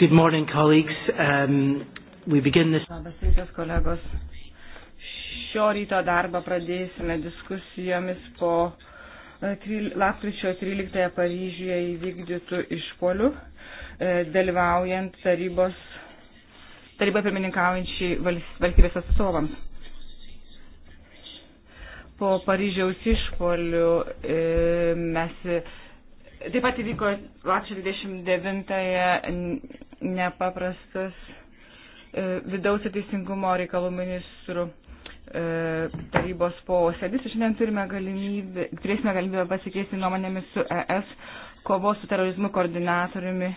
Good morning, colleagues. Um, we begin this. Labas rytas, kolegos. Šio ryto darbą pradėsime diskusijomis po e, lapkričio 13 Paryžiuje įvykdytų išpolių, e, dalyvaujant tarybos, taryba pirmininkaujančiai valstybės atstovams. Po Paryžiaus išpolių e, mes Taip pat įvyko lapčio 29-ąją nepaprastas e, vidaus ir teisingumo reikalų ministrų e, tarybos posėdis. Šiandien turime galimybę, turėsime galimybę pasikeisti nuomonėmis su ES kovos su terorizmu koordinatoriumi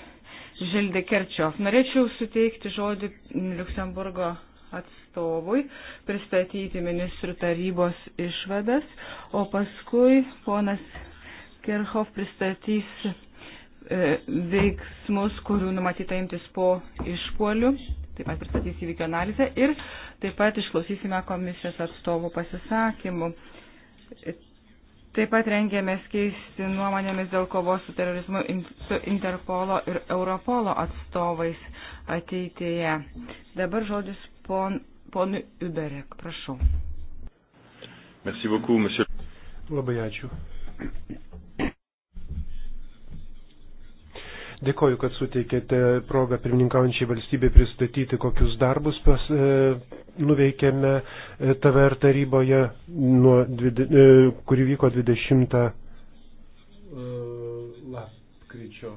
Žilde Kerčiov. Norėčiau suteikti žodį Luksemburgo atstovui, pristatyti ministrų tarybos išvadas, o paskui ponas Kerhov pristatys E, veiksmus, kurių numatyta imtis po išpolių. Taip pat pristatys įvykio analizę ir taip pat išklausysime komisijos atstovų pasisakymų. Taip pat rengėmės keisti nuomonėmis dėl kovos su terorizmu su Interpolo ir Europolo atstovais ateityje. Dabar žodis pon, ponui Uberek, prašau. Merci beaucoup, monsieur. Labai ačiū. Dėkoju, kad suteikėte progą pirmininkaujančiai valstybė pristatyti, kokius darbus pas, e, nuveikėme e, TVR taryboje, nuo, dvide, e, kuri vyko 20 e, lapkričio.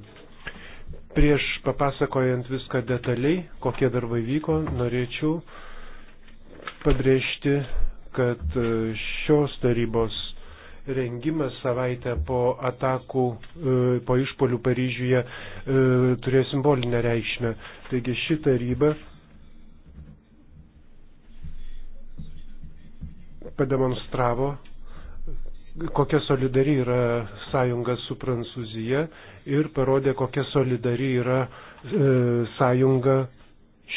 Prieš papasakojant viską detaliai, kokie darbai vyko, norėčiau pabrėžti, kad e, šios tarybos rengimas savaitę po atakų, e, po išpolių Paryžiuje e, turėjo simbolinę reikšmę. Taigi ši taryba pademonstravo, kokia solidari yra sąjunga su Prancūzija ir parodė, kokia solidari yra e, sąjunga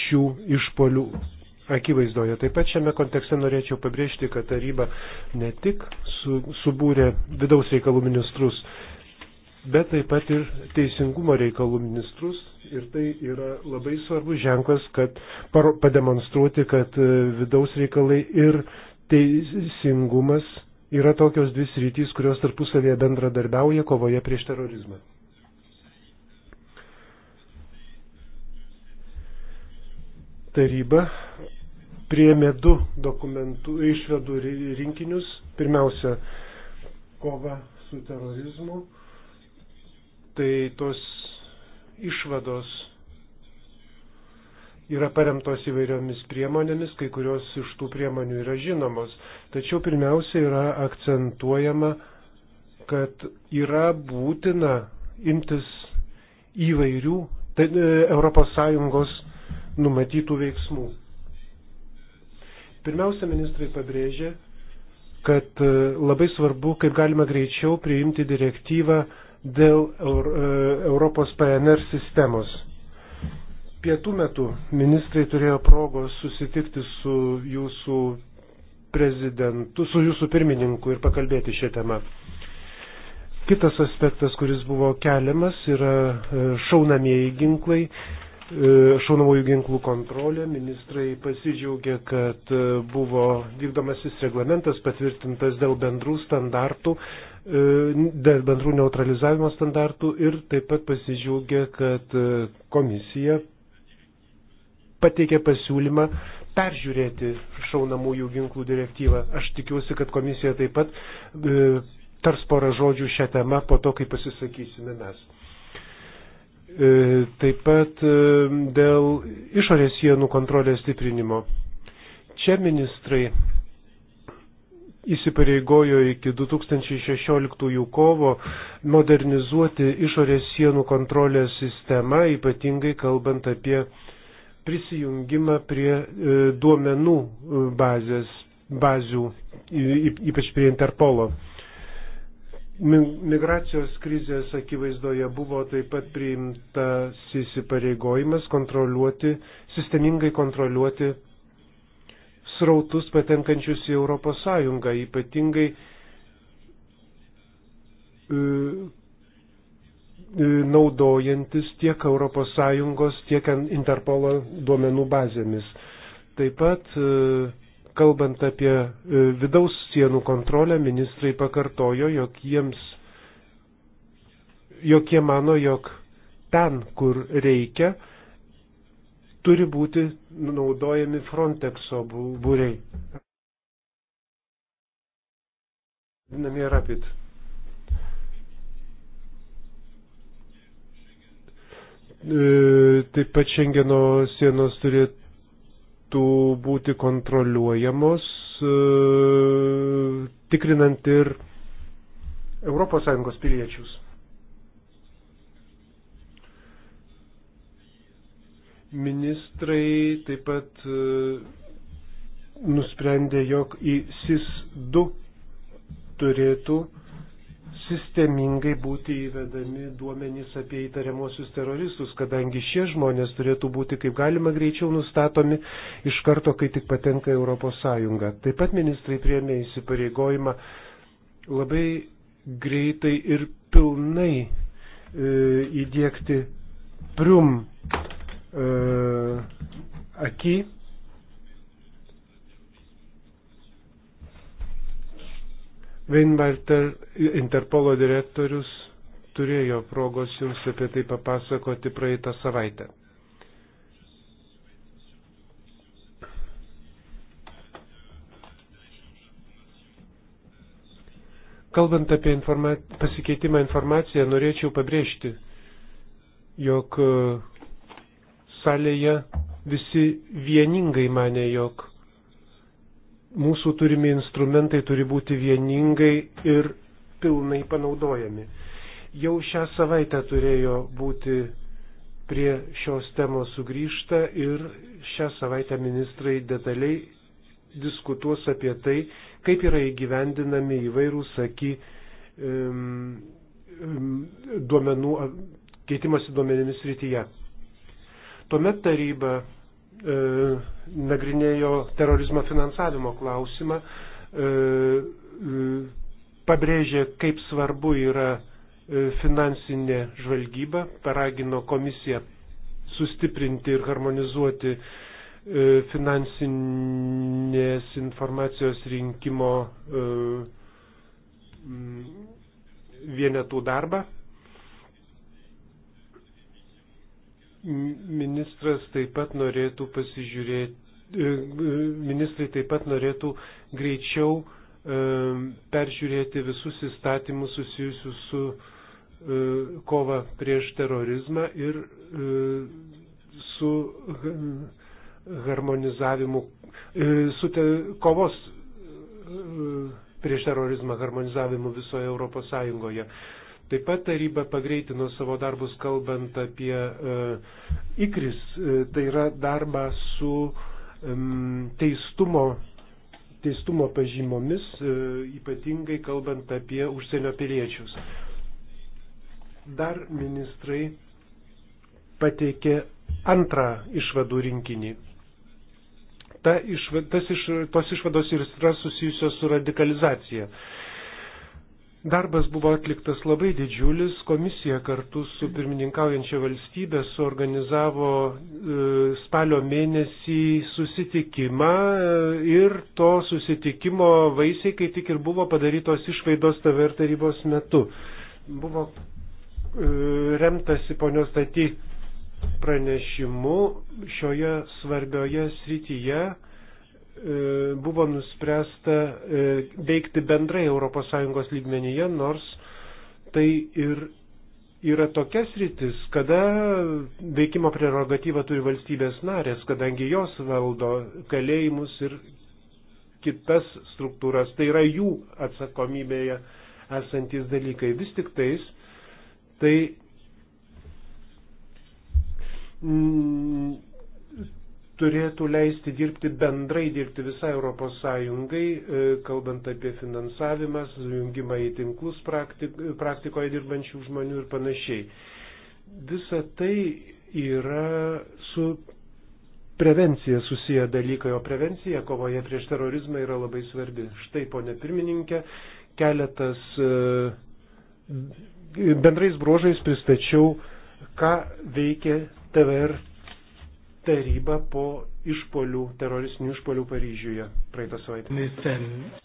šių išpolių akivaizdoje. Taip pat šiame kontekste norėčiau pabrėžti, kad taryba ne tik su, subūrė vidaus reikalų ministrus, bet taip pat ir teisingumo reikalų ministrus. Ir tai yra labai svarbus ženklas, kad pademonstruoti, kad e, vidaus reikalai ir teisingumas yra tokios dvi sritys, kurios tarpusavėje bendradarbiauja kovoje prieš terorizmą. Taryba priėmė du dokumentų išvedų rinkinius. Pirmiausia, kova su terorizmu. Tai tos išvados yra paremtos įvairiomis priemonėmis, kai kurios iš tų priemonių yra žinomos. Tačiau pirmiausia yra akcentuojama, kad yra būtina imtis įvairių tai, ES numatytų veiksmų. Pirmiausia, ministrai pabrėžė, kad e, labai svarbu, kaip galima greičiau priimti direktyvą dėl e, Europos PNR sistemos. Pietų metu ministrai turėjo progos susitikti su jūsų prezidentu, su jūsų pirmininku ir pakalbėti šią temą. Kitas aspektas, kuris buvo keliamas, yra e, šaunamieji ginklai. E, šaunamųjų ginklų kontrolė. Ministrai pasidžiaugia, kad e, buvo vykdomasis reglamentas patvirtintas dėl bendrų standartų, e, dėl bendrų neutralizavimo standartų ir taip pat pasidžiaugia, kad komisija pateikė pasiūlymą peržiūrėti šaunamųjų ginklų direktyvą. Aš tikiuosi, kad komisija taip pat tars porą žodžių šią temą po to, kai pasisakysime mes. E, taip pat e, dėl išorės sienų kontrolės stiprinimo. Čia ministrai įsipareigojo iki 2016 kovo modernizuoti išorės sienų kontrolės sistemą, ypatingai kalbant apie prisijungimą prie e, duomenų bazės, bazių, ypač prie Interpolo. Migracijos krizės akivaizdoje buvo taip pat priimtas įsipareigojimas kontroliuoti, sistemingai kontroliuoti srautus patenkančius į Europos Sąjungą, ypatingai e, e, naudojantis tiek Europos Sąjungos, tiek Interpolo duomenų bazėmis. Taip pat e, Kalbant apie e, vidaus sienų kontrolę, ministrai pakartojo, jog jiems, jog jie mano, jog ten, kur reikia, turi būti naudojami Frontexo būriai. Namie rapid. E, taip pat Šengeno sienos turėtų turėtų būti kontroliuojamos, e, tikrinant ir ES piliečius. Ministrai taip pat e, nusprendė, jog į SIS 2 turėtų uh, sistemingai būti įvedami duomenys apie įtariamuosius teroristus, kadangi šie žmonės turėtų būti kaip galima greičiau nustatomi iš karto, kai tik patenka Europos Sąjunga. Taip pat ministrai priemė įsipareigojimą labai greitai ir pilnai e, įdėkti prum e, akį Weinbalter, Interpolo direktorius, turėjo progos jums apie tai papasakoti praeitą savaitę. Kalbant apie informa pasikeitimą informaciją, norėčiau pabrėžti, jog e, salėje visi vieningai mane, jog mūsų turimi instrumentai turi būti vieningai ir pilnai panaudojami. Jau šią savaitę turėjo būti prie šios temos sugrįžta ir šią savaitę ministrai detaliai diskutuos apie tai, kaip yra įgyvendinami įvairūs, saky, duomenų, keitimas duomenimis rytyje. Tuomet taryba E, nagrinėjo terorizmo finansavimo klausimą, e, e, pabrėžė, kaip svarbu yra finansinė žvalgyba, paragino komisiją sustiprinti ir harmonizuoti finansinės informacijos rinkimo vienetų darbą Ministras taip pat norėtų pasižiūrėti, e, ministrai taip pat norėtų greičiau e, peržiūrėti visus įstatymus susijusius su e, kova prieš terorizmą ir su harmonizavimu, su te, kovos prieš terorizmą harmonizavimu visoje Europos Sąjungoje. Taip pat taryba pagreitino savo darbus kalbant apie e, ikris, e, tai yra darbą su teistumo, teistumo pažymomis, e, ypatingai kalbant apie užsienio piliečius. Dar ministrai pateikė antrą išvadų rinkinį ta išva, tas iš, tos išvados ir yra susijusios su radikalizacija. Darbas buvo atliktas labai didžiulis, komisija kartu su pirmininkaujančia valstybė suorganizavo e, spalio mėnesį susitikimą e, ir to susitikimo vaisiai, kai tik ir buvo padarytos išvaidos TVR tarybos metu. Buvo e, remtasi ponios staty pranešimu šioje svarbioje srityje E, buvo nuspręsta e, veikti bendrai ES lygmenyje, nors tai ir yra tokias rytis, kada veikimo prerogatyva turi valstybės narės, kadangi jos valdo kalėjimus ir kitas struktūras. Tai yra jų atsakomybėje esantis dalykai. Vis tik tais, tai turėtų leisti dirbti bendrai, dirbti visai Europos Sąjungai, e, kalbant apie finansavimą, sujungimą į tinklus praktik, praktikoje dirbančių žmonių ir panašiai. Visa tai yra su prevencija susiję dalykai, o prevencija kovoje prieš terorizmą yra labai svarbi. Štai, ponė pirmininkė, keletas e, bendrais bruožais pristačiau, ką veikia TVR taryba po išpolių, teroristinių išpolių Paryžiuje praeitą savaitę.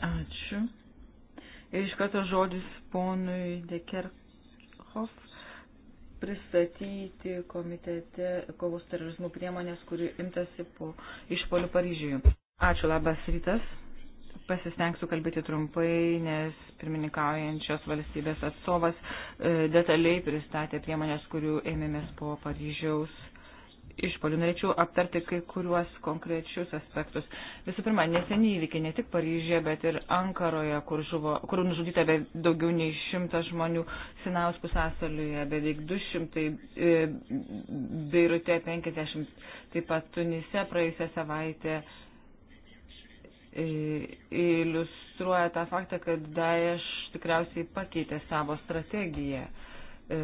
Ačiū. Ir iš karto žodis ponui Dekerhoff pristatyti komitete kovos terorizmų priemonės, kuri imtasi po išpolių Paryžiuje. Ačiū, labas rytas. Pasistengsiu kalbėti trumpai, nes pirmininkaujančios valstybės atstovas e, detaliai pristatė priemonės, kurių ėmėmės po Paryžiaus išpolių. Norėčiau aptarti kai kuriuos konkrečius aspektus. Visų pirma, neseniai įvykiai ne tik Paryžėje, bet ir Ankaroje, kur, žuvo, kur nužudyta be daugiau nei šimtas žmonių, Sinaus pusęsaliuje beveik 200, e, Beirute 50, taip pat Tunise praėjusią savaitę e, iliustruoja tą faktą, kad Daesh tikriausiai pakeitė savo strategiją. E,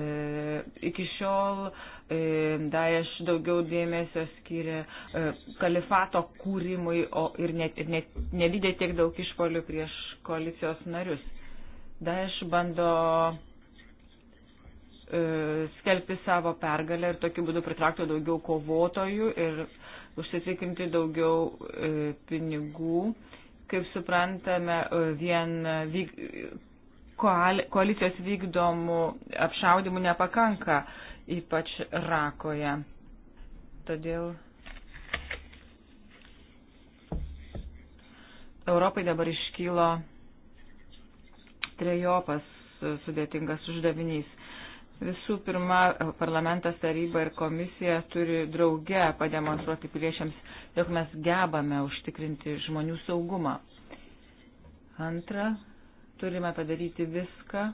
iki šiol e, E, Daesh daugiau dėmesio skiria e, kalifato kūrimui ir net, net, nedidė tiek daug išpolių prieš koalicijos narius. Daesh bando e, skelbti savo pergalę ir tokiu būdu pritraukti daugiau kovotojų ir užsitikrinti daugiau e, pinigų. Kaip suprantame, vien vyk, koal, koalicijos vykdomų apšaudimų nepakanka. E, ypač Rakoje. Todėl Europai dabar iškylo trejopas sudėtingas uždavinys. Visų pirma, parlamentas, taryba ir komisija turi drauge pademonstruoti piliečiams, jog mes gebame užtikrinti žmonių saugumą. Antra, turime padaryti viską,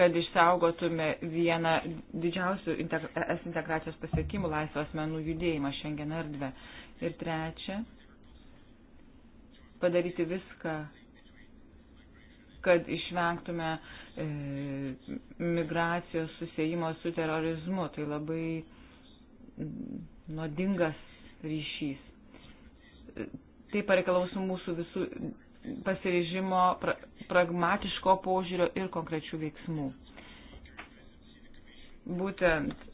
kad išsaugotume vieną didžiausių es integracijos pasiekimų laisvą asmenų judėjimą šiandien erdvę. Ir trečia, padaryti viską, kad išvengtume e, migracijos susijimo su terorizmu. Tai labai nuodingas ryšys. Tai pareikalaus mūsų visų pasirežimo pra, pragmatiško požiūrio ir konkrečių veiksmų. Būtent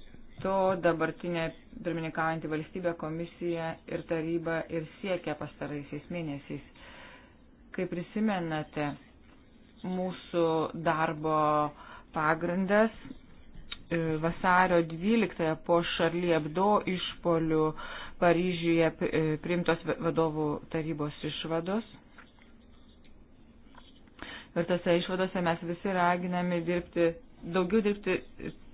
to dabartinė pirmininkaujanti valstybė, komisija ir taryba ir siekia pastaraisiais mėnesiais. Kaip prisimenate, mūsų darbo pagrindas e, vasario 12 po Šarly Abdo išpolių Paryžiuje e, primtos vadovų tarybos išvados Ir tose išvadose mes visi raginami dirbti, daugiau dirbti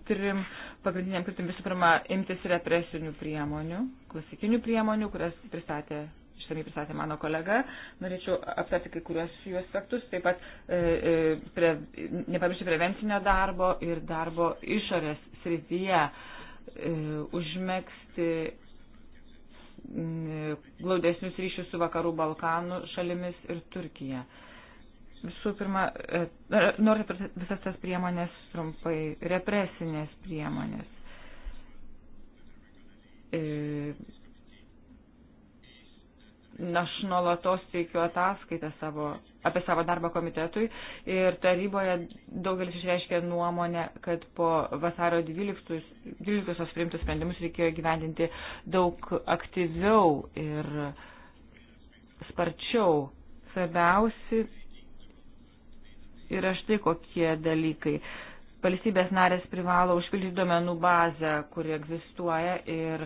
trim pagrindiniam kryptim. Visų pirma, imtis represinių priemonių, klasikinių priemonių, kurias pristatė išsamei pristatė mano kolega. Norėčiau aptarti kai kuriuos jų aspektus, taip pat e, e, pre, nepamiršti prevencinio darbo ir darbo išorės srityje e, užmėgsti glaudesnius ryšius su Vakarų Balkanų šalimis ir Turkija. E, Visų pirma, e, e, noriu apie visas tas priemonės trumpai, represinės priemonės. E, aš nuolatos teikiu ataskaitą savo, apie savo darbą komitetui ir taryboje daugelis išreiškė nuomonę, kad po vasario 12, 12 priimtus sprendimus reikėjo gyvendinti daug aktyviau ir sparčiau. Svarbiausi yra štai kokie dalykai. Valstybės narės privalo užpildyti duomenų bazę, kuri egzistuoja ir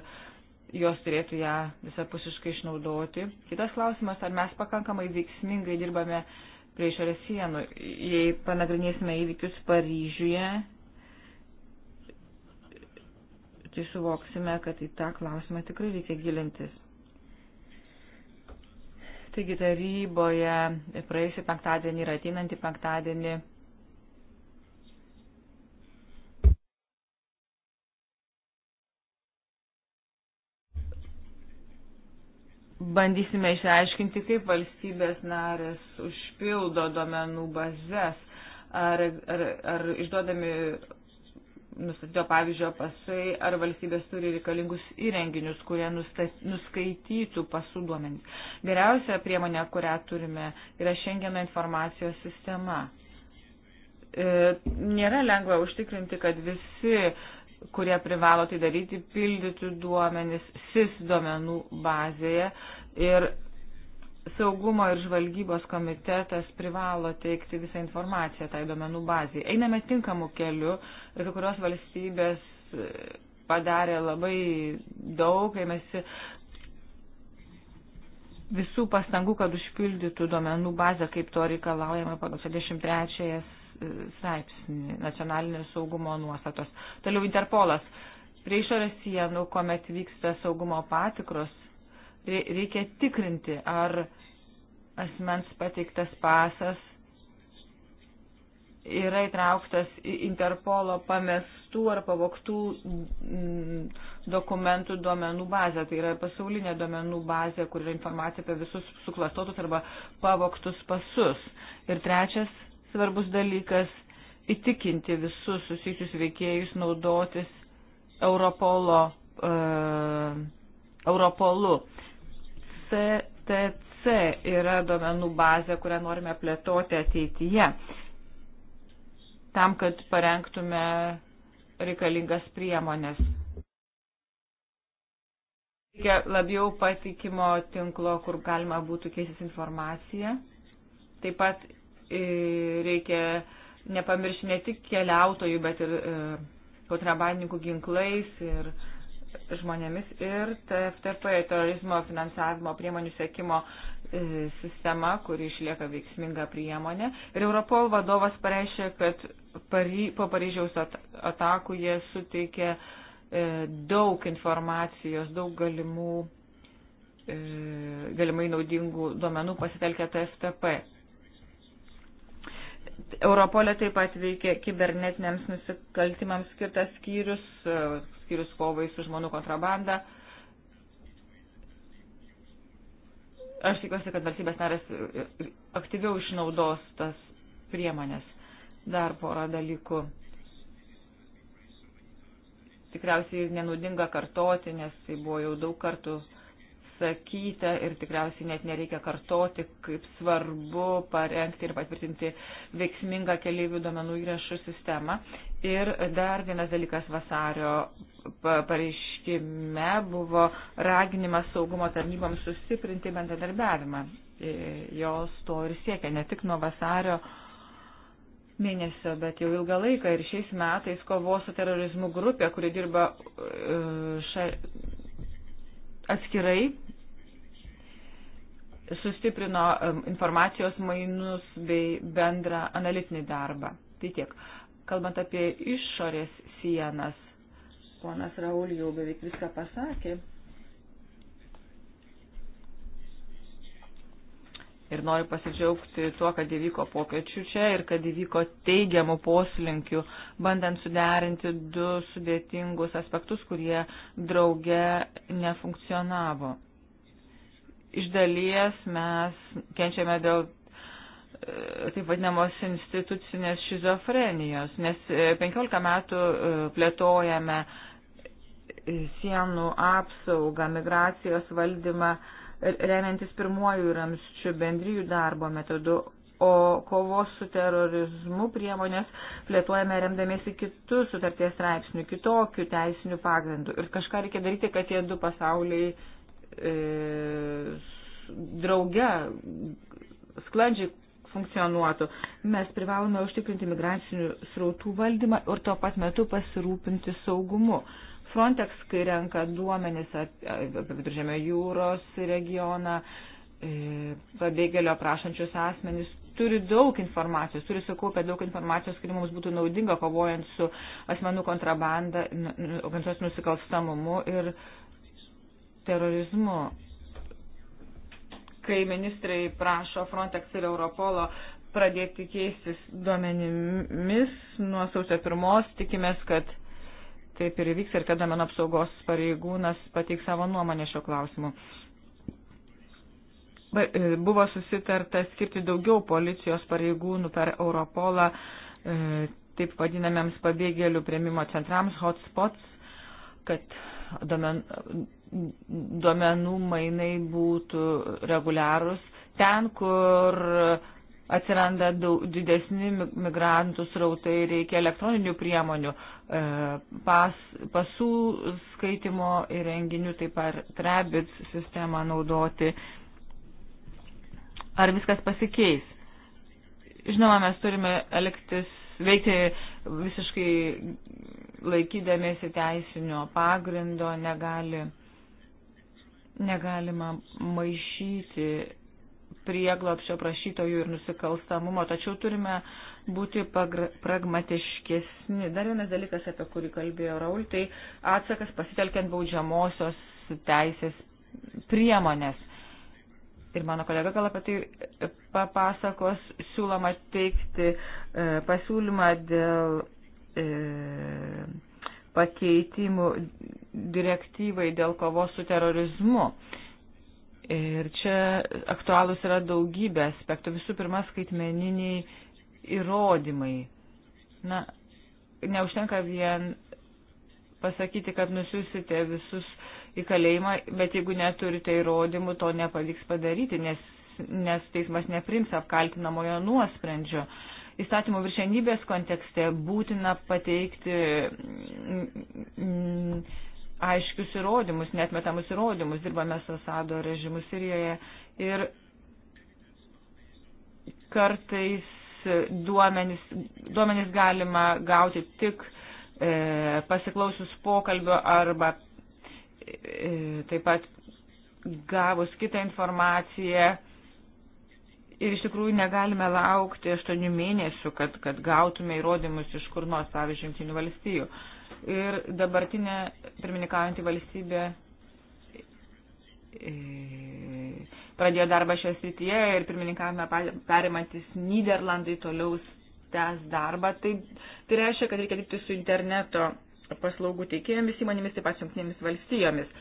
jos turėtų ją visapusiškai išnaudoti. Kitas klausimas, ar mes pakankamai veiksmingai dirbame prie išorės sienų. Jei panagrinėsime įvykius Paryžiuje, tai suvoksime, kad į tą klausimą tikrai reikia gilintis. Taigi taryboje praėjusį penktadienį ir ateinantį penktadienį bandysime išaiškinti, kaip valstybės narės užpildo duomenų bazės, ar, ar, ar išduodami nustatyto pavyzdžio pasai ar valstybės turi reikalingus įrenginius, kurie nuskaitytų pasų duomenys. Geriausia priemonė, kurią turime, yra Schengeno informacijos sistema. E, nėra lengva užtikrinti, kad visi, kurie privalo tai daryti, pildytų duomenis SIS duomenų bazėje ir Saugumo ir žvalgybos komitetas privalo teikti visą informaciją tai duomenų bazai. Einame tinkamu keliu ir kai kurios valstybės e, padarė labai daug, ėmėsi visų pastangų, kad užpildytų duomenų bazę, kaip to reikalaujama pagal 63 straipsnį nacionalinio saugumo nuostatos. Toliau Interpolas. Prie išorės sienų, kuomet vyksta saugumo patikros, reikia tikrinti, ar asmens pateiktas pasas yra įtrauktas į Interpolo pamestų ar pavoktų mm, dokumentų duomenų bazę. Tai yra pasaulinė duomenų bazė, kur yra informacija apie visus suklastotus arba pavoktus pasus. Ir trečias svarbus dalykas - įtikinti visus susijusius veikėjus naudotis Europolo, uh, Europolu. CTC yra duomenų bazė, kurią norime plėtoti ateityje, tam, kad parengtume reikalingas priemonės. Reikia labiau patikimo tinklo, kur galima būtų keisis informacija. Taip pat e, reikia nepamiršti ne tik keliautojų, bet ir e, kontrabandininkų ginklais ir uh, žmonėmis ir TFTP terorizmo finansavimo priemonių sekimo e, sistema, kuri išlieka veiksminga priemonė. Ir Europol vadovas pareiškė, kad Pary, po Paryžiaus atakų jie suteikė e, daug informacijos, daug galimų, e, galimai naudingų duomenų pasitelkę TFTP. Europolė taip pat veikia kibernetiniams nusikaltimams skirtas skyrius, skirius kovai su žmonių kontrabanda. Aš tikiuosi, kad valstybės narės e, e, aktyviau išnaudos tas priemonės. Dar porą dalykų. Tikriausiai nenudinga kartoti, nes tai buvo jau daug kartų sakyta ir tikriausiai net nereikia kartoti, kaip svarbu parengti ir patvirtinti veiksmingą keliaivių duomenų įrašų sistemą. Ir dar vienas dalykas vasario pareiškime buvo raginimas saugumo tarnyboms sustiprinti bendradarbiavimą. E, jos to ir siekia ne tik nuo vasario mėnesio, bet jau ilgą laiką ir šiais metais kovos su terorizmu grupė, kuri dirba e, ša... atskirai, sustiprino e, informacijos mainus bei bendrą analitinį darbą. Tai tiek kalbant apie išorės sienas, ponas Raul jau beveik viską pasakė. Ir noriu pasidžiaugti tuo, kad įvyko pokėčių čia ir kad įvyko teigiamų poslinkių, bandant suderinti du sudėtingus aspektus, kurie drauge nefunkcionavo. Iš dalies mes kenčiame dėl E, taip vadinamos institucinės šizofrenijos, nes 15 e, metų e, plėtojame sienų apsaugą, migracijos valdymą, remiantis pirmuoju ramščiu bendryjų darbo metodu, o kovos su terorizmu priemonės plėtojame remdamiesi kitų sutarties straipsnių, kitokių teisinių pagrindų. Ir kažką reikia daryti, kad tie du pasauliai e, drauge sklandžiai funkcionuotų. Mes privalome užtikrinti migracinių srautų valdymą ir tuo pat metu pasirūpinti saugumu. Frontex, kai renka duomenis apie viduržėmio jūros regioną, e, pabėgėlio prašančius asmenys, turi daug informacijos, turi sukaupę daug informacijos, kuri mums būtų naudinga kovojant su asmenų kontrabanda, organizuotų nusikalstamumu ir terorizmu kai ministrai prašo Frontex ir Europolo pradėti keistis duomenimis nuo sausio pirmos, tikimės, kad taip ir įvyks ir kad domenų apsaugos pareigūnas pateiks savo nuomonę šio klausimu. E, buvo susitarta skirti daugiau policijos pareigūnų per Europolą, e, taip vadinamiems pabėgėlių prieimimo centrams, hotspots, kad domen, duomenų mainai būtų reguliarūs. Ten, kur atsiranda daug, didesni migrantų srautai, reikia elektroninių priemonių, e, pas, pasų skaitimo įrenginių, taip pat Trebit sistemą naudoti. Ar viskas pasikeis? Žinoma, mes turime elgtis, veikti visiškai laikydamėsi teisinio pagrindo, negali Negalima maišyti prieglopšio prašytojų ir nusikalstamumo, tačiau turime būti pragmatiškesni. Dar vienas dalykas, apie kurį kalbėjo Raul, tai atsakas pasitelkiant baudžiamosios teisės priemonės. Ir mano kolega gal apie tai papasakos, siūloma teikti e, pasiūlymą dėl e, pakeitimų direktyvai dėl kovos su terorizmu. Ir čia aktualūs yra daugybė aspektų. Visų pirma, skaitmeniniai įrodymai. Na, neužtenka vien pasakyti, kad nusiusite visus į kalėjimą, bet jeigu neturite įrodymų, to nepavyks padaryti, nes, nes teismas neprims apkaltinamojo nuosprendžio. Įstatymų viršenybės kontekste būtina pateikti mm, mm, aiškius įrodymus, netmetamus įrodymus, dirbame su Asado režimu Sirijoje ir kartais duomenis, duomenis galima gauti tik e, pasiklausius pokalbio arba e, taip pat gavus kitą informaciją. Ir iš tikrųjų negalime laukti aštuonių mėnesių, kad, kad gautume įrodymus iš kur nors, pavyzdžiui, jungtinių valstijų. E, ir dabartinė pirmininkaujantį valstybę e, pradėjo darbą šioje srityje ir pirmininkavimą perimantis Niderlandai toliau tęs darbą. Tai, tai reiškia, kad reikia dirbti su interneto paslaugų teikėjomis įmonėmis, taip pat jungtinėmis valstijomis.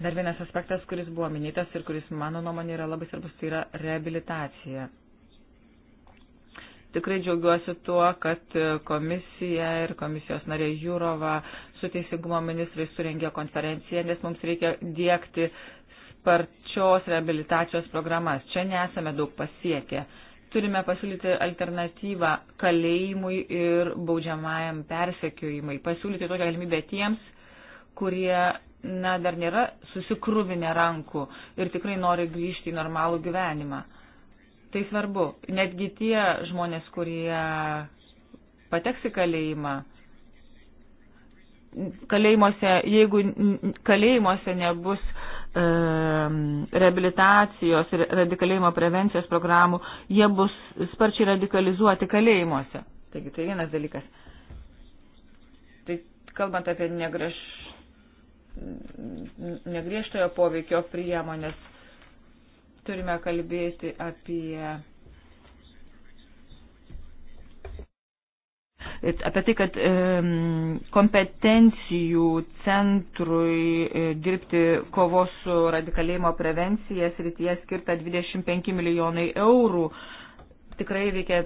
Dar vienas aspektas, kuris buvo minėtas ir kuris mano nuomonė yra labai svarbus, tai yra rehabilitacija. Tikrai džiaugiuosi tuo, kad komisija ir komisijos narė Jūrova su teisingumo ministrais surengė konferenciją, nes mums reikia dėkti sparčios rehabilitacijos programas. Čia nesame daug pasiekę. Turime pasiūlyti alternatyvą kalėjimui ir baudžiamajam persekiojimui. Pasiūlyti tokią galimybę tiems, kurie na, dar nėra susikrūvinę rankų ir tikrai nori grįžti į normalų gyvenimą. Tai svarbu. Netgi tie žmonės, kurie pateks į kalėjimą, kalėjimuose, jeigu kalėjimuose nebus e, reabilitacijos ir radikalėjimo prevencijos programų, jie bus sparčiai radikalizuoti kalėjimuose. Taigi tai vienas dalykas. Tai kalbant apie negraž, negriežtojo poveikio priemonės, Turime kalbėti apie apie tai, kad kompetencijų centrui e, dirbti kovos su radikalėjimo prevencija srityje skirta 25 milijonai eurų. Tikrai reikia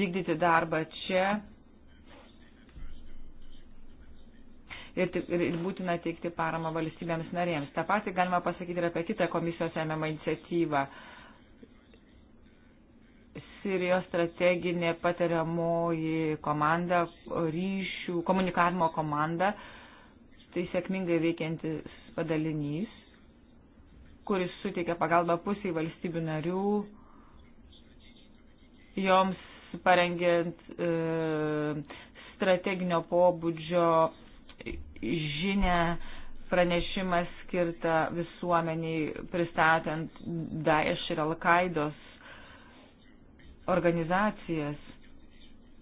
vykdyti darbą čia ir, ir, ir būtina teikti paramą valstybėms narėms. Ta pati galima pasakyti ir apie kitą komisijos ėmėmą iniciatyvą. Sirijos strateginė patariamoji komanda, ryšių, komunikavimo komanda, tai sėkmingai veikiantis padalinys, kuris suteikia pagalbą pusiai valstybių narių, joms parengiant e, strateginio pobūdžio žinę pranešimas skirta visuomeniai pristatant Daesh ir Al-Qaidos organizacijas.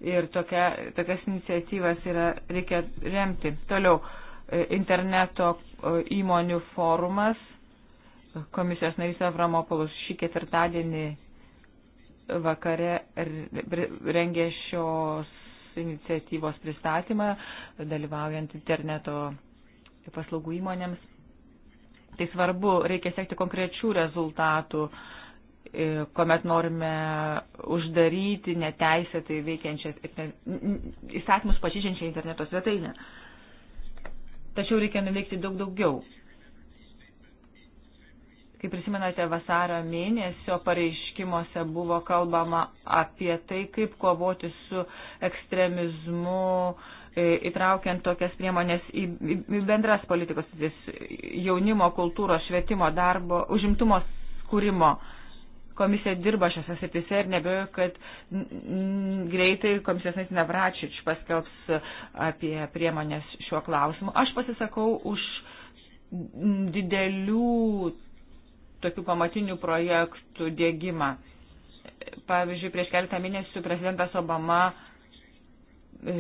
Ir tokia, tokias iniciatyvas yra, reikia remti. Toliau, e, interneto e, įmonių forumas, komisijos narys Avramopolus šį ketvirtadienį vakare rengė šios iniciatyvos pristatymą, dalyvaujant interneto paslaugų įmonėms. Tai svarbu, reikia sekti konkrečių rezultatų, e, kuomet norime uždaryti neteisėtai veikiančią įstatymus pažydžiančią interneto svetainę. Tačiau reikia nuveikti daug daugiau. Kaip prisimenate, vasaro mėnesio pareiškimuose buvo kalbama apie tai, kaip kovoti su ekstremizmu, e, įtraukiant tokias priemonės į, į, į bendras politikos, vis, jaunimo, kultūros, švietimo, darbo, užimtumo skūrimo. Komisija dirba šiose srityse ir nebejoju, kad greitai komisijos narys Navračič paskelbs apie priemonės šiuo klausimu. Aš pasisakau už didelių tokių pamatinių projektų dėgymą. Pavyzdžiui, prieš keletą mėnesių prezidentas Obama e,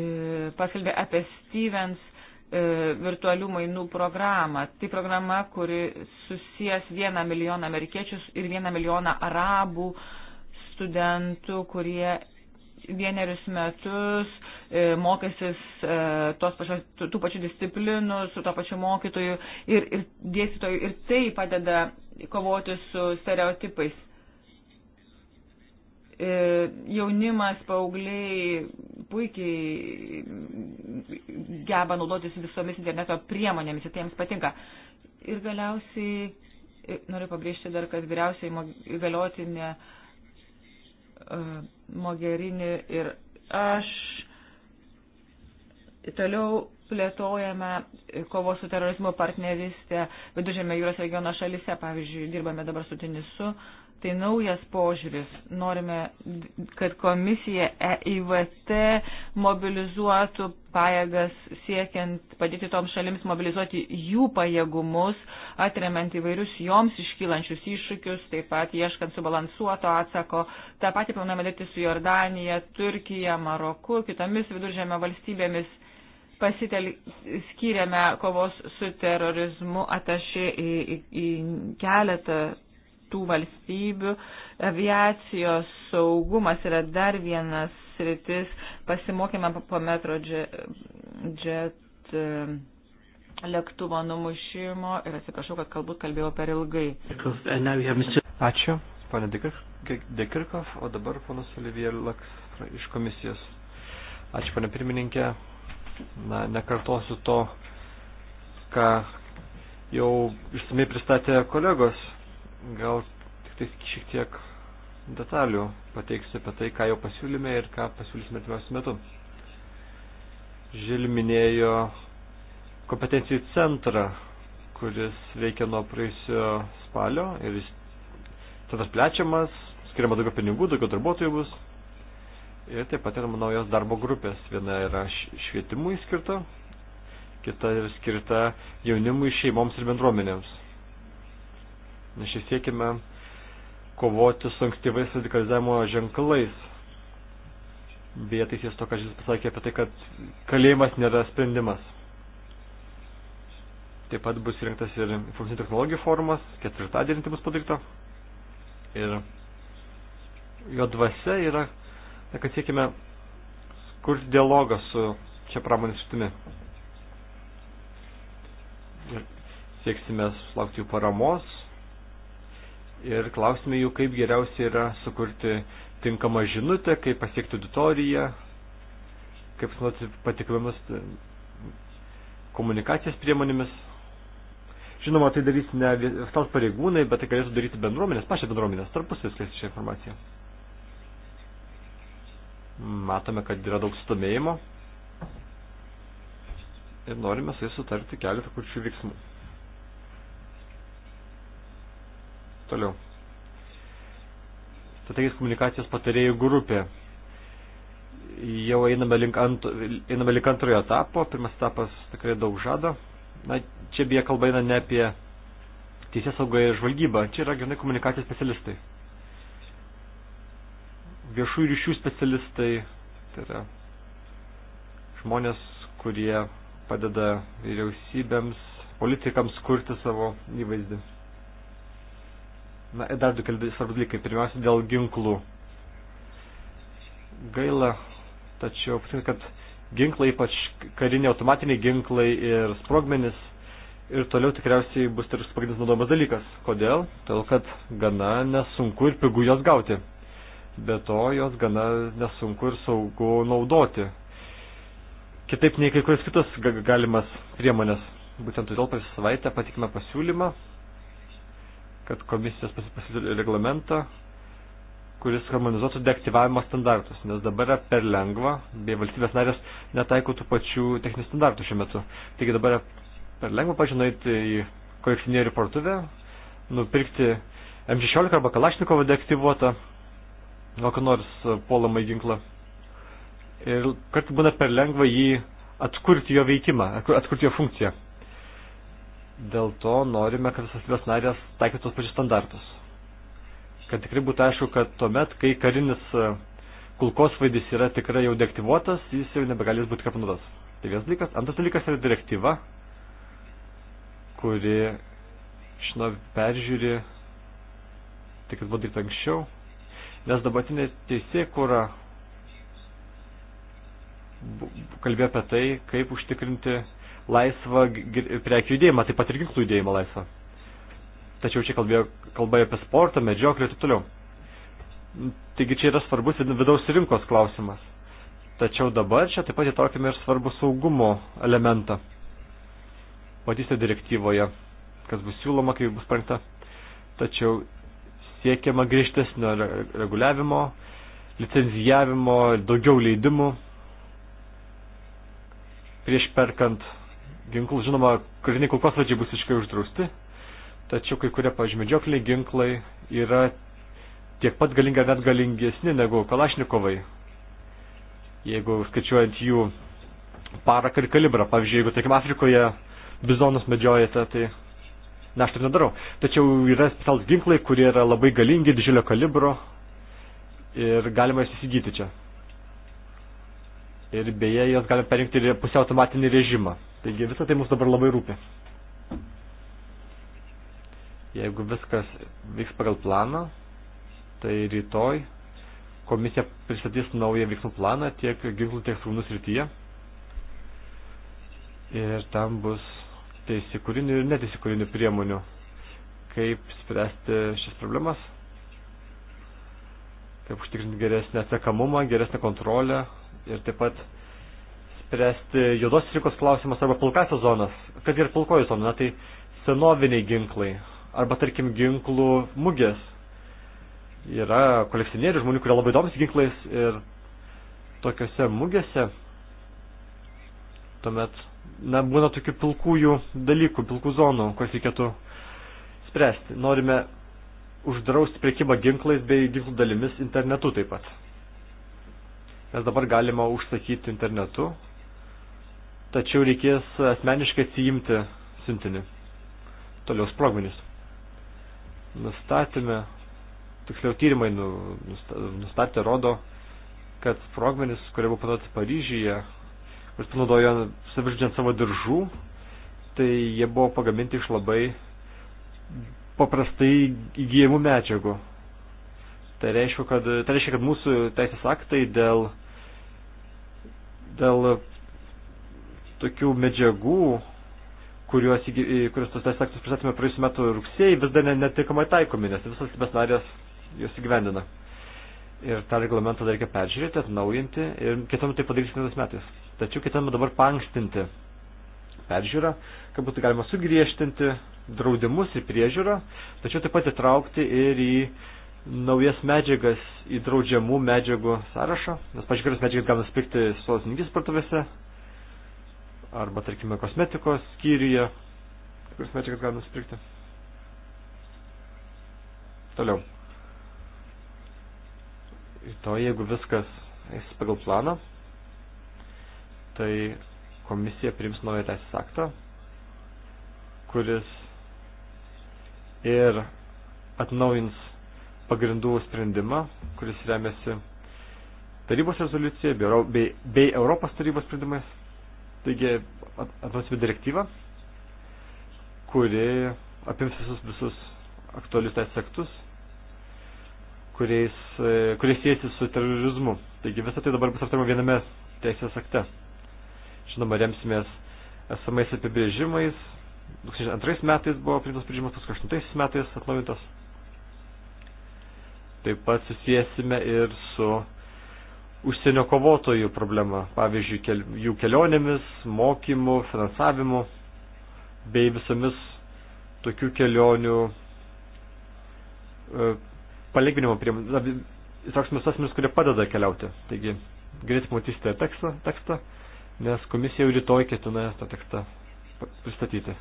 paskelbė apie Stevens e, virtualių mainų programą. Tai programa, kuri susijęs vieną milijoną amerikiečius ir vieną milijoną arabų studentų, kurie vienerius metus e, mokysis e, tos pačios, tų pačių disciplinų, su to pačiu mokytoju ir, ir dėstytoju ir tai padeda kovoti su stereotipais. E, jaunimas, paaugliai puikiai geba naudotis visomis interneto priemonėmis ir tai jiems patinka. Ir galiausiai noriu pabrėžti dar, kad vyriausiai įgaliotinė ne Mogerini ir aš toliau plėtojame kovos su terorizmu partneristę Vidužėme jūros regiono šalise, pavyzdžiui, dirbame dabar su Tunisu, uh, Tai naujas požiūris. Norime, kad komisija EIVT mobilizuotų pajėgas siekiant padėti toms šalims mobilizuoti jų pajėgumus, atremiant įvairius joms iškylančius iššūkius, taip pat ieškant subalansuoto atsako. Ta pati planuojame daryti su Jordanija, Turkija, Maroku, kitomis viduržėme valstybėmis pasitel skiriame kovos su terorizmu atašė į, į, į keletą tų valstybių. Aviacijos saugumas yra dar vienas sritis. Pasimokėme po metro jet e, lėktuvo numušimo ir atsiprašau, kad galbūt kalbėjau per ilgai. Ačiū, pane Dekirkov, o dabar ponas Olivier Laks iš komisijos. Ačiū, pane pirmininkė. Na, nekartosiu to, ką jau išsamei pristatė kolegos gal tik tai šiek tiek detalių pateiksiu apie tai, ką jau pasiūlyme ir ką pasiūlysime artimiausiu metu. Žil minėjo kompetencijų centrą, kuris veikia nuo praėjusio spalio ir jis centras plečiamas, skiriama daugiau pinigų, daugiau darbuotojų bus. Ir taip pat yra naujos darbo grupės. Viena yra švietimui skirta, kita yra skirta jaunimui, šeimoms ir bendruomenėms. Mes šiek siekime kovoti su ankstyvais radikalizavimo ženklais. Beje, teisės tai to, ką jis pasakė apie tai, kad kalėjimas nėra sprendimas. Taip pat bus rinktas ir informacinių technologijų forumas, ketvirtadienį tai bus padaryta. Ir jo dvasia yra, na, kad siekime kurti dialogą su čia pramonės šitimi. Ir sieksime sulaukti jų paramos, ir klausime jų, kaip geriausia yra sukurti tinkamą žinutę, kaip pasiekti auditoriją, kaip sunaudoti patikimamis e, komunikacijos priemonėmis. Žinoma, tai darys ne vietos pareigūnai, bet tai galėtų daryti bendruomenės, pačią bendruomenės, tarpusavį skleisti šią informaciją. Matome, kad yra daug stomėjimo ir norime su jais sutarti keletą kurčių veiksmų. Toliau. Strategijos komunikacijos patarėjų grupė. Jau einame link, ant, einame link antrojo etapo. Pirmas etapas tikrai daug žada. Na, čia beje kalba eina ne apie teisės saugą ir žvalgybą. Čia yra grinai komunikacijos specialistai. Viešų ryšių specialistai. Tai yra žmonės, kurie padeda vyriausybėms, politikams kurti savo įvaizdį. Na ir dar du kalbės svarbu dalykai. Pirmiausia, dėl ginklų. Gaila, tačiau pasakyti, kad ginklai, ypač kariniai automatiniai ginklai ir sprogmenis, ir toliau tikriausiai bus tai pagrindinis naudojamas dalykas. Kodėl? Todėl, kad gana nesunku ir pigu jos gauti. Be to, jos gana nesunku ir saugu naudoti. Kitaip nei kai kurios kitos galimas priemonės. Būtent todėl prieš savaitę patikime pasiūlymą kad komisijos pasipasiūlė reglamentą, kuris harmonizuotų deaktyvavimo standartus, nes dabar yra per lengva, bei valstybės narės netaiko tų pačių techninių standartų šiuo metu. Taigi dabar yra per lengva, pažiūrėjau, nueiti į kolekcionierių parduotuvę, nupirkti M16 arba Kalašnikovo deaktyvuotą, kokį nors puolamą į ginklą. Ir kartu būna per lengva jį atkurti jo veikimą, atkurti jo funkciją. Dėl to norime, kad visas valstybės narės taikytų tos pačius standartus. Kad tikrai būtų aišku, kad tuomet, kai karinis e, kulkosvaidis yra tikrai jau deaktyvuotas, jis jau nebegalės būti kapnuotas. Tai vienas dalykas. Antras dalykas yra direktyva, kuri šino peržiūri, tai kad buvo daryta anksčiau, nes dabartinė teisė, kura kalbėjo apie tai, kaip užtikrinti laisvą prekių judėjimą, taip pat ir ginklų judėjimą laisvą. Tačiau čia kalbėjo, kalbėjo apie sportą, medžioklį ir taip toliau. Taigi čia yra svarbus vidaus rinkos klausimas. Tačiau dabar čia taip pat įtraukime ir svarbų saugumo elementą. Matysite direktyvoje, kas bus siūloma, kai bus parengta. Tačiau siekiama griežtesnio reguliavimo, licenzijavimo, daugiau leidimų prieš perkant ginklus. Žinoma, kariniai kulkosvaidžiai bus iškai uždrausti, tačiau kai kurie, pavyzdžiui, medžiokliai ginklai yra tiek pat galingi ar net galingesni negu kalašnikovai, jeigu skaičiuojant jų paraką ir kalibrą. Pavyzdžiui, jeigu, tarkim, Afrikoje bizonus medžiojate, tai na, aš taip nedarau. Tačiau yra specialus ginklai, kurie yra labai galingi, didžiulio kalibro ir galima jas įsigyti čia. Ir beje, jos galima perinkti ir pusiau automatinį režimą. Taigi visą tai mums dabar labai rūpi. Jeigu viskas vyks pagal planą, tai rytoj komisija pristatys naują veiksmų planą tiek ginklų, tiek srūnų srityje. Ir tam bus teisikūrinių ir neteisikūrinių priemonių, kaip spręsti šias problemas, kaip užtikrinti geresnę atsekamumą, geresnę kontrolę ir taip pat spręsti juodos rinkos klausimas arba pilkasios zonas, kad ir pilkoji zona, na, tai senoviniai ginklai arba tarkim ginklų mugės. Yra kolekcionierių žmonių, kurie labai domisi ginklais ir tokiuose mugėse tuomet na, būna tokių pilkųjų dalykų, pilkų zonų, kurias reikėtų spręsti. Norime uždrausti priekybą ginklais bei ginklų dalimis internetu taip pat. Nes dabar galima užsakyti internetu tačiau reikės asmeniškai atsijimti siuntinį. Toliau sprogmenys. Nustatėme, tiksliau tyrimai nu, nustatė, rodo, kad sprogmenys, kurie buvo panaudoti Paryžyje, kuris panaudojo savižudžiant savo diržų, tai jie buvo pagaminti iš labai paprastai įgyjimų medžiagų. Tai reiškia, kad, tai reiškia, kad mūsų teisės aktai dėl, dėl tokių medžiagų, kuriuos, kuriuos tos teisės aktus pristatėme praėjusiu metu rugsėjai, vis dar netikamai taikomi, nes visas valstybės narės juos įgyvendina. Ir tą reglamentą reikia peržiūrėti, atnaujinti ir kitam tai padaryti kitais metais. Tačiau kitam dabar pankstinti peržiūrą, kad būtų galima sugriežtinti draudimus ir priežiūrą, tačiau taip pat įtraukti ir į naujas medžiagas į draudžiamų medžiagų sąrašą, nes pažiūrėjus medžiagas galima spirti sosininkis parduotuvėse, arba, tarkime, kosmetikos skyriuje, kuris medžiagas galima nusipirkti. Toliau. Ir to, jeigu viskas eis pagal planą, tai komisija priims naują teisės aktą, kuris ir atnaujins pagrindų sprendimą, kuris remiasi tarybos rezoliucija bei, bei, bei Europos tarybos sprendimais Taigi, atmosfė direktyva, kuri apims visus, visus aktualius teisės aktus, kuriais, e, kuriais siejasi su terorizmu. Taigi visą tai dabar bus aptariama viename teisės akte. Žinoma, remsimės esamais apibrėžimais. 2002 metais buvo priimtas apibrėžimas, paskui 2008 metais atnaujintas. Taip pat susijęsime ir su užsienio kovotojų problema, pavyzdžiui, kel, jų kelionėmis, mokymu, finansavimu bei visomis tokių kelionių e, palengvinimo priemonėmis. Įtrauksime asmenis, kurie padeda keliauti. Taigi, greit matysite tekstą, tekstą, nes komisija jau rytoj ketina tą tekstą pristatyti.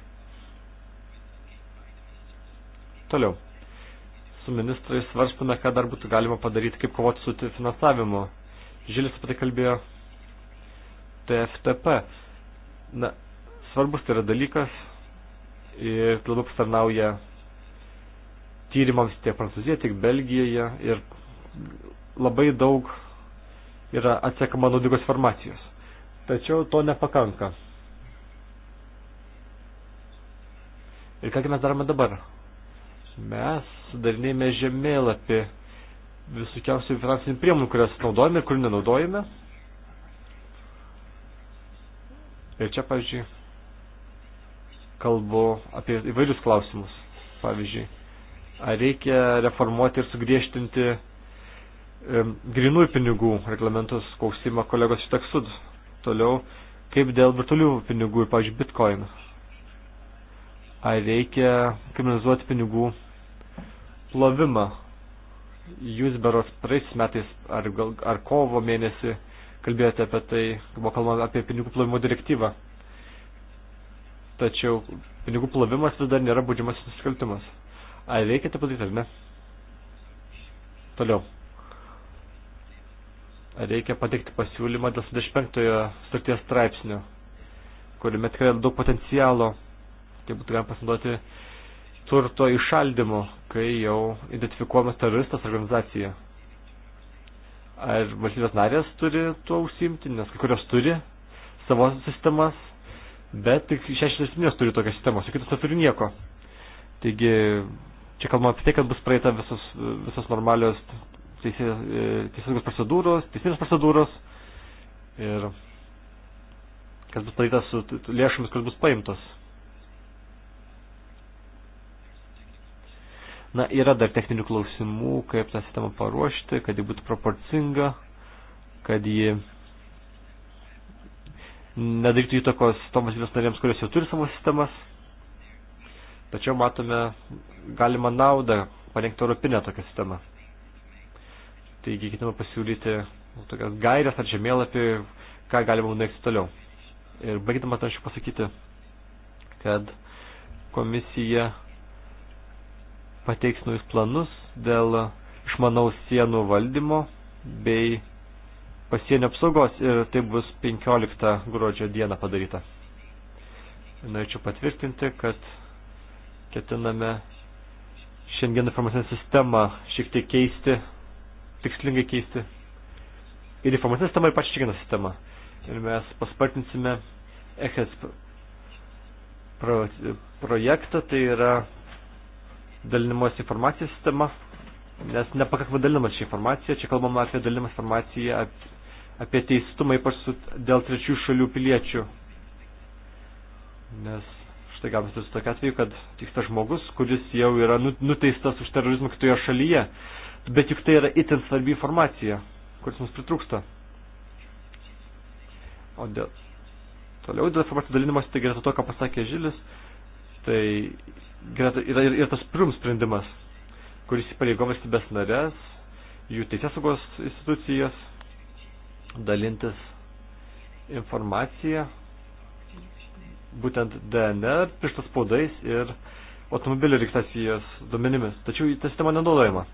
Toliau. Su ministrais svarstame, ką dar būtų galima padaryti, kaip kovoti su finansavimu Žilis apie tai kalbėjo TFTP. Na, svarbus tai yra dalykas ir tai labai pastarnauja tyrimams tiek Prancūzija, tiek Belgijoje ir labai daug yra atsiekama naudingos informacijos. Tačiau to nepakanka. Ir kągi mes darome dabar? Mes sudarinėjame žemėlapį visokiausių finansinių priemonių, kurias naudojame, kur nenaudojame. Ir čia, pavyzdžiui, kalbu apie įvairius klausimus. Pavyzdžiui, ar reikia reformuoti ir sugriežtinti grinųjų pinigų reglamentus, klausimą kolegos iš Taksud. Toliau, kaip dėl virtualių pinigų, pavyzdžiui, bitcoin. Ar reikia kriminalizuoti pinigų plovimą, jūs beros praeis metais ar, gal, ar kovo mėnesį kalbėjote apie tai, buvo kalbama apie pinigų plovimo direktyvą. Tačiau pinigų plovimas vis dar nėra būdžiamas nusikaltimas. Ar reikia tai padaryti, ar ne? Toliau. Ar reikia pateikti pasiūlymą dėl 25-ojo starties straipsnio, kuriame tikrai daug potencialo, tai būtų galima pasinaudoti turto išaldymu, kai jau identifikuojamas teroristas organizacija. Ar valstybės narės turi tuo užsiimti, nes kai kurios turi savo sistemas, bet tik šešiasdešimtinės turi tokias sistemas, o kitas neturi nieko. Taigi, čia kalbama apie tai, kad bus praeita visos, visos normalios e, teisingos procedūros, teisinės procedūros ir kas bus padaryta su lėšomis, kas bus paimtos. Na, yra dar techninių klausimų, kaip tą sistemą paruošti, kad ji būtų proporcinga, kad ji nedarytų įtakos toms vis narėms, kurios jau turi savo sistemas. Tačiau matome galima naudą parengti europinę tokią sistemą. Taigi ketinama pasiūlyti tokias gairias ar žemėlapį, ką galima nuveikti toliau. Ir baigdama, aš pasakyti, kad komisija pateiks naujus planus dėl išmanaus sienų valdymo bei pasienio apsaugos ir tai bus 15 gruodžio dieną padaryta. Norėčiau patvirtinti, kad ketiname šiandien informacinę sistemą šiek tiek keisti, tikslingai keisti. Ir informacinę sistemą, ir pačią šiandieną sistemą. Ir mes paspartinsime EHS e projektą, tai yra dalinimos informacijos sistema, nes nepakankamai dalinimas šią informaciją. Čia kalbama apie dalinimas informaciją apie teistumą, ypač su, dėl trečių šalių piliečių. Nes štai gavosi su tokia atveju, kad vyksta žmogus, kuris jau yra nu, nuteistas už terorizmą kitoje šalyje. Bet juk tai yra itin svarbi informacija, kuris mums pritrūksta. O dėl... Toliau dėl informacijos dalinimas, tai greta to, ką pasakė Žilis, Tai yra ir, ir tas prum sprendimas, kuris įpareigo valstybės narės, jų teisėsaugos institucijas dalintis informaciją, būtent DNR, pirštas spaudais ir automobilio registracijos duomenimis. Tačiau ta sistema nenaudojama.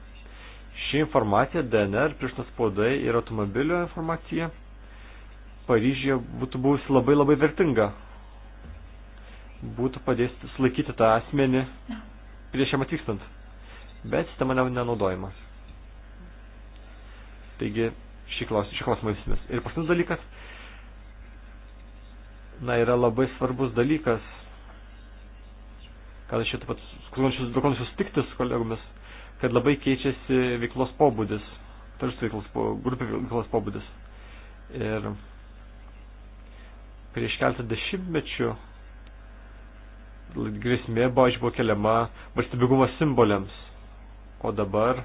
Ši informacija, DNR, pirštas spaudai ir automobilio informacija Paryžyje būtų buvusi labai labai vertinga būtų padėti sulaikyti tą asmenį prieš jam atvykstant. Bet sistema nenaudojama. Taigi, šį klausimą visimės. Ir paskutinis dalykas, na, yra labai svarbus dalykas, kad aš jau taip pat sklančius drakonus susitikti su kolegomis, kad labai keičiasi veiklos pobūdis, tarsi veiklos, po, grupė veiklos pobūdis. Ir prieš keltą dešimtmečių grėsmė, pavyzdžiui, buvo keliama valstybingumo simboliams, o dabar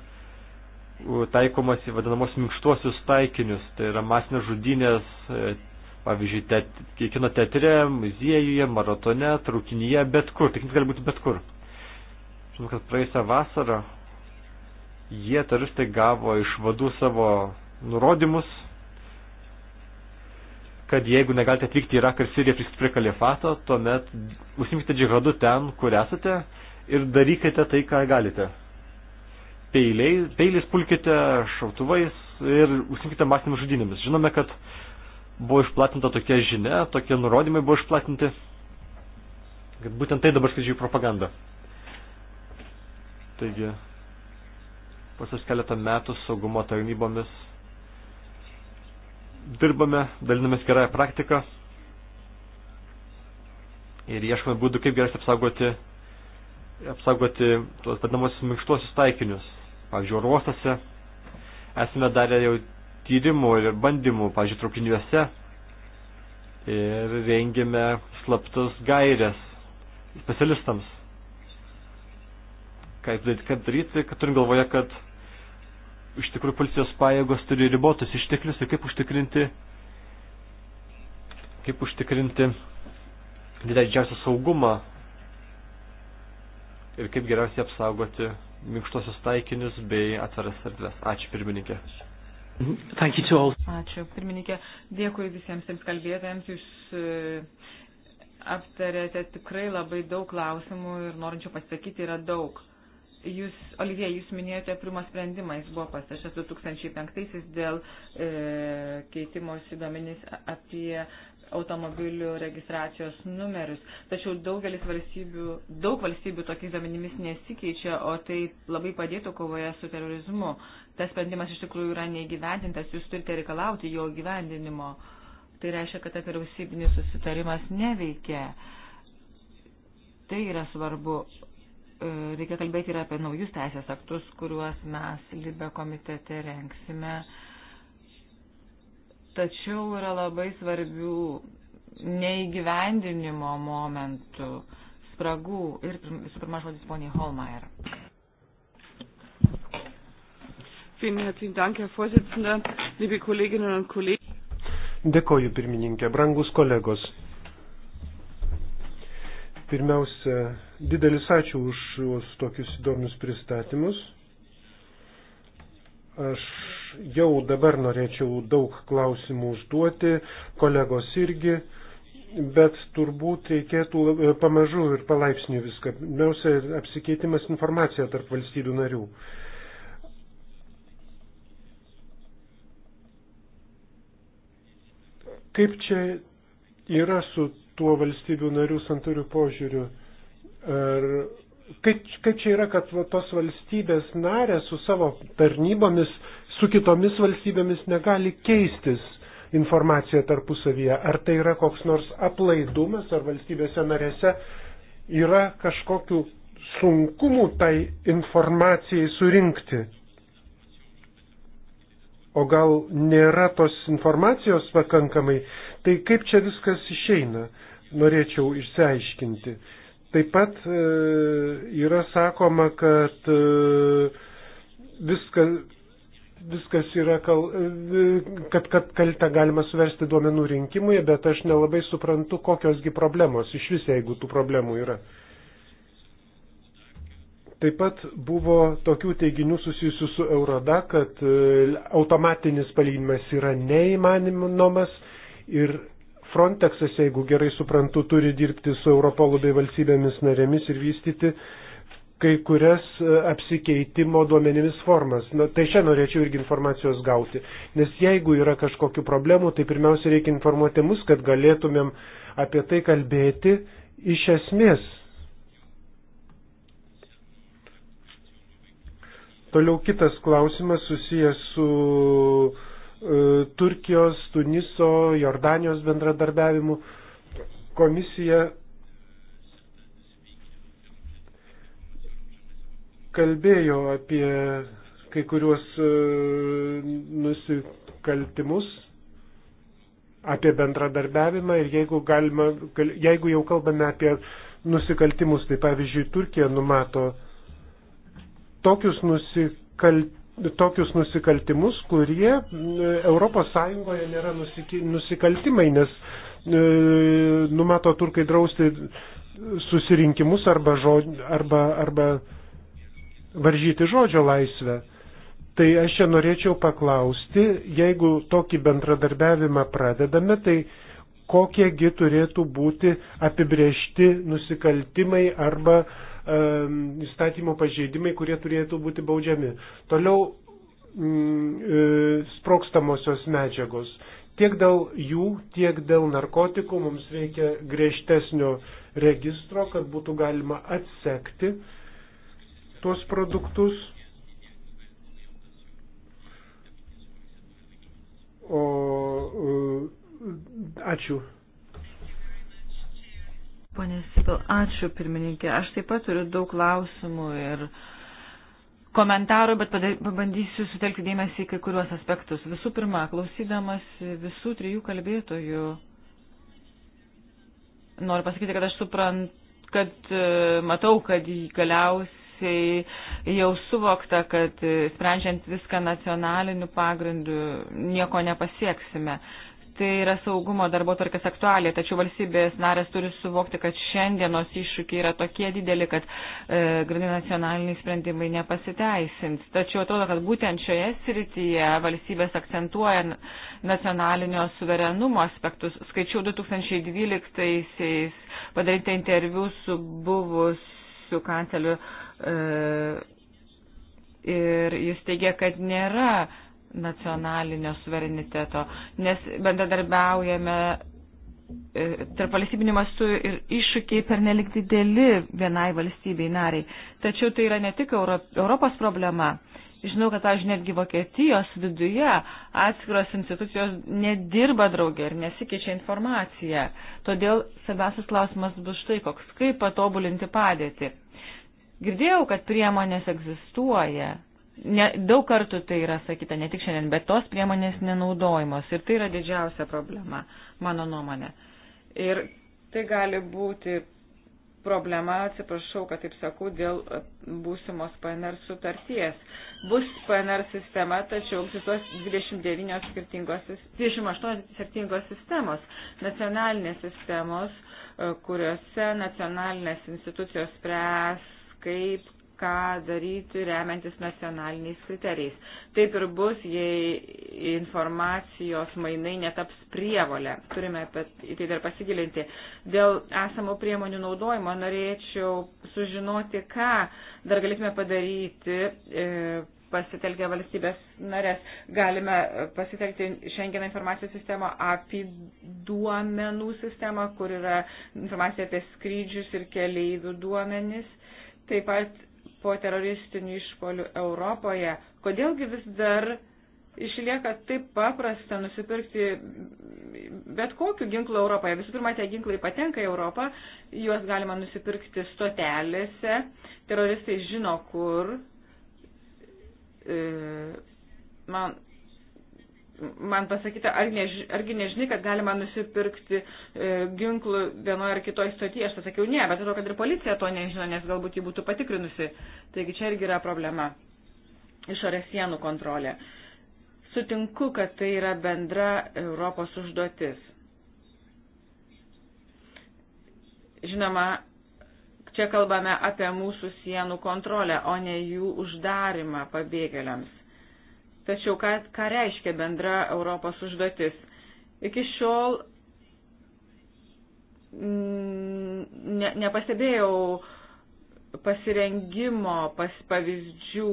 taikomas į vadinamos minkštuosius taikinius, tai yra masinės žudynės, e, pavyzdžiui, te, kino teatre, muziejuje, maratone, traukinyje, bet kur, tikintis gali būti bet kur. Žinau, kad praeisą vasarą jie taristai gavo iš vadų savo nurodymus kad jeigu negalite atvykti į Iraką ir Siriją prie kalifato, tuomet užsimkite džihadu ten, kur esate ir darykite tai, ką galite. Peiliai, peiliais pulkite, šautuvais ir užsimkite masinėmis žudynėmis. Žinome, kad buvo išplatinta tokia žinia, tokie nurodymai buvo išplatinti, kad būtent tai dabar skaičiu propaganda. Taigi, pasios keletą metų saugumo tarnybomis dirbame, dalinamės gerąją praktiką ir ieškome būdų, kaip geriausiai apsaugoti, apsaugoti tuos vadinamosius minkštuosius taikinius. Pavyzdžiui, oro uostose esame darę jau tyrimų ir bandymų, pavyzdžiui, traukiniuose ir rengėme slaptus gairės specialistams. Kaip, kaip daryti, kad turim galvoje, kad iš tikrųjų policijos pajėgos turi ribotus išteklius ir kaip užtikrinti, kaip užtikrinti didžiausią saugumą ir kaip geriausiai apsaugoti minkštosios taikinius bei atveras erdves. Ačiū pirmininkė. Mhm. Thank you to all. Ačiū pirmininkė. Dėkui visiems tiems kalbėtojams. Jūs e, aptarėte tikrai labai daug klausimų ir norinčių pasakyti yra daug. Jūs, Olivija, jūs minėjote pirmą sprendimą, jis buvo pastašęs 2005-aisiais dėl e, keitimosi duomenys apie automobilių registracijos numerius. Tačiau daugelis valstybių, daug valstybių tokiais duomenimis nesikeičia, o tai labai padėtų kovoje su terorizmu. Tas sprendimas iš tikrųjų yra neįgyvendintas, jūs turite reikalauti jo gyvendinimo. Tai reiškia, kad vyriausybinis susitarimas neveikia. Tai yra svarbu E, reikia kalbėti ir apie naujus teisės aktus, kuriuos mes Libe komitete renksime. Tačiau yra labai svarbių neįgyvendinimo momentų, spragų ir visų pirma žodis poniai Holmeier. Dėkoju pirmininkė, brangus kolegos. Pirmiausia, Didelis ačiū už tokius įdomius pristatymus. Aš jau dabar norėčiau daug klausimų užduoti, kolegos irgi, bet turbūt reikėtų e, pamažu ir palaipsniui viską. Pirmiausia, apsikeitimas informacija tarp valstybių narių. Kaip čia yra su tuo valstybių narių santurių požiūriu? Ar kaip, kaip čia yra, kad va, tos valstybės narės su savo tarnybomis, su kitomis valstybėmis negali keistis informacija tarpusavyje? Ar tai yra koks nors aplaidumas, ar valstybėse narėse yra kažkokių sunkumų tai informacijai surinkti? O gal nėra tos informacijos pakankamai, tai kaip čia viskas išeina, norėčiau išsiaiškinti. Taip pat e, yra sakoma, kad e, viską, viskas yra, kal, e, kad, kad kaltę galima suversti duomenų rinkimui, bet aš nelabai suprantu, kokiosgi problemos iš vis, jeigu tų problemų yra. Taip pat buvo tokių teiginių susijusių su Euroda, kad automatinis palyginimas yra neįmanomas ir Frontexas, jeigu gerai suprantu, turi dirbti su Europolu bei valstybėmis narėmis ir vystyti kai kurias e, apsikeitimo duomenimis formas. Na, tai čia norėčiau irgi informacijos gauti. Nes jeigu yra kažkokių problemų, tai pirmiausia reikia informuoti mus, kad galėtumėm apie tai kalbėti iš esmės. Toliau kitas klausimas susijęs su E, Turkijos, Tuniso, Jordanijos bendradarbiavimu. Komisija kalbėjo apie kai kuriuos e, nusikaltimus, apie bendradarbiavimą ir jeigu, galima, jeigu jau kalbame apie nusikaltimus, tai pavyzdžiui Turkija numato tokius nusikaltimus, tokius nusikaltimus, kurie ES nėra nusikaltimai, nes e, numato turkai drausti susirinkimus arba, žod, arba, arba varžyti žodžio laisvę. Tai aš čia norėčiau paklausti, jeigu tokį bendradarbiavimą pradedame, tai kokiegi turėtų būti apibriešti nusikaltimai arba uh, Um, įstatymo pažeidimai, kurie turėtų būti baudžiami. Toliau mm, e, sprokstamosios medžiagos. Tiek dėl jų, tiek dėl narkotikų mums reikia griežtesnio registro, kad būtų galima atsekti tuos produktus. O e, ačiū. Pane Sipil, ačiū pirmininkė. Aš taip pat turiu daug klausimų ir komentarų, bet pabandysiu sutelkti dėmesį į kai kuriuos aspektus. Visų pirma, klausydamas visų trijų kalbėtojų, noriu pasakyti, kad aš suprantu, kad e, matau, kad galiausiai jau suvokta, kad e, sprendžiant viską nacionaliniu pagrindu nieko nepasieksime tai yra saugumo darbo tvarkės aktualija, tačiau valstybės narės turi suvokti, kad šiandienos iššūkiai yra tokie dideli, kad e, grinai nacionaliniai sprendimai nepasiteisins. Tačiau atrodo, kad būtent šioje srityje valstybės akcentuoja nacionalinio suverenumo aspektus. Skaičiau 2012-aisiais padaryti interviu su buvusiu kanceliu e, ir jis teigia, kad nėra nacionalinio suvereniteto, nes bendradarbiaujame e, tarp valstybinių mastų ir iššūkiai per nelik dideli vienai valstybei nariai. Tačiau tai yra ne tik Europos problema. Žinau, kad, pavyzdžiui, netgi Vokietijos viduje atskiros institucijos nedirba draugė ir nesikeičia informacija. Todėl svarbiausias klausimas bus štai koks, kaip patobulinti padėtį. Girdėjau, kad priemonės egzistuoja, ne, daug kartų tai yra sakyta, ne tik šiandien, bet tos priemonės nenaudojimos. Ir tai yra didžiausia problema, mano nuomonė. Ir tai gali būti problema, atsiprašau, kad taip sakau, dėl e, būsimos PNR sutarties. Bus PNR sistema, tačiau egzistuos 29 skirtingos, 28 skirtingos sistemos, nacionalinės sistemos, e, kuriuose nacionalinės institucijos spręs, kaip, ką daryti remiantis nacionaliniais kriterijais. Taip ir bus, jei informacijos mainai netaps prievolę. Turime į tai dar pasigilinti. Dėl esamų priemonių naudojimo norėčiau sužinoti, ką dar galėtume padaryti. E, pasitelkę valstybės narės. Galime pasitelkti šiandieną informacijos sistemą apie duomenų sistemą, kur yra informacija apie skrydžius ir keleivių duomenis. Taip pat po teroristinių išpolių Europoje, kodėlgi vis dar išlieka taip paprasta nusipirkti bet kokiu ginklu Europoje. Visų pirma, tie ginklai patenka į Europą, juos galima nusipirkti stotelėse, teroristai žino kur. E, man man pasakyta, ar než, argi nežinai, kad galima nusipirkti e, ginklų vienoje ar kitoje stotyje. Aš pasakiau, ne, bet atrodo, kad ir policija to nežino, nes galbūt jį būtų patikrinusi. Taigi čia irgi yra problema. Išorės sienų kontrolė. Sutinku, kad tai yra bendra Europos užduotis. Žinoma, čia kalbame apie mūsų sienų kontrolę, o ne jų uždarimą pabėgėliams Tačiau ką, ką reiškia bendra Europos užduotis? Iki šiol ne, nepastebėjau pasirengimo pas pavyzdžių,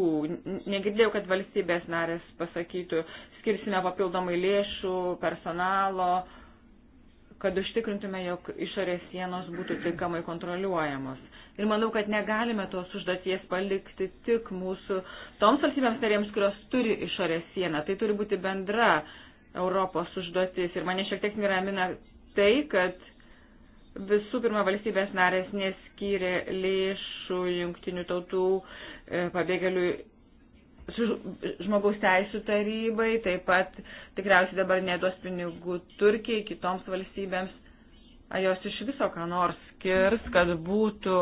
negirdėjau, kad valstybės narės pasakytų, skirsime papildomai lėšų, personalo, kad užtikrintume, jog išorės sienos būtų tinkamai kontroliuojamos. Ir manau, kad negalime tos užduoties palikti tik mūsų toms valstybėms narėms, kurios turi išorės sieną. Tai turi būti bendra Europos užduotis. Ir mane šiek tiek miramina tai, kad visų pirma valstybės narės neskyrė lėšų jungtinių tautų e, pabėgėlių žmogaus teisų tarybai, taip pat tikriausiai dabar neduos pinigų Turkijai, kitoms valstybėms. Ar jos iš viso ką nors skirs, kad būtų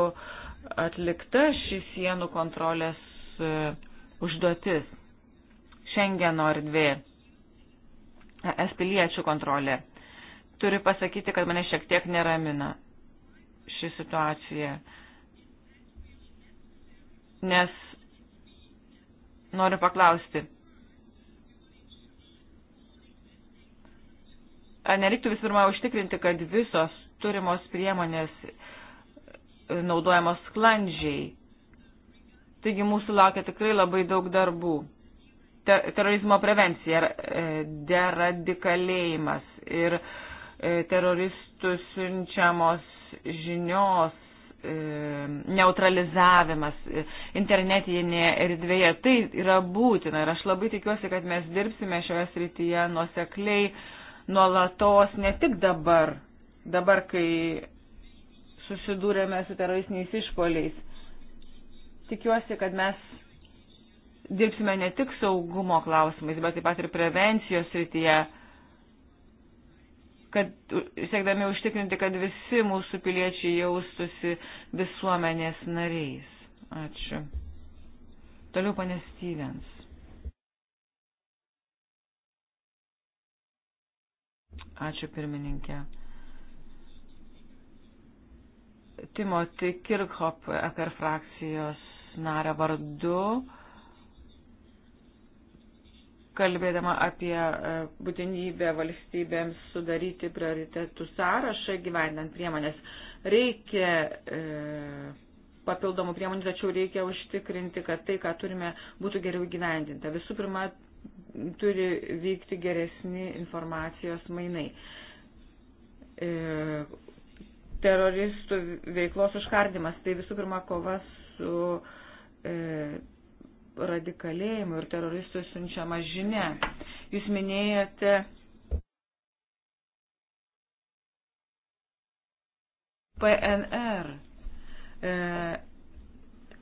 atlikta šį sienų kontrolės e, užduotis? Šengeno erdvė, es piliečių kontrolė. Turiu pasakyti, kad mane šiek tiek neramina ši situacija. Nes Noriu paklausti. Ar nereiktų visų pirma užtikrinti, kad visos turimos priemonės e, naudojamos sklandžiai? Taigi mūsų laukia tikrai labai daug darbų. Te terorizmo prevencija, e, deradikalėjimas ir e, teroristų siunčiamos žinios E, neutralizavimas e, internetinėje erdvėje. Tai yra būtina ir aš labai tikiuosi, kad mes dirbsime šioje srityje nuosekliai, nuolatos, ne tik dabar, dabar, kai susidūrėme su teroristiniais išpoliais. Tikiuosi, kad mes dirbsime ne tik saugumo klausimais, bet taip pat ir prevencijos srityje kad siekdami užtikrinti, kad visi mūsų piliečiai jaustusi visuomenės nariais. Ačiū. Toliau panė Stevens. Ačiū pirmininkė. Timoti Kirkhop e per frakcijos narę vardu kalbėdama apie e, būtinybę valstybėms sudaryti prioritetų sąrašą gyvenant priemonės. Reikia e, papildomų priemonių, tačiau reikia užtikrinti, kad tai, ką turime, būtų geriau gyvendinta. Visų pirma, turi vykti geresni informacijos mainai. E, teroristų veiklos užkardimas, tai visų pirma kova su e, radikalėjimo ir teroristų siunčiama žinia. Jūs minėjote PNR. E,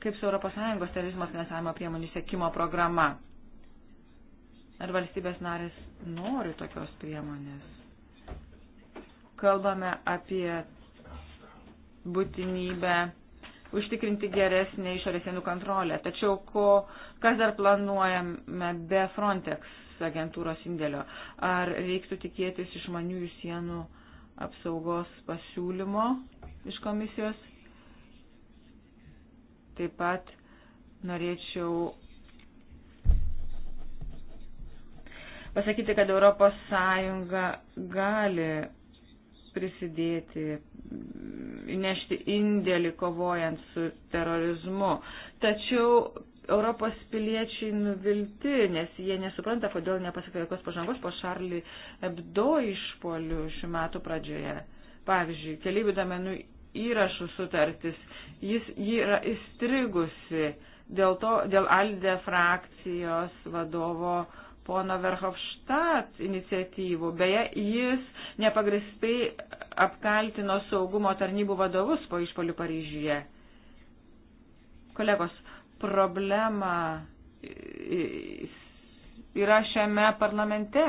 kaip su ES terorizmo finansavimo priemonių sėkimo programa. Ar valstybės narės nori tokios priemonės? Kalbame apie būtinybę užtikrinti geresnį išorės sienų kontrolę. Tačiau ko, kas dar planuojame be Frontex agentūros indėlio? Ar reiktų tikėtis išmaniųjų sienų apsaugos pasiūlymo iš komisijos? Taip pat norėčiau pasakyti, kad Europos Sąjunga gali prisidėti, nešti indėlį kovojant su terorizmu. Tačiau Europos piliečiai nuvilti, nes jie nesupranta, kodėl nepasakė jokios pažangos po Šarlį Ebdo išpolių šių metų pradžioje. Pavyzdžiui, keliaivių domenų įrašų sutartis, jis yra įstrigusi dėl, to, dėl Alde frakcijos vadovo uh, pono Verhofstadt iniciatyvų. Beje, jis nepagristai apkaltino saugumo tarnybų vadovus po išpolių Paryžyje. Kolegos, problema yra šiame parlamente.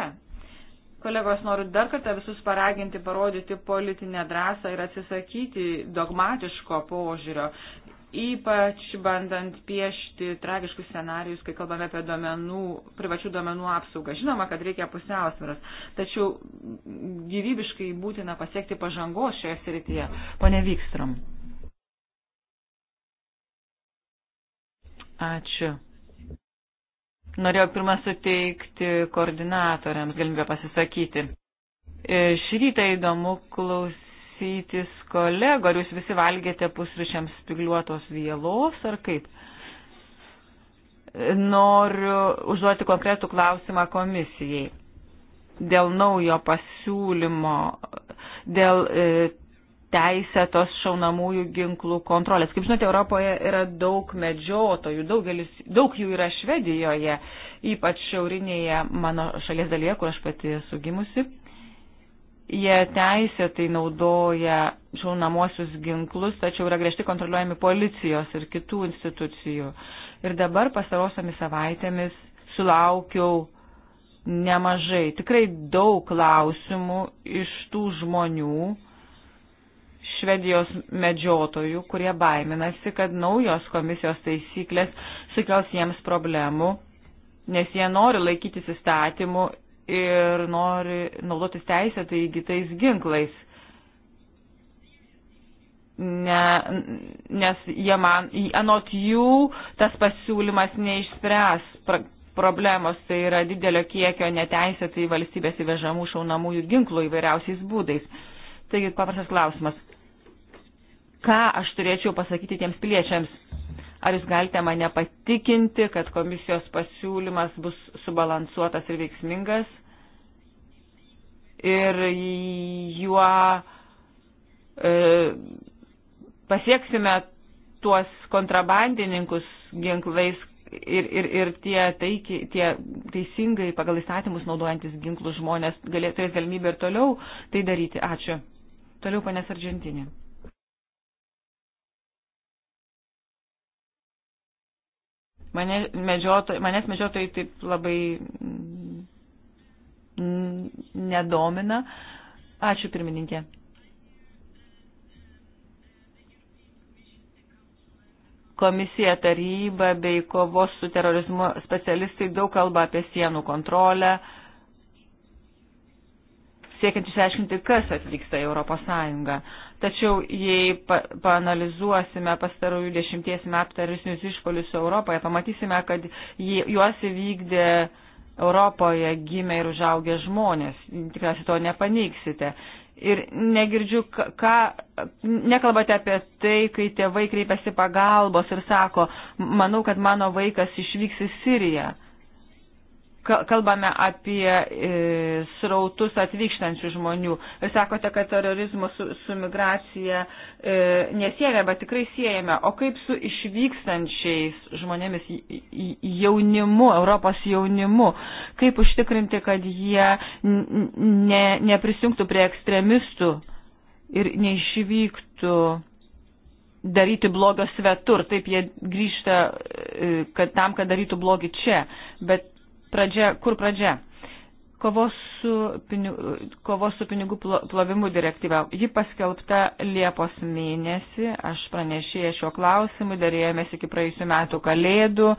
Kolegos, noriu dar kartą visus paraginti, parodyti politinę drąsą ir atsisakyti dogmatiško požiūrio ypač bandant piešti tragiškus scenarius, kai kalbame apie domenų, privačių domenų apsaugą. Žinoma, kad reikia pusiausvėros, tačiau gyvybiškai būtina pasiekti pažangos šioje srityje. Pone Vykstrom. Ačiū. Norėjau pirmą suteikti koordinatoriams galimybę pasisakyti. E, šį rytą įdomu klausyti klausytis kolego, ar jūs visi valgėte pusryčiams spigliuotos vielos ar kaip? Noriu užduoti konkretų klausimą komisijai dėl naujo pasiūlymo, dėl e, teisėtos šaunamųjų ginklų kontrolės. Kaip žinote, Europoje yra daug medžiotojų, daugelis, daug jų yra Švedijoje, ypač šiaurinėje mano šalies dalyje, kur aš pati esu gimusi jie teisėtai naudoja šaunamosius ginklus, tačiau yra griežtai kontroliuojami policijos ir kitų institucijų. Ir dabar pastarosiomis savaitėmis sulaukiau nemažai, tikrai daug klausimų iš tų žmonių, Švedijos medžiotojų, kurie baiminasi, kad naujos komisijos taisyklės sukels jiems problemų, nes jie nori laikytis įstatymų ir nori naudotis teisę tai įgytais ginklais. Ne, nes jie man, anot jų, tas pasiūlymas neišspręs pra, problemos, tai yra didelio kiekio neteisėtai valstybės įvežamų šaunamųjų ginklų įvairiausiais būdais. Taigi paprastas klausimas. Ką aš turėčiau pasakyti tiems piliečiams? Ar jūs galite mane patikinti, kad komisijos pasiūlymas bus subalansuotas ir veiksmingas ir juo e, pasieksime tuos kontrabandininkus ginklais ir, ir, ir tie, taiki, tie teisingai pagal įstatymus naudojantis ginklus žmonės galės, turės galimybę ir toliau tai daryti. Ačiū. Toliau ponės Argentinė. Mane medžiotojai, manęs medžiotojai taip labai nedomina. Ačiū pirmininkė. Komisija taryba bei kovos su terorizmu specialistai daug kalba apie sienų kontrolę, uh, siekiant išsiaiškinti, kas atvyksta į Europos Sąjungą. Tačiau jei pa paanalizuosime pastarųjų dešimties metų teroristinius išpolius Europoje, pamatysime, kad jie, juos įvykdė Europoje gimę ir užaugę žmonės. Tikriausiai to nepaneiksite. Ir negirdžiu, ką, nekalbate apie tai, kai tėvai kreipiasi pagalbos ir sako, manau, kad mano vaikas išvyks į Siriją kalbame apie e, srautus atvykstančių žmonių. Ir sakote, kad terorizmo su, su migracija e, nesieja, bet tikrai siejame. O kaip su išvykstančiais žmonėmis jaunimu, Europos jaunimu? Kaip užtikrinti, kad jie ne, neprisijungtų prie ekstremistų ir neišvyktų? daryti blogio svetur, taip jie grįžta e, kad tam, kad darytų blogį čia, bet pradžia, kur pradžia? Kovos su, pinigų, kovos su pinigų plovimu direktyva. Ji paskelbta Liepos mėnesį, aš pranešėjau šio klausimu, darėjomės iki praėjusių metų kalėdų,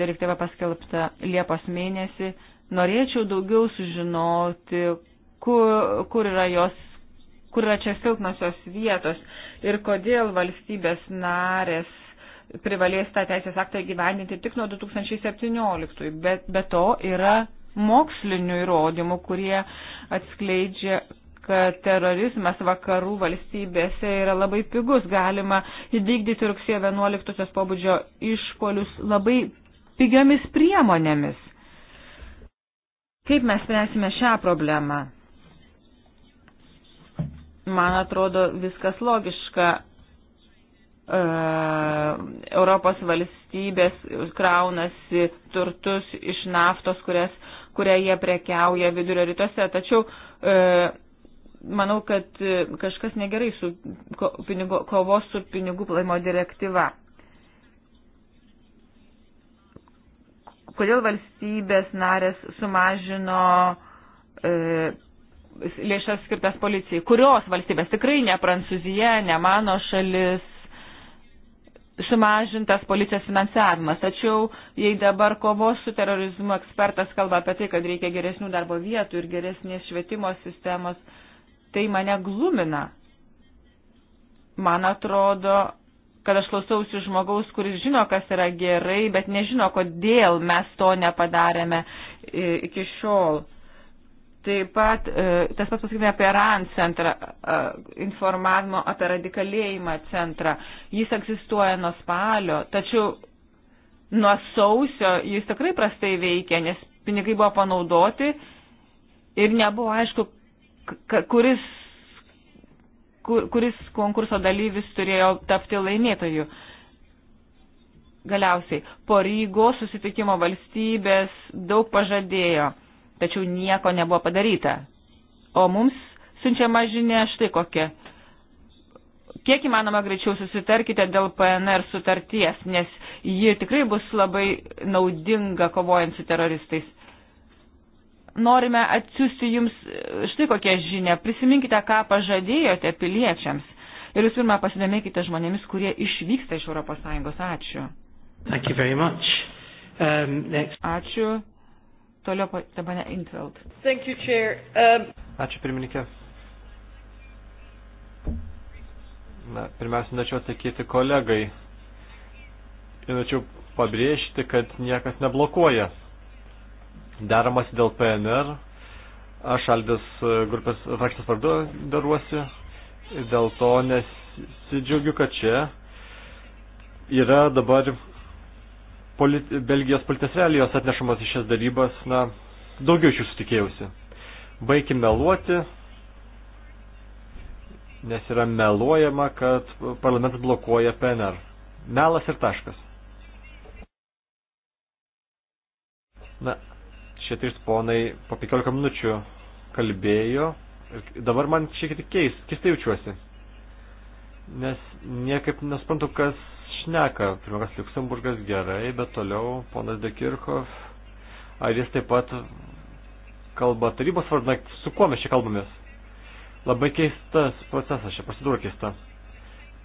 direktyva paskelbta Liepos mėnesį. Norėčiau daugiau sužinoti, kur, kur yra jos kur yra čia silpnosios vietos ir kodėl valstybės narės privalės tą teisės aktą įgyvendinti tik nuo 2017. Bet be to yra mokslinių įrodymų, kurie atskleidžia, kad terorizmas vakarų valstybėse yra labai pigus. Galima įvykdyti rugsėjo 11-osios pobūdžio išpolius labai pigiomis priemonėmis. Kaip mes spręsime šią problemą? Man atrodo viskas logiška. E, Europos valstybės kraunasi turtus iš naftos, kurias, kurią jie prekiauja vidurio rytuose. Tačiau e, manau, kad e, kažkas negerai su ko, pinigo, kovos su pinigų plaimo direktyva. Kodėl valstybės narės sumažino e, lėšas skirtas policijai? Kurios valstybės? Tikrai ne Prancūzija, ne mano šalis sumažintas policijos finansavimas. Tačiau jei dabar kovos su terorizmu ekspertas kalba apie tai, kad reikia geresnių darbo vietų ir geresnės švietimo sistemos, tai mane glumina. Man atrodo, kad aš klausausi žmogaus, kuris žino, kas yra gerai, bet nežino, kodėl mes to nepadarėme e, iki šiol. Taip pat e, tas pats pasakykime apie RAN centrą, e, informavimo apie radikalėjimą centrą. Jis egzistuoja nuo spalio, tačiau nuo sausio jis tikrai prastai veikia, nes pinigai buvo panaudoti ir nebuvo aišku, kuris, kuris konkurso dalyvis turėjo tapti laimėtoju. Galiausiai, po Rygos susitikimo valstybės daug pažadėjo tačiau nieko nebuvo padaryta. O mums siunčiama žinia štai kokia. Kiek įmanoma greičiau susitarkite dėl PNR sutarties, nes ji tikrai bus labai naudinga kovojant su teroristais. Norime atsiųsti jums štai kokią žinę. Prisiminkite, ką pažadėjote piliečiams. Ir jūs pirmą pasidomėkite žmonėmis, kurie išvyksta iš ES. Ačiū. Um, next. Ačiū. Toliau pane Intveld. You, um... Ačiū pirmininkė. Na, pirmiausia, norėčiau atsakyti kolegai. Ir norėčiau pabrėžti, kad niekas neblokuoja. Deramas dėl PNR. Aš Aldis e, grupės frakcijos vardu daruosi. Dėl to nesidžiaugiu, kad čia yra dabar polit, Belgijos politinės realijos atnešamas į šias darybas, na, daugiau iš jūsų tikėjausi. Baigim meluoti, nes yra meluojama, kad parlamentas blokuoja PNR. Melas ir taškas. Na, šie trys ponai po 15 minučių kalbėjo ir dabar man šiek tiek keis, keistai jaučiuosi nes niekaip nesuprantu, kas šneka. Pirmas Luxemburgas gerai, bet toliau ponas Dekirchov, ar jis taip pat kalba tarybos vardą, su kuo mes čia kalbamės? Labai keistas procesas, čia procedūra keista.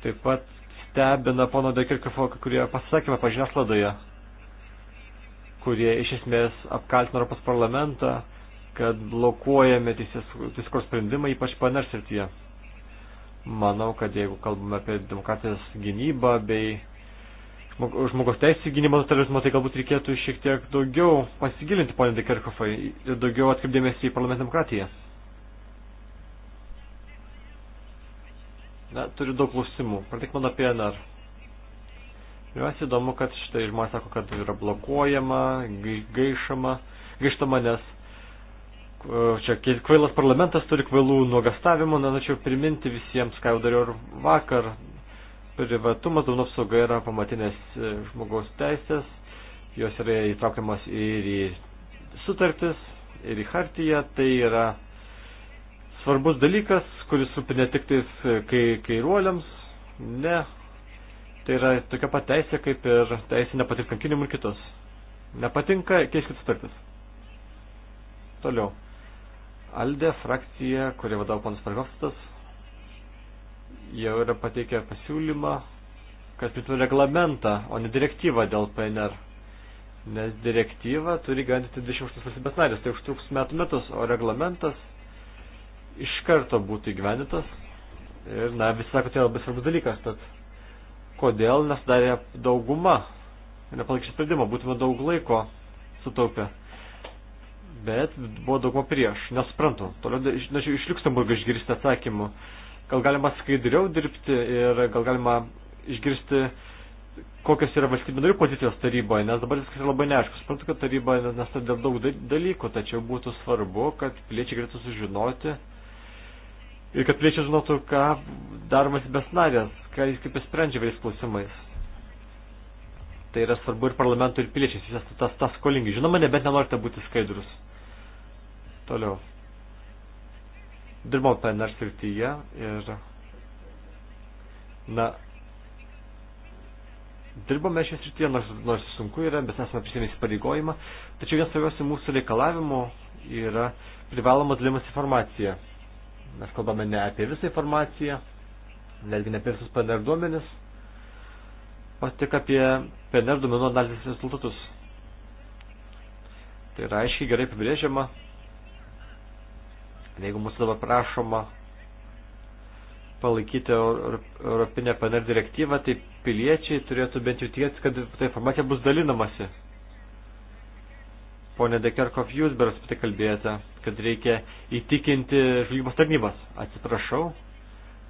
Taip pat stebina pono Dekirchofo, kurie pasisakymą pažiniaslaidoje, kurie iš esmės apkaltina Europos parlamentą, kad blokuojame teisės, teisės sprendimą, ypač PNR srityje. Manau, kad jeigu kalbame apie demokratijos gynybą bei žmogaus teisų gynybą nuo terorizmo, tai galbūt reikėtų šiek tiek daugiau pasigilinti, ponė Dekerkofai, ir daugiau atkreipdėmėsi į parlamentą demokratiją. Na, turiu daug klausimų. Pradėk man apie NR. Pirmiausia įdomu, kad štai žmonės sako, kad yra blokuojama, gaišama, gaištama, nes E, čia kvailas parlamentas turi kvailų nuogastavimų, na, norėčiau priminti visiems, ką jau dariau ir vakar. Privatumas, duomenų apsauga yra pamatinės e, žmogaus teisės, jos yra įtraukiamas ir į sutartis, ir į hartiją, tai yra svarbus dalykas, kuris rūpi ne tik tais e, kai, kairuoliams, ne, tai yra tokia pat teisė, kaip ir teisė nepatirti kankinimų ir kitos. Nepatinka, keiskit sutartis. Toliau. Aldė frakcija, kurie vadovau panas Parkovstas, jau yra pateikę pasiūlymą, kad pritų reglamentą, o ne direktyvą dėl PNR. Nes direktyva turi gyventi 28 valstybės narės, tai užtruks metų metus, o reglamentas iš karto būtų įgyvendintas. Ir, na, visi sako, tai labai svarbus dalykas, tad kodėl nesudarė dauguma, nepalaikšė sprendimo, būtume daug laiko sutaupę bet buvo dauguma prieš. Nesprantu. Toliau nežiūrėjau iš Luxemburgo išgirsti atsakymų. Gal galima skaidriau dirbti ir gal galima išgirsti, kokios yra valstybių narių pozicijos taryboje, nes dabar viskas yra labai neaišku. Suprantu, kad taryba nestabdė dėl daug dalykų, tačiau būtų svarbu, kad piliečiai galėtų sužinoti ir kad piliečiai žinotų, ką daromas besnarės, ką jis kaip jis sprendžia vėl klausimais tai yra svarbu ir parlamentui, ir piliečiams, jūs esate tas, tas skolingi. Žinoma, nebent nenorite būti skaidrus. Toliau. Dirbau PNR srityje ir na, dirbame šią srityje, nors, nors sunku yra, bet esame prisėmę įsipareigojimą. Tačiau vienas svarbiausių mūsų reikalavimų yra privaloma dalymas informacija. Mes kalbame ne apie visą informaciją, netgi ne apie visus PNR duomenis, o tik apie PNR duomenų analizės rezultatus. Tai yra aiškiai gerai apibrėžiama, Jeigu mūsų dabar prašoma palaikyti Europinę PNR direktyvą, tai piliečiai turėtų bent jau tikėtis, kad ta informacija bus dalinamasi. Pone Dekerkov, jūs beras pati kalbėjote, kad reikia įtikinti žvalgybos tarnybas. Atsiprašau.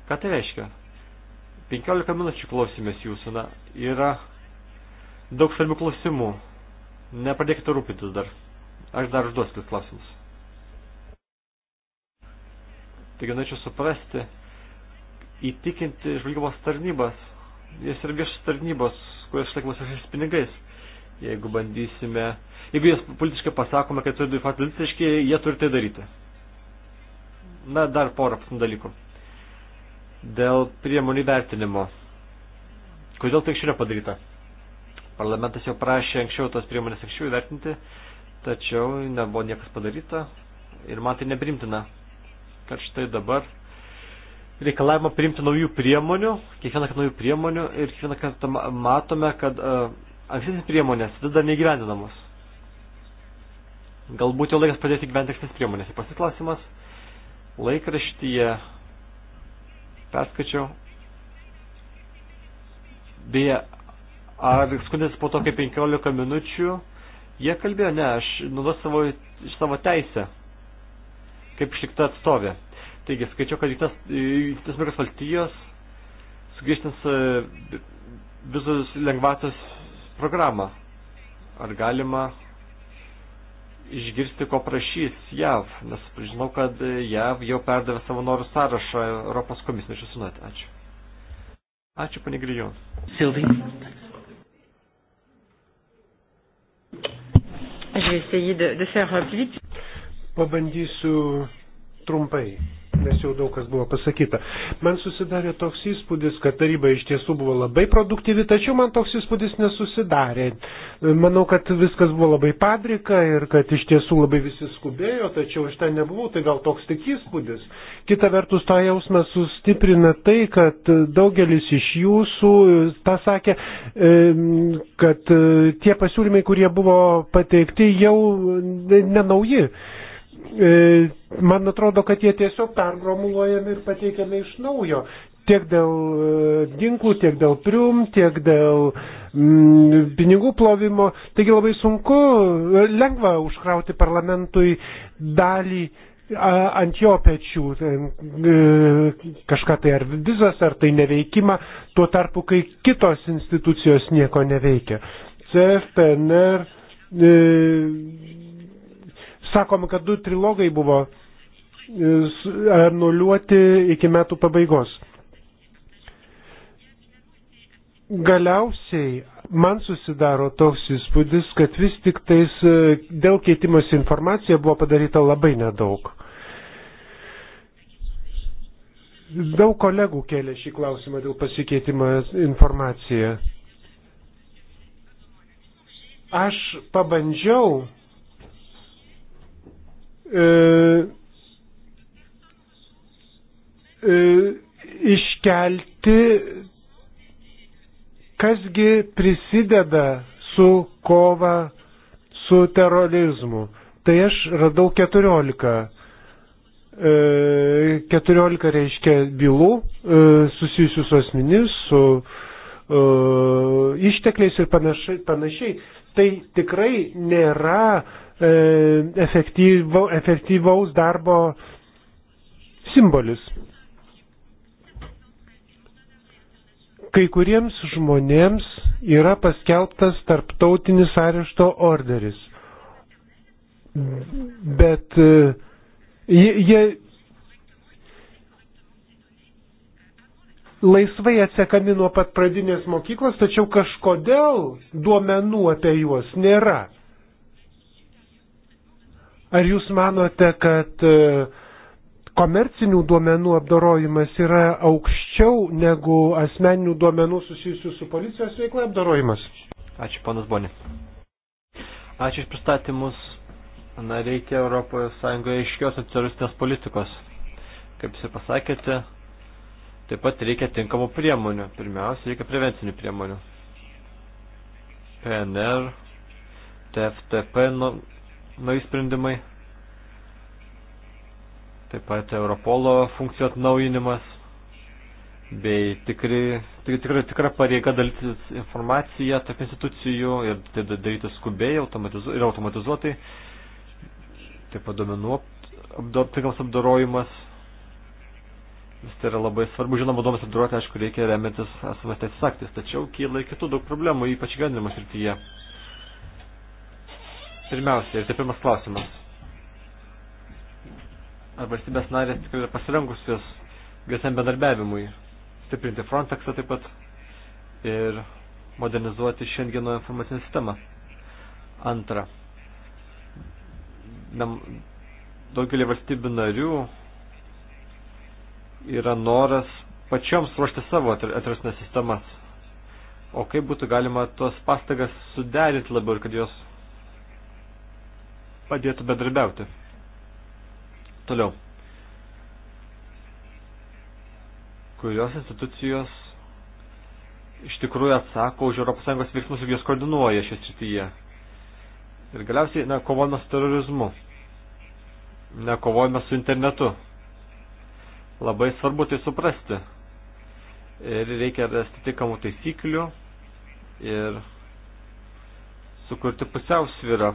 Ką tai reiškia? 15 minučių klausimės jūsų. Na, yra daug svarbių klausimų. Nepradėkite rūpintis dar. Aš dar užduosiu klausimus. Taigi norėčiau suprasti, įtikinti žvalgybos tarnybas, jis yra viešas tarnybos, kurios išlaikomas viešais pinigais. Jeigu bandysime, jeigu jas politiškai pasakome, kad turi faktų politiškai, jie turi tai daryti. Na, dar porą dalykų. Dėl priemonių vertinimo. Kodėl tai anksčiau nepadaryta? Parlamentas jau prašė anksčiau tos priemonės anksčiau įvertinti, tačiau nebuvo niekas padaryta ir man tai nebrimtina kad štai dabar reikalavimą priimti naujų priemonių, kiekvieną kartą naujų priemonių ir kiekvieną kartą matome, kad uh, ankstesnės priemonės vis dar neįgyvendinamos. Galbūt jau laikas pradėti gyventi ankstesnės priemonės. Ir pasiklausimas laikraštyje perskačiau. Beje, ar skundės po to kaip 15 minučių, jie kalbėjo, ne, aš nuduosiu savo, savo teisę kaip išlikta atstovė. Taigi, skaičiau, kad Jungtinės Amerikos valstijos sugrįžtins e, visus lengvatos programą. Ar galima išgirsti, ko prašys JAV, nes žinau, kad JAV jau perdavė savo norų sąrašą Europos komisijai žinoti. Ačiū. Ačiū, panė Grijon. Silvi. Je vais essayer de, de faire plus vite. Pabandysiu trumpai, nes jau daug kas buvo pasakyta. Man susidarė toks įspūdis, kad taryba iš tiesų buvo labai produktyvi, tačiau man toks įspūdis nesusidarė. Manau, kad viskas buvo labai padrika ir kad iš tiesų labai visi skubėjo, tačiau iš ten nebuvau, tai gal toks tik įspūdis. Kita vertus, tą jausmą sustiprina tai, kad daugelis iš jūsų tą sakė, kad e, tie pasiūlymai, kurie buvo pateikti, jau nenauji. Ne E, man atrodo, kad jie tiesiog pergromuluojami ir pateikiami iš naujo. Tiek dėl e, ginklų, tiek dėl prium, tiek dėl mm, pinigų plovimo. Taigi labai sunku, e, lengva užkrauti parlamentui dalį ant jo pečių kažką tai ar vizas, ar tai neveikimą, tuo tarpu, kai kitos institucijos nieko neveikia. CFPNR e, sakoma, kad du trilogai buvo e, e, anuliuoti iki metų pabaigos. Galiausiai man susidaro toks įspūdis, kad vis tik tais e, dėl keitimos informacija buvo padaryta labai nedaug. Daug kolegų kėlė šį klausimą dėl pasikeitimo informacija. Aš pabandžiau E, e, iškelti, kasgi prisideda su kova su terorizmu. Tai aš radau 14 14 e, reiškia bylų susijusių su asmenis, su uh, ištekliais ir panašiai, panašiai. Tai tikrai nėra E, efektyva, efektyvaus darbo simbolis. Kai kuriems žmonėms yra paskelbtas tarptautinis arešto orderis, bet e, jie laisvai atsekami nuo pat pradinės mokyklos, tačiau kažkodėl duomenų apie juos nėra. Ar jūs manote, kad e, komercinių duomenų apdorojimas yra aukščiau negu asmeninių duomenų susijusių su policijos veikla apdorojimas? Ačiū, panas Boni. Ačiū iš pristatymus. Na, reikia Europoje Sąjungoje aiškios antiteroristinės politikos. Kaip jūs ir pasakėte, taip pat reikia tinkamų priemonių. Pirmiausia, reikia prevencinių priemonių. PNR, TFTP nu, nai sprendimai, taip pat Europolo funkcijų atnaujinimas, bei tikri, tikra, tikra, tikra pareiga dalytis informaciją tarp institucijų ir tai daryti skubiai automatizu, ir automatizuotai, taip pat duomenų aptikams apdorojimas. Vis tai yra labai svarbu, žinoma, duomenys apdoroti, aišku, reikia remiantis esamas teisės aktais, tačiau kyla kitų daug problemų, ypač gyvenimo srityje. Tai Pirmiausia, ir tai pirmas klausimas. Ar valstybės narės tikrai yra pasirengusios visam bendarbiavimui stiprinti Frontexą taip pat ir modernizuoti šiandieno informacinę sistemą. Antra, daugelį valstybių narių yra noras pačioms ruošti savo atrastinės sistemas. O kaip būtų galima tuos pastagas suderinti labiau ir kad jos padėtų bedarbiauti. Toliau. Kurios institucijos iš tikrųjų atsako už ES veiksmus ir jos koordinuoja šią srityje. Ir galiausiai, na, kovojame su terorizmu. Ne, kovojame su internetu. Labai svarbu tai suprasti. Ir reikia rasti tikamų taisyklių ir sukurti pusiausvyrą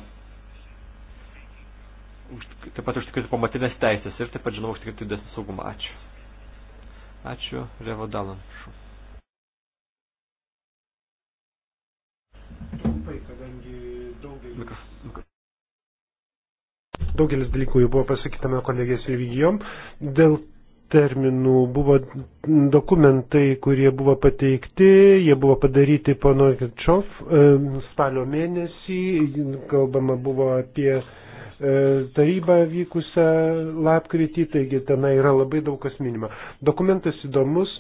taip pat užtikrinti pamatinės teisės ir taip pat, žinoma, užtikrinti didesnį saugumą. Ačiū. Ačiū, Revo Dalan. Daugelis dalykų jau buvo pasakytame kolegės ir vygijom. Dėl terminų buvo dokumentai, kurie buvo pateikti, jie buvo padaryti pono Kirčov e, spalio mėnesį, kalbama buvo apie E, tarybą vykusią lapkritį, taigi tenai yra labai daug kas minima. Dokumentas įdomus,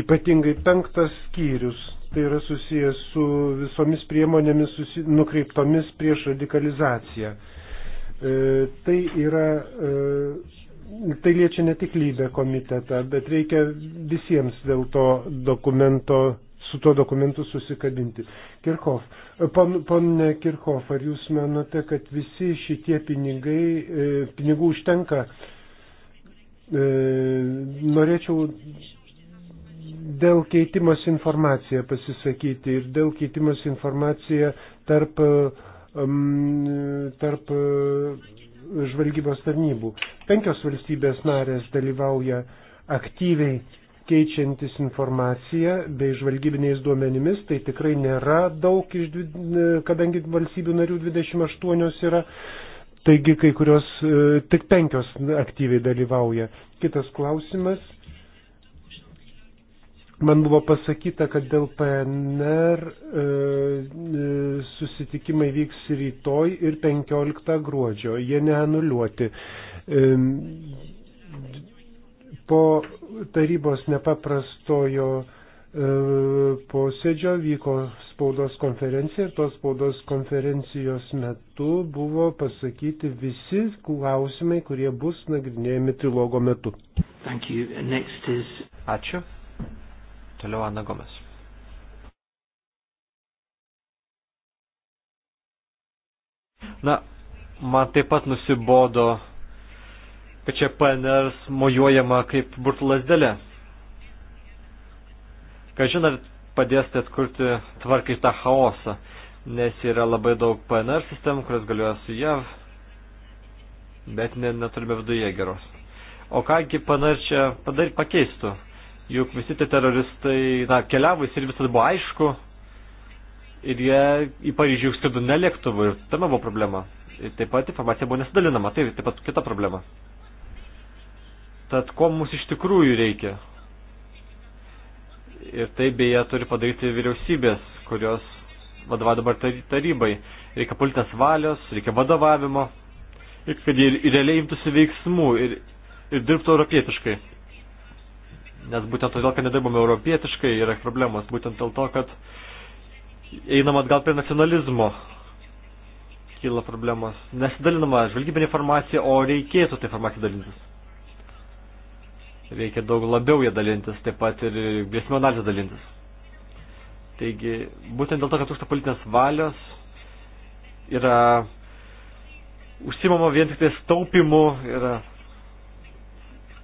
ypatingai penktas skyrius, tai yra susijęs su visomis priemonėmis susi... nukreiptomis prieš radikalizaciją. E, tai yra. E, Tai liečia ne tik lybę komitetą, bet reikia visiems dėl to dokumento su tuo dokumentu susikabinti. Kirchhoff, ponė Kirchhoff, ar jūs manote, kad visi šitie pinigai, e, pinigų užtenka? E, norėčiau dėl keitimas informacija pasisakyti ir dėl keitimas informacija tarp, e, tarp žvalgybos tarnybų. Penkios valstybės narės dalyvauja aktyviai keičiantis informacija bei žvalgybiniais duomenimis, tai tikrai nėra daug, iš, e, kadangi valstybių narių 28 yra, taigi kai kurios e, tik penkios aktyviai dalyvauja. Kitas klausimas. Man buvo pasakyta, kad dėl PNR e, e, susitikimai vyks rytoj ir 15 gruodžio. Jie neanuliuoti. E, Po tarybos nepaprastojo e, posėdžio vyko spaudos konferencija ir tos spaudos konferencijos metu buvo pasakyti visi klausimai, kurie bus nagrinėjami trilogo metu. Is... Ačiū. Toliau Ana Gomes. Na, man taip pat nusibodo kad čia PNR mojuojama kaip burtų lasdelė. Kažin ar padėsite tai atkurti tvarkai tą chaosą, nes yra labai daug PNR sistemų, kurios galioja su JAV, bet ne, neturime viduje geros. O kągi PNR čia padar, pakeistų? Juk visi tie teroristai, na, keliavus ir visada buvo aišku, ir jie į Paryžių skrido ne lėktuvu, ir tame buvo problema. Ir taip pat informacija buvo nesidalinama, tai taip pat kita problema. Tad ko mums iš tikrųjų reikia? Ir tai beje turi padaryti vyriausybės, kurios vadovauja dabar tarybai. Reikia politinės valios, reikia vadovavimo, ir kad jie ir realiai imtųsi veiksmų ir, ir dirbtų europietiškai. Nes būtent todėl, kad nedirbame europietiškai, yra problemos. Būtent dėl to, kad einam atgal prie nacionalizmo kyla problemos. Nesidalinama žvalgybinė informacija, o reikėtų tą informaciją dalintis reikia daug labiau jie dalintis, taip pat ir grėsmių analizę dalintis. Taigi, būtent dėl to, kad trūksta politinės valios, yra užsimama vien tik tai staupimu, yra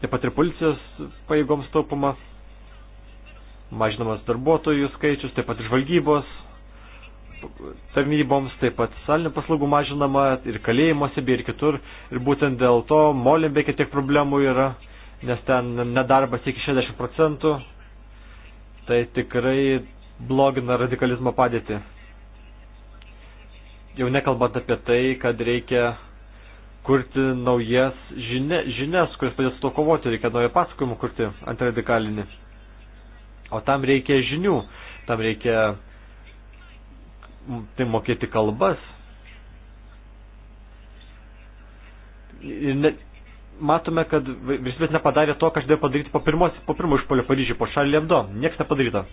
taip pat ir policijos pajėgoms taupama, mažinamas darbuotojų skaičius, taip pat ir žvalgybos tarnyboms, taip pat salinių paslaugų mažinama ir kalėjimuose bei ir kitur. Ir būtent dėl to Molenbeke tiek problemų yra nes ten nedarbas iki 60 procentų, tai tikrai blogina radikalizmo padėtį. Jau nekalbant apie tai, kad reikia kurti naujas žinia, žinias, kuris padės su to kovoti, reikia naują pasakojimą kurti antiradikalinį. O tam reikia žinių, tam reikia mm, tai mokėti kalbas. Ir net, matome, kad vyriausybės nepadarė to, ką žadėjo padaryti po, pirmos, po pirmo išpolio Paryžiui, po Šarlį Lebdo. Niekas nepadaryta.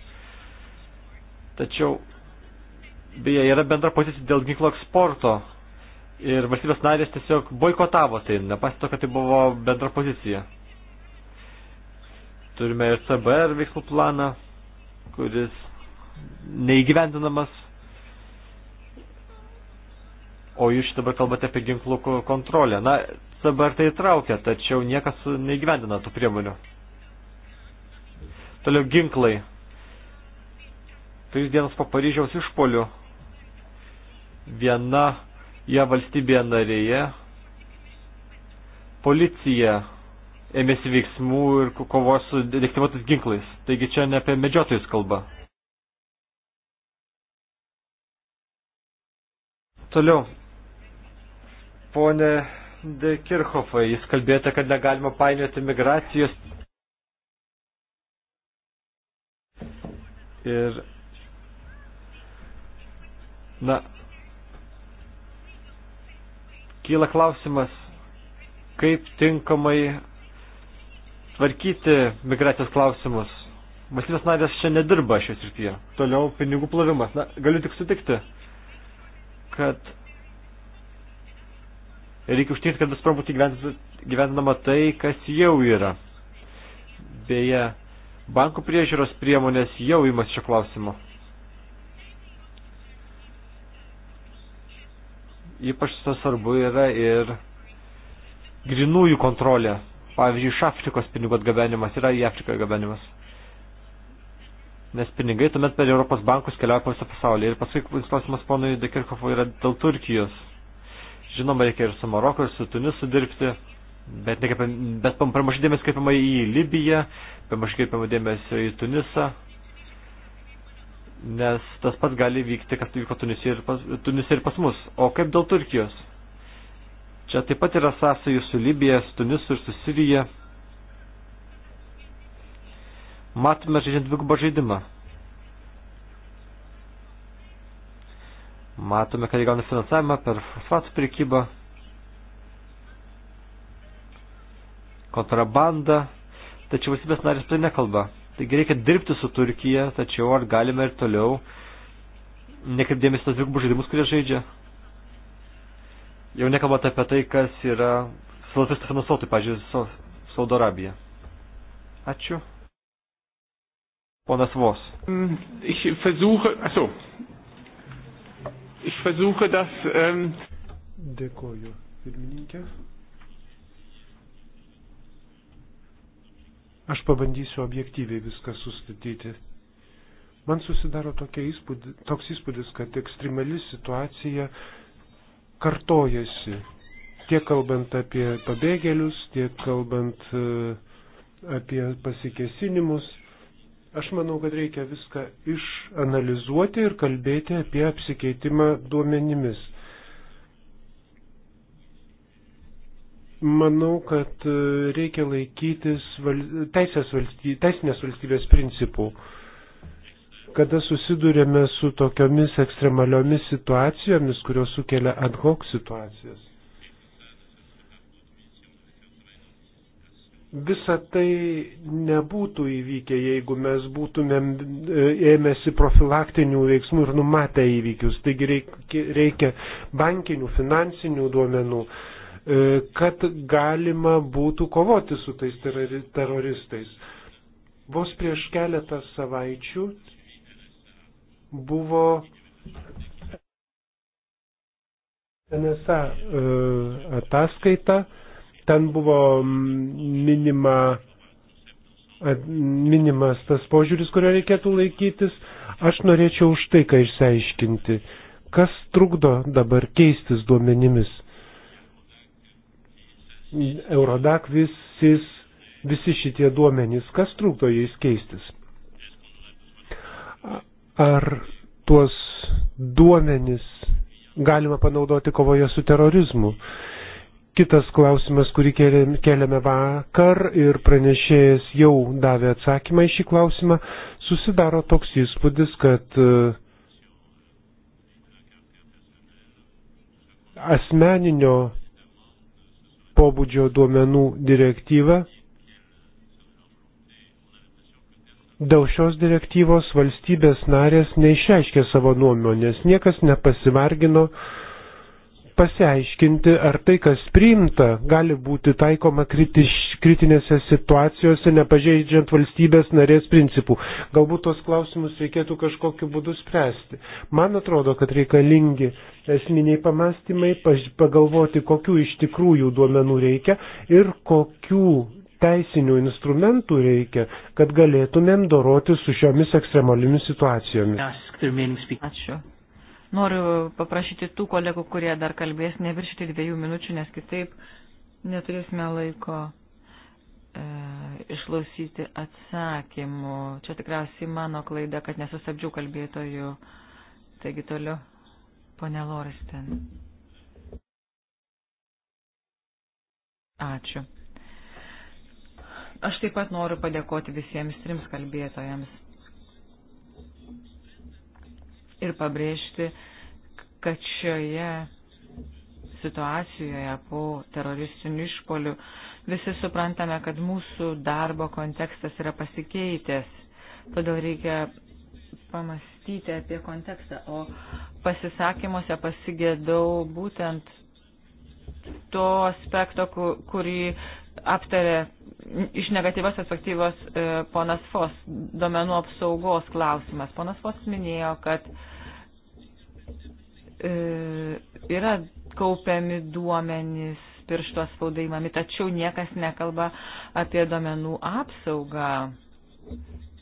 Tačiau, beje, yra bendra pozicija dėl ginklo eksporto. Ir valstybės narės tiesiog boikotavo tai, nepasito, kad tai buvo bendra pozicija. Turime ir CBR veiksmų planą, kuris neįgyvendinamas. O jūs dabar kalbate apie ginklų kontrolę. Na, dabar tai traukia, tačiau niekas neįgyvendina tų priemonių. Toliau ginklai. Tris dienas po Paryžiaus išpolių viena jie valstybėje narėje policija ėmėsi veiksmų ir kovos su detektyvuotis ginklais. Taigi čia ne apie medžiotojus kalba. Toliau. Pone de Kirchhoffai. Jūs kalbėjote, kad negalima painioti migracijos ir na kyla klausimas, kaip tinkamai tvarkyti migracijos klausimus. Valstybės narės čia nedirba šioje srityje. Toliau pinigų plovimas. Na, galiu tik sutikti, kad reikia užtikrinti, kad bus prabūti gyvendama tai, kas jau yra. Beje, bankų priežiūros priemonės jau įmas šio klausimo. Ypač tas svarbu yra ir grinųjų kontrolė. Pavyzdžiui, iš Afrikos pinigų atgabenimas yra į Afriką gabenimas. Nes pinigai tuomet per Europos bankus keliauja po visą pasaulį. Ir paskui klausimas ponui Dekirchofui yra dėl Turkijos. Žinoma, reikia ir su Maroku, ir su Tunisu dirbti, bet, ne, bet per mažai dėmesio kreipiama į Libiją, per mažai kreipiama dėmesio į Tunisą, nes tas pats gali vykti, kad vyko Tunisija ir, pas, Tunisija ir pas mus. O kaip dėl Turkijos? Čia taip pat yra sąsajų su Libija, su Tunisu ir su Sirija. Matome žaidžiant dvigubą žaidimą. Matome, kad jie gauna finansavimą per fosfatų pirkybą, kontrabandą, tačiau valstybės narės tai nekalba. Taigi reikia dirbti su Turkija, tačiau ar galime ir toliau nekreipdėmės tos dvigubų žaidimus, kurie žaidžia. Jau nekalbant apie tai, kas yra salafistų finansuotojai, pažiūrėjau, Saudo Arabija. Ačiū. Ponas Vos. Mm, ich versuche, achso, Ich versuche das. Ähm Dėkoju, pirmininkė. Aš pabandysiu objektyviai viską sustatyti. Man susidaro įspūdį, toks įspūdis, kad ekstremali situacija kartojasi. Tiek kalbant apie pabėgėlius, tiek kalbant e, apie pasikesinimus Aš manau, kad reikia viską išanalizuoti ir kalbėti apie apsikeitimą duomenimis. Manau, kad reikia laikytis val... teisės valstybės, teisinės valstybės principų. Kada susidurėme su tokiomis ekstremaliomis situacijomis, kurios sukelia ad hoc situacijas. visa tai nebūtų įvykę, jeigu mes būtumėm e, ėmėsi profilaktinių veiksmų ir numatę įvykius. Taigi reikia bankinių, finansinių duomenų, e, kad galima būtų kovoti su tais teroristais. Vos prieš keletą savaičių buvo NSA e, ataskaita Ten buvo minima, minimas tas požiūris, kurio reikėtų laikytis. Aš norėčiau už tai, ką išsiaiškinti. Kas trukdo dabar keistis duomenimis? Eurodak visis, visi šitie duomenys, kas trukdo jais keistis? Ar tuos duomenys galima panaudoti kovoje su terorizmu? kitas klausimas, kurį keliame vakar ir pranešėjas jau davė atsakymą į šį klausimą, susidaro toks įspūdis, kad e, asmeninio pobūdžio duomenų direktyva. Dėl šios direktyvos valstybės narės neišreiškė savo nuomonės, niekas nepasivargino uh, pasiaiškinti, ar tai, kas priimta, gali būti taikoma kritiš, kritinėse situacijose, nepažeidžiant valstybės narės principų. Galbūt tos klausimus reikėtų kažkokiu būdu spręsti. Man atrodo, kad reikalingi esminiai pamastymai, pagalvoti, kokių iš tikrųjų duomenų reikia ir kokių teisinių instrumentų reikia, kad galėtumėm doroti su šiomis ekstremaliomis situacijomis. Ačiū. Noriu paprašyti tų kolegų, kurie dar kalbės, neviršyti dviejų minučių, nes kitaip neturėsime laiko e, išklausyti atsakymų. Čia tikriausiai mano klaida, kad nesustabdžiau kalbėtojų. Taigi toliau, ponė Loristen. Ačiū. Aš taip pat noriu padėkoti visiems trims kalbėtojams ir pabrėžti, kad šioje situacijoje po teroristinių išpolių visi suprantame, kad mūsų darbo kontekstas yra pasikeitęs. Todėl reikia pamastyti apie kontekstą. O pasisakymuose pasigėdau būtent to aspekto, kurį aptarė iš negatyvios perspektyvos e, ponas Fos, domenų apsaugos klausimas. Ponas Fos minėjo, kad e, yra kaupiami duomenys, piršto spaudai mami, tačiau niekas nekalba apie domenų apsaugą.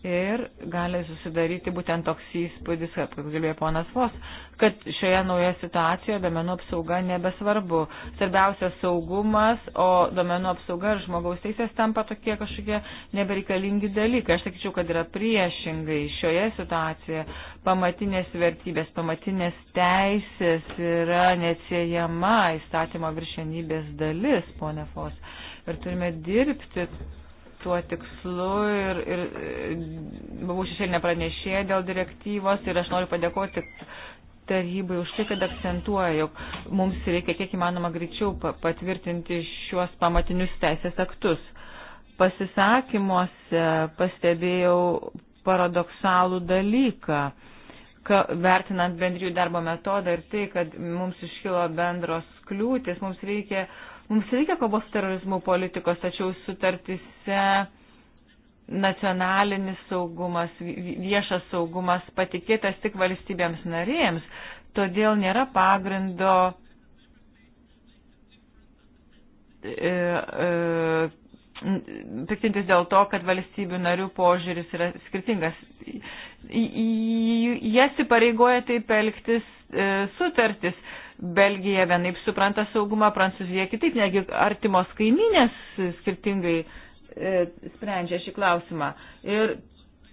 Ir gali susidaryti būtent toks įspūdis, kaip kalbėjo ponas Vos, kad šioje naujoje situacijoje domenų apsauga nebesvarbu. Svarbiausia saugumas, o domenų apsauga ir žmogaus teisės tampa tokie kažkokie nebereikalingi dalykai. Aš sakyčiau, kad yra priešingai šioje situacijoje pamatinės vertybės, pamatinės teisės yra neatsiejama įstatymo viršenybės dalis, ponė Vos. Ir turime dirbti tuo tikslu ir, ir e, buvau šešėlinė pranešėja dėl direktyvos ir aš noriu padėkoti tarybai už tai, kad akcentuoja, jog mums reikia kiek įmanoma greičiau patvirtinti šiuos pamatinius teisės aktus. Pasisakymuose pastebėjau paradoksalų dalyką, ka, vertinant bendrijų darbo metodą ir tai, kad mums iškilo bendros kliūtis, mums reikia uh, Mums reikia kovos su terorizmu politikos, tačiau sutartise nacionalinis saugumas, viešas saugumas patikėtas tik valstybėms narėms, todėl nėra pagrindo e, e, piktintis dėl to, kad valstybių narių požiūris yra skirtingas. Jas įpareigoja taip elgtis e, sutartis. Belgija vienaip supranta saugumą, Prancūzija kitaip, negi artimos kaiminės skirtingai e, sprendžia šį klausimą. Ir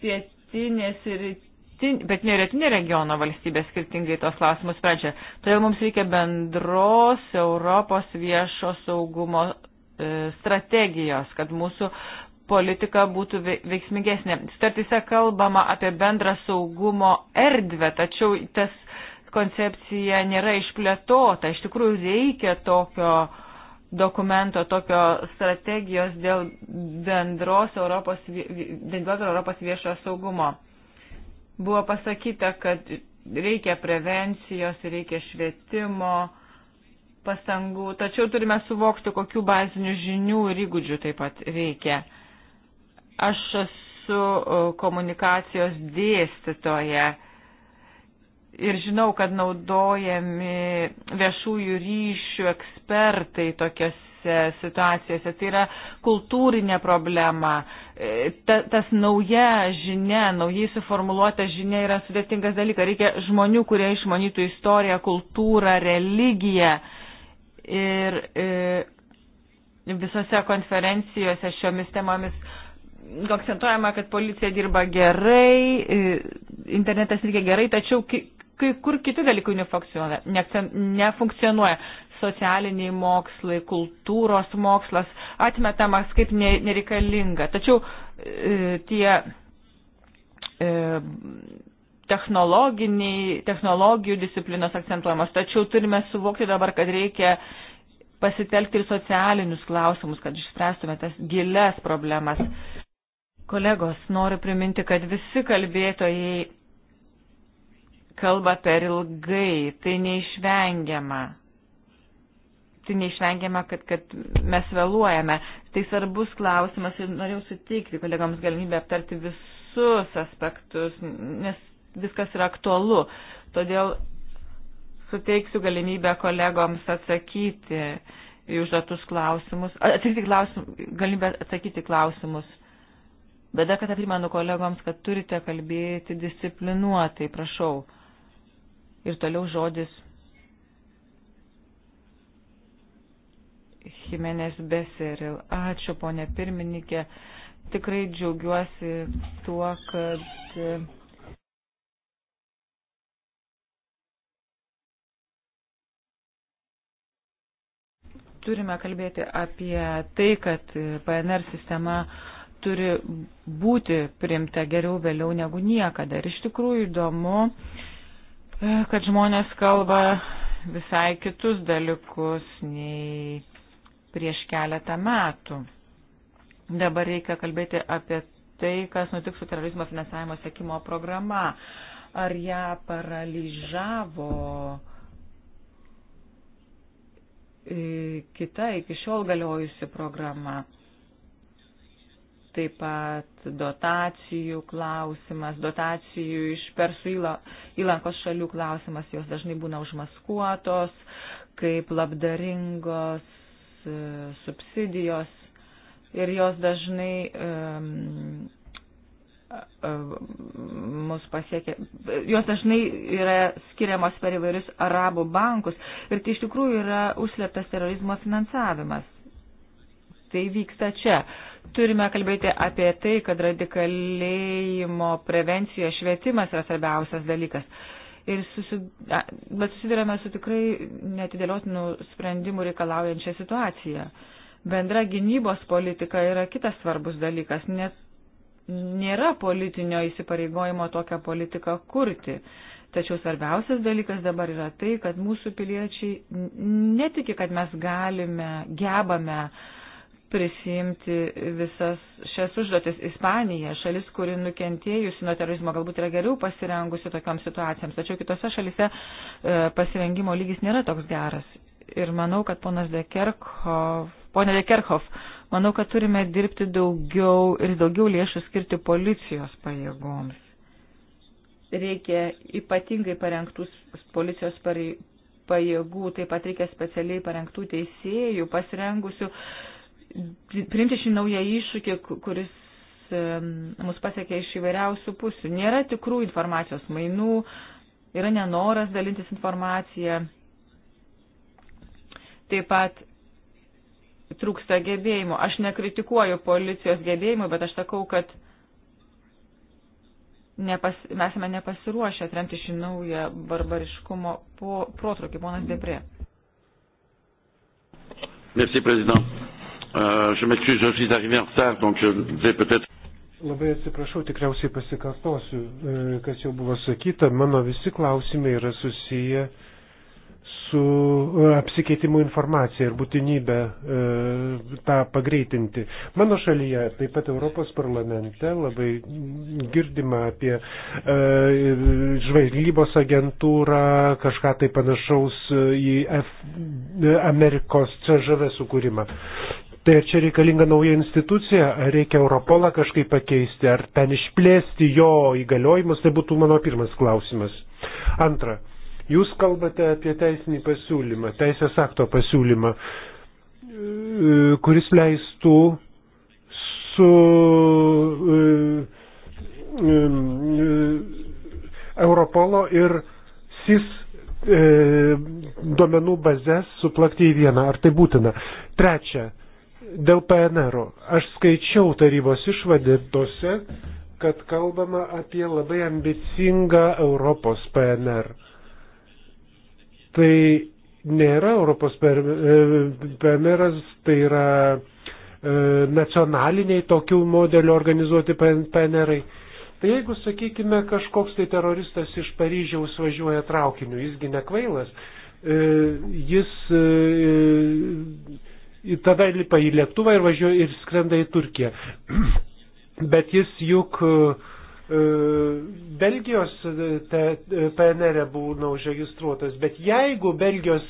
pietinės ir bet neretinė regiono valstybė skirtingai tos klausimus sprendžia. Todėl mums reikia bendros Europos viešo saugumo e, strategijos, kad mūsų politika būtų veiksmingesnė. Startise kalbama apie bendrą saugumo erdvę, tačiau tas koncepcija nėra išplėtota. Iš tikrųjų reikia tokio dokumento, tokio strategijos dėl bendros Europos, bendros Europos viešojo saugumo. Buvo pasakyta, kad reikia prevencijos, reikia švietimo pastangų, tačiau turime suvokti, kokių bazinių žinių ir įgūdžių taip pat reikia. Aš esu komunikacijos dėstytoje ir žinau, kad naudojami viešųjų ryšių ekspertai tokiose situacijose. Tai yra kultūrinė problema. E, ta, tas nauja žinia, naujai suformuoluota žinia yra sudėtingas dalykas. Reikia žmonių, kurie išmanytų istoriją, kultūrą, religiją. Ir e, visose konferencijose šiomis temomis akcentuojama, kad policija dirba gerai, e, internetas veikia gerai, tačiau kai kur kiti dalykai nefunkcionuoja. Socialiniai mokslai, kultūros mokslas atmetamas kaip nereikalinga. Tačiau e, tie e, technologijų disciplinos akcentuojamos. Tačiau turime suvokti dabar, kad reikia pasitelkti ir socialinius klausimus, kad išspręstume tas giles problemas. Kolegos, noriu priminti, kad visi kalbėtojai kalba per ilgai, tai neišvengiama. Tai neišvengiama, kad, kad mes vėluojame. Tai svarbus klausimas ir norėjau suteikti kolegams galimybę aptarti visus aspektus, nes viskas yra aktualu. Todėl suteiksiu galimybę kolegoms atsakyti į užduotus klausimus, atsakyti klausimus, galimybę atsakyti klausimus. Bet dar kartą primenu kolegoms, kad turite kalbėti disciplinuotai, prašau. Ir toliau žodis Jimenez Beseril. Ačiū, ponė pirmininkė. Tikrai džiaugiuosi tuo, kad turime kalbėti apie tai, kad PNR sistema turi būti primta geriau vėliau negu niekada. Ir iš tikrųjų įdomu, kad žmonės kalba visai kitus dalykus nei prieš keletą metų. Dabar reikia kalbėti apie tai, kas nutiks su terorizmo finansavimo sekimo programa. Ar ją paralyžavo e, kita iki šiol galiojusi programa? taip pat dotacijų klausimas, dotacijų iš persų įlankos šalių klausimas, jos dažnai būna užmaskuotos, kaip labdaringos e, subsidijos ir jos dažnai um, mus pasiekia, jos dažnai yra skiriamos per įvairius arabų bankus ir tai iš tikrųjų yra užslėptas terorizmo finansavimas. Tai vyksta čia. Uh, Turime kalbėti apie tai, kad radikalėjimo prevencija, švietimas yra svarbiausias dalykas. Ir susid... Bet susidurėme su tikrai netidėliotinių sprendimų reikalaujančią situaciją. Bendra gynybos politika yra kitas svarbus dalykas, nes nėra politinio įsipareigojimo tokią politiką kurti. Tačiau svarbiausias dalykas dabar yra tai, kad mūsų piliečiai netiki, kad mes galime, gebame uh, prisimti visas šias užduotis. Ispanija, šalis, kuri nukentėjusi nuo terorizmo, galbūt yra geriau pasirengusi tokiam situacijams, tačiau kitose šalise e, pasirengimo lygis nėra toks geras. Ir manau, kad ponas Dekerkov, ponė Dekerkov, manau, kad turime dirbti daugiau ir daugiau lėšų skirti policijos pajėgoms. Reikia ypatingai parengtų policijos pareigų pajėgų, taip pat reikia specialiai parengtų teisėjų, pasirengusių priimti šį naują iššūkį, kuris mus pasiekia iš įvairiausių pusių. Nėra tikrų informacijos mainų, yra nenoras dalintis informaciją. Taip pat trūksta gebėjimų. Aš nekritikuoju policijos gebėjimų, bet aš sakau, kad nepas, mes esame nepasiruošę atremti šį naują barbariškumo po, protrukį, ponas Deprė. Merci, prezident. Uh, je m'excuse, je suis arrivé en retard, donc je vais peut-être. Labai atsiprašau, tikriausiai pasikartosiu, e, kas jau buvo sakyta. Mano visi klausimai yra susiję su e, apsikeitimu informacija ir būtinybė e, tą pagreitinti. Mano šalyje, taip pat Europos parlamente, labai girdima apie e, žvalgybos agentūrą, kažką tai panašaus į F, Amerikos CŽV sukūrimą. Tai ar čia reikalinga nauja institucija, ar reikia Europolą kažkaip pakeisti, ar ten išplėsti jo įgaliojimus, tai būtų mano pirmas klausimas. Antra, jūs kalbate apie teisinį pasiūlymą, teisės akto pasiūlymą, e, kuris leistų su e, e, Europolo ir SIS duomenų bazės suplakti į vieną. Ar tai būtina? Trečia, Dėl PNR. -o. Aš skaičiau tarybos išvadėtose, kad kalbama apie labai ambicingą Europos PNR. Tai nėra Europos PNR, e, tai yra e, nacionaliniai tokių modelių organizuoti PNR. -ai. Tai jeigu, sakykime, kažkoks tai teroristas iš Paryžiaus važiuoja traukiniu, jisgi nekvailas, e, jis ir tada lipa į lėktuvą ir važiuoja ir skrenda į Turkiją. Bet jis juk e, e, Belgijos e, PNR e būna užregistruotas, bet jeigu Belgijos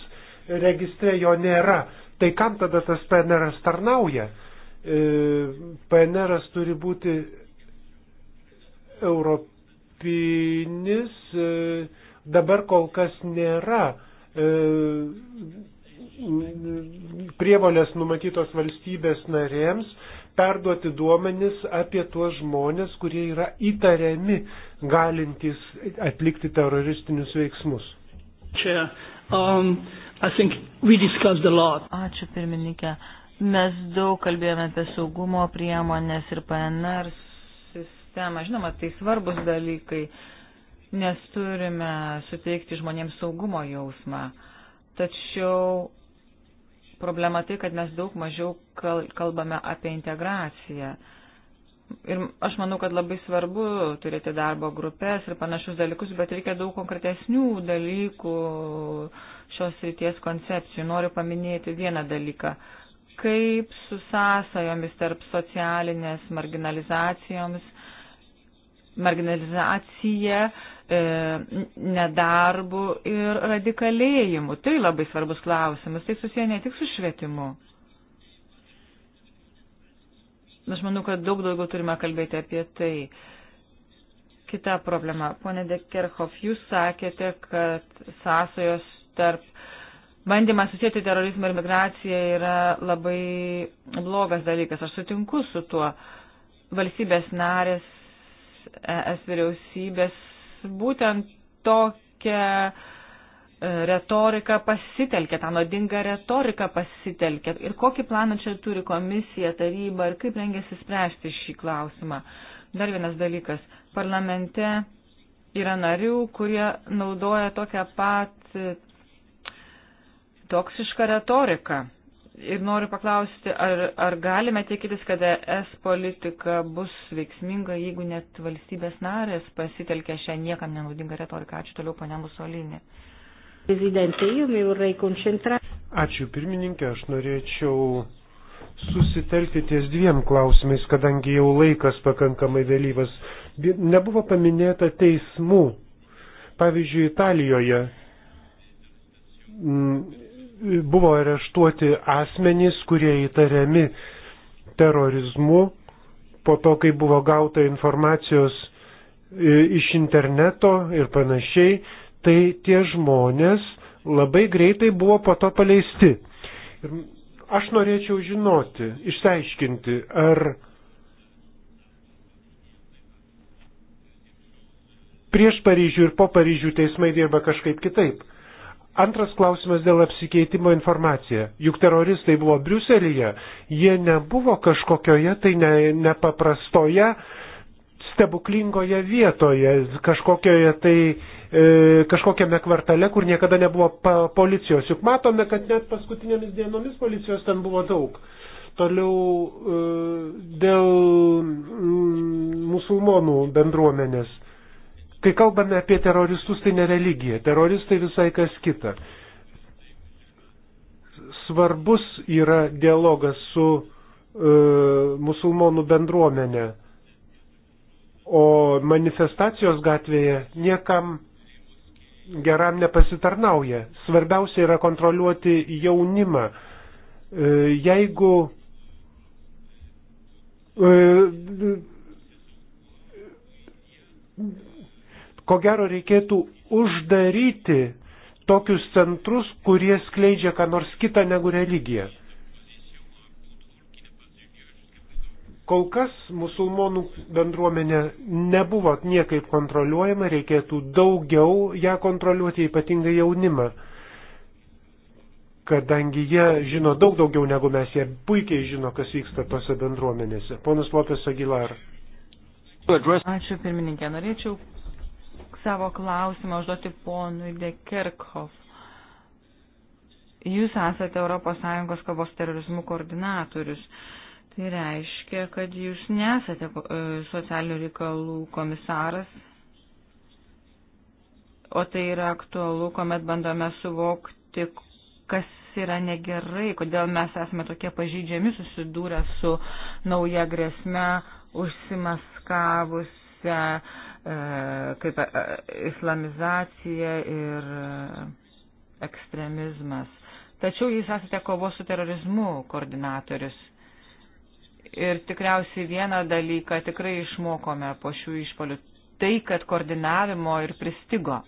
registre jo nėra, tai kam tada tas PNR tarnauja? PNR turi būti europinis, dabar kol kas nėra prievolės numatytos valstybės narėms perduoti duomenis apie tuos žmonės, kurie yra įtariami galintys atlikti teroristinius veiksmus. Čia, um, Ačiū pirmininkė. Mes daug kalbėjome apie saugumo priemonės ir PNR sistemą. Žinoma, tai svarbus dalykai, nes turime suteikti žmonėms saugumo jausmą. Tačiau Problema tai, kad mes daug mažiau kalbame apie integraciją. Ir aš manau, kad labai svarbu turėti darbo grupės ir panašius dalykus, bet reikia daug konkretesnių dalykų šios ryties koncepcijų. Noriu paminėti vieną dalyką. Kaip su sąsajomis tarp socialinės marginalizacijoms, marginalizacija E, nedarbu ir radikalėjimu. Tai labai svarbus klausimas, tai susiję ne tik su švietimu. Aš manau, kad daug daugiau turime kalbėti apie tai. Kita problema. Pone Dekerhoff, jūs sakėte, kad sąsajos tarp bandymas susijęti terorizmą ir migraciją yra labai blogas dalykas. Aš sutinku su tuo. Valstybės narės, es vyriausybės būtent tokią e, retoriką pasitelkė, tą nuodingą retoriką pasitelkė. Ir kokį planą čia turi komisija, taryba ir kaip rengėsi spręsti šį klausimą. Dar vienas dalykas. Parlamente yra narių, kurie naudoja tokią pat e, toksišką retoriką ir noriu paklausti, ar, ar galime tikėtis, kad ES politika bus veiksminga, jeigu net valstybės narės pasitelkia šią niekam nenaudingą retoriką. Ačiū toliau, ponia Musolinė. Ačiū pirmininkė, aš norėčiau susitelkti ties dviem klausimais, kadangi jau laikas pakankamai vėlyvas. Nebuvo paminėta teismų. Pavyzdžiui, Italijoje buvo areštuoti asmenys, kurie įtariami terorizmu, po to, kai buvo gauta informacijos e, iš interneto ir panašiai, tai tie žmonės labai greitai buvo po to paleisti. Ir aš norėčiau žinoti, išsiaiškinti, ar prieš Paryžių ir po Paryžių teismai dirba kažkaip kitaip. Antras klausimas dėl apsikeitimo informacija. Juk teroristai buvo Briuselyje, jie nebuvo kažkokioje tai ne, nepaprastoje, stebuklingoje vietoje, kažkokioje tai, e, kažkokiame kvartale, kur niekada nebuvo pa, policijos. Juk matome, kad net paskutinėmis dienomis policijos ten buvo daug. Toliau e, dėl mm, musulmonų bendruomenės. E, Kai kalbame apie teroristus, tai ne religija. Teroristai visai kas kita. Svarbus yra dialogas su e, musulmonų bendruomenė, o manifestacijos gatvėje niekam geram nepasitarnauja. Svarbiausia yra kontroliuoti jaunimą. E, jeigu e, Ko gero reikėtų uždaryti tokius centrus, kurie skleidžia ką nors kitą negu religiją. Kol kas musulmonų bendruomenė nebuvo niekaip kontroliuojama, reikėtų daugiau ją kontroliuoti, ypatingai jaunimą, kadangi jie žino daug daugiau negu mes, jie puikiai žino, kas vyksta tose bendruomenėse. Ponas Lopės Agilar. Ačiū pirmininkė, norėčiau savo klausimą užduoti ponui De Kirchhoff. Jūs esate ES kovos terorizmų koordinatorius. Tai reiškia, kad jūs nesate e, socialinių reikalų komisaras, o tai yra aktualu, kuomet bandome suvokti, kas yra negerai, kodėl mes esame tokie pažydžiami susidūrę su nauja grėsme, užsimaskavusią E, kaip e, islamizacija ir e, ekstremizmas. Tačiau jūs esate kovos su terorizmu koordinatorius. Ir tikriausiai vieną dalyką tikrai išmokome po šių išpolių - tai, kad koordinavimo ir pristigo.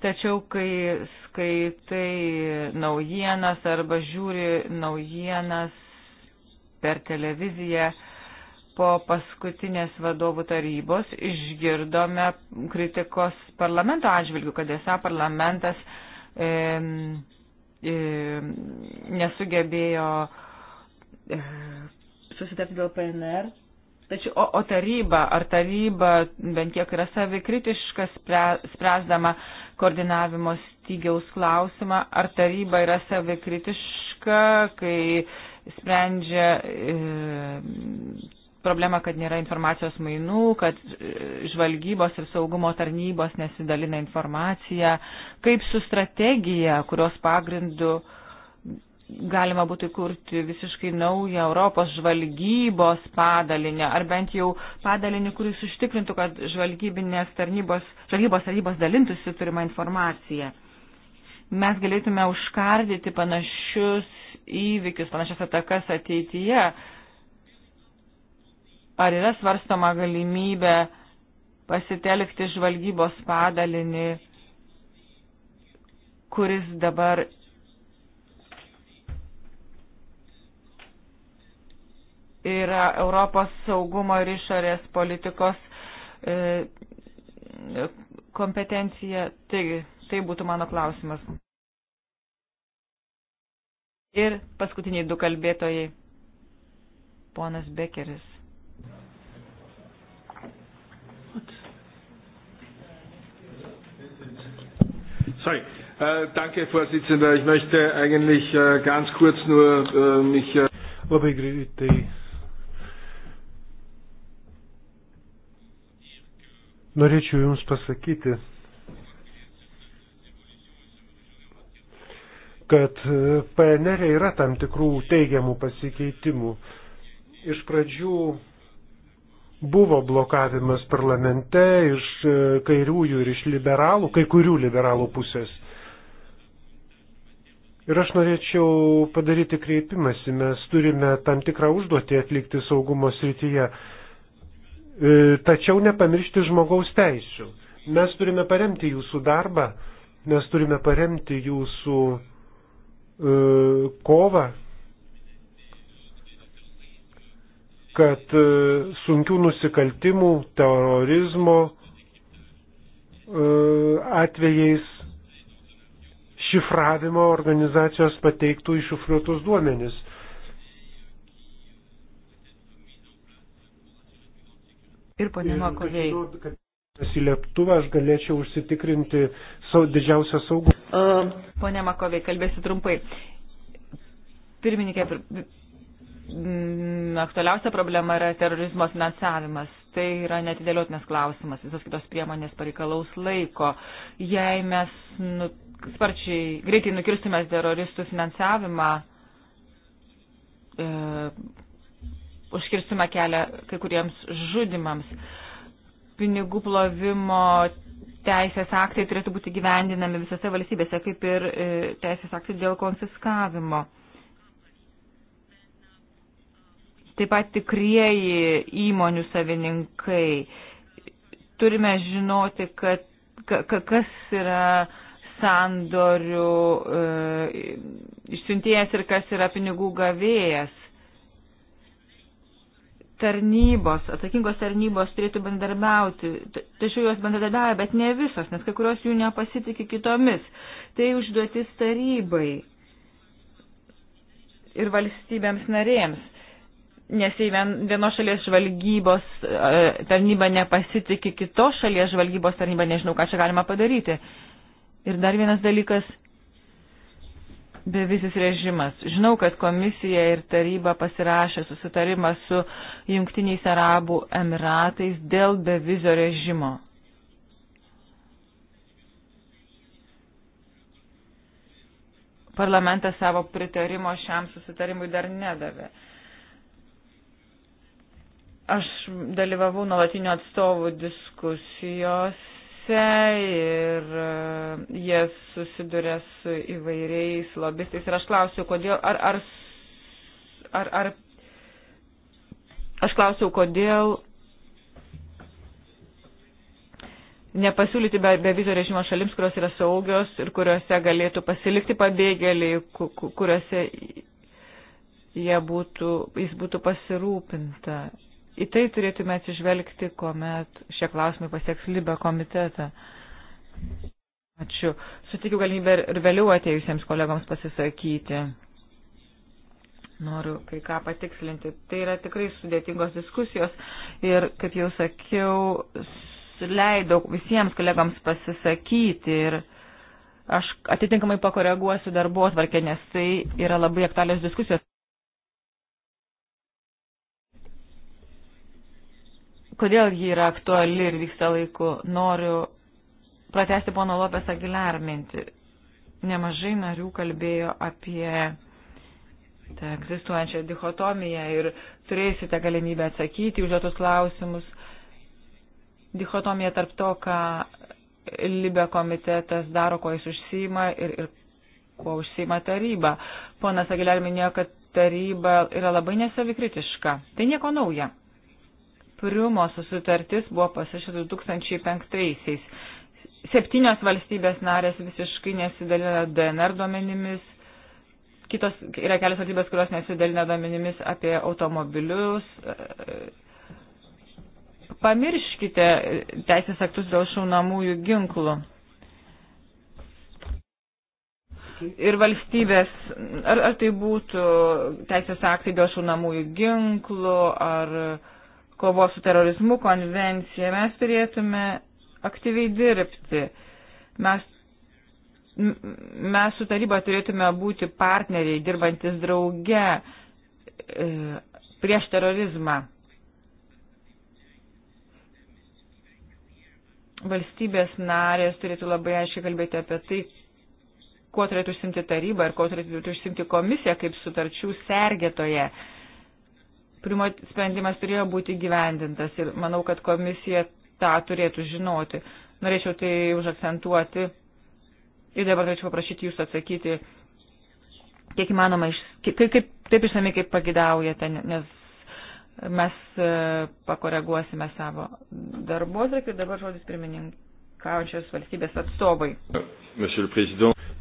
Tačiau, kai skaitai naujienas arba žiūri naujienas per televiziją, uh, po paskutinės vadovų tarybos išgirdome kritikos parlamento atžvilgių, kad esą parlamentas e, e, nesugebėjo e, susitarti dėl PNR. Tačiau, o, o taryba, ar taryba bent kiek yra savikritiška spre, spręsdama koordinavimo stygiaus klausimą, ar taryba yra savikritiška, kai sprendžia e, problemą, kad nėra informacijos mainų, kad e, žvalgybos ir saugumo tarnybos nesidalina informacija, kaip su strategija, kurios pagrindu galima būtų kurti visiškai naują Europos žvalgybos padalinę, ar bent jau padalinį, kuris užtikrintų, kad žvalgybinės tarnybos, žvalgybos tarnybos dalintųsi turimą informaciją. Mes galėtume užkardyti panašius įvykius, panašias atakas ateityje ar yra svarstama galimybė pasitelkti žvalgybos padalinį, kuris dabar yra Europos saugumo ir išorės politikos e, kompetencija. Taigi, tai būtų mano klausimas. Ir paskutiniai du kalbėtojai. Ponas Bekeris. Sorry. Äh, danke, Vorsitzender. Ich möchte eigentlich äh, ganz kurz nur äh, mich. Äh Labai greitai. Norėčiau Jums pasakyti, kad PNR e yra tam tikrų teigiamų pasikeitimų. Iš pradžių Buvo blokavimas parlamente iš e, kairiųjų ir iš liberalų, kai kurių liberalų pusės. Ir aš norėčiau padaryti kreipimąsi, mes turime tam tikrą užduotį atlikti saugumo srityje, e, tačiau nepamiršti žmogaus teisų. Mes turime paremti jūsų darbą, mes turime paremti jūsų e, kovą kad e, sunkių nusikaltimų, terorizmo e, atvejais šifravimo organizacijos pateiktų iššifruotus duomenis. Ir ponė Makovei. Į lėktuvą aš galėčiau užsitikrinti savo didžiausią saugumą. Pone Makovei, kalbėsiu trumpai. Pirmininkė, Mm, aktualiausia problema yra terorizmo finansavimas. Tai yra netidėliotinas klausimas. Visos kitos priemonės pareikalaus laiko. Jei mes nu, sparčiai, greitai nukirstume teroristų finansavimą, e, užkirstume kelią kai kuriems žudimams. Pinigų plovimo teisės aktai turėtų būti gyvendinami visose valstybėse, kaip ir e, teisės aktai dėl konfiskavimo. taip pat tikrieji įmonių savininkai. Turime žinoti, kad, ka, kas yra sandorių e, išsiuntėjas ir kas yra pinigų gavėjas. Tarnybos, atsakingos tarnybos turėtų bendarbiauti, tačiau jos bendradarbiauja, bet ne visos, nes kai kurios jų nepasitikė kitomis. Tai užduotis tarybai ir valstybėms narėms nes jei vien, vienos šalies žvalgybos e, tarnyba nepasitikė kitos šalies žvalgybos tarnyba, nežinau, ką čia galima padaryti. Ir dar vienas dalykas - bevisis režimas. Žinau, kad komisija ir taryba pasirašė susitarimą su Junktiniais Arabų Emiratais dėl bevizio režimo. Parlamentas savo pritarimo šiam susitarimui dar nedavė. Aš dalyvavau nuolatinių atstovų diskusijose ir e, jie susiduria su įvairiais lobistais. Ir aš klausiau, kodėl, ar, ar, ar, ar aš klausiau, kodėl nepasiūlyti be, be vizio režimo šalims, kurios yra saugios ir kuriuose galėtų pasilikti pabėgėliai, kuriuose būtų, jis būtų pasirūpinta. Į tai turėtume atsižvelgti, kuomet šie klausimai pasieks Libę komitetą. Ačiū. Sutikiu galimybę ir vėliau atėjusiems kolegoms pasisakyti. Noriu kai ką patikslinti. Tai yra tikrai sudėtingos diskusijos ir, kaip jau sakiau, leidau visiems kolegams pasisakyti ir aš atitinkamai pakoreguosiu darbo atvarkę, nes tai yra labai aktualios diskusijos. kodėl ji yra aktuali ir vyksta laiku. Noriu pratesti pono Lopes Aguilar mintį. Nemažai narių kalbėjo apie tą egzistuojančią dichotomiją ir turėsite galimybę atsakyti užduotus klausimus. Dichotomija tarp to, ką Libe komitetas daro, ko jis užsima ir, ir kuo užsima taryba. Ponas Aguilar minėjo, kad taryba yra labai nesavikritiška. Tai nieko nauja. Priumo susitartis buvo pasirašyta 2005-aisiais. Septynios valstybės narės visiškai nesidalina DNR duomenimis, kitos yra kelios valstybės, kurios nesidalina duomenimis apie automobilius. Pamirškite teisės aktus dėl šaunamųjų ginklų. Ir valstybės, ar, ar tai būtų teisės aktai dėl šaunamųjų ginklų, ar uh, kovos su terorizmu konvenciją, mes turėtume aktyviai dirbti. Mes, mes su taryba turėtume būti partneriai, dirbantis drauge e, prieš terorizmą. Valstybės narės turėtų labai aiškiai kalbėti apie tai, kuo turėtų užsimti taryba ir kuo turėtų užsimti komisija kaip sutarčių sergėtoje. E, primo sprendimas turėjo būti gyvendintas ir manau, kad komisija tą turėtų žinoti. Norėčiau tai užakcentuoti ir dabar norėčiau paprašyti jūs atsakyti, kiek įmanoma, iš, kaip, kaip, taip išsamei, kaip pagidaujate, nes mes e, pakoreguosime savo darbos ir dabar žodis pirmininkai pirmininkaujančios valstybės atstovai.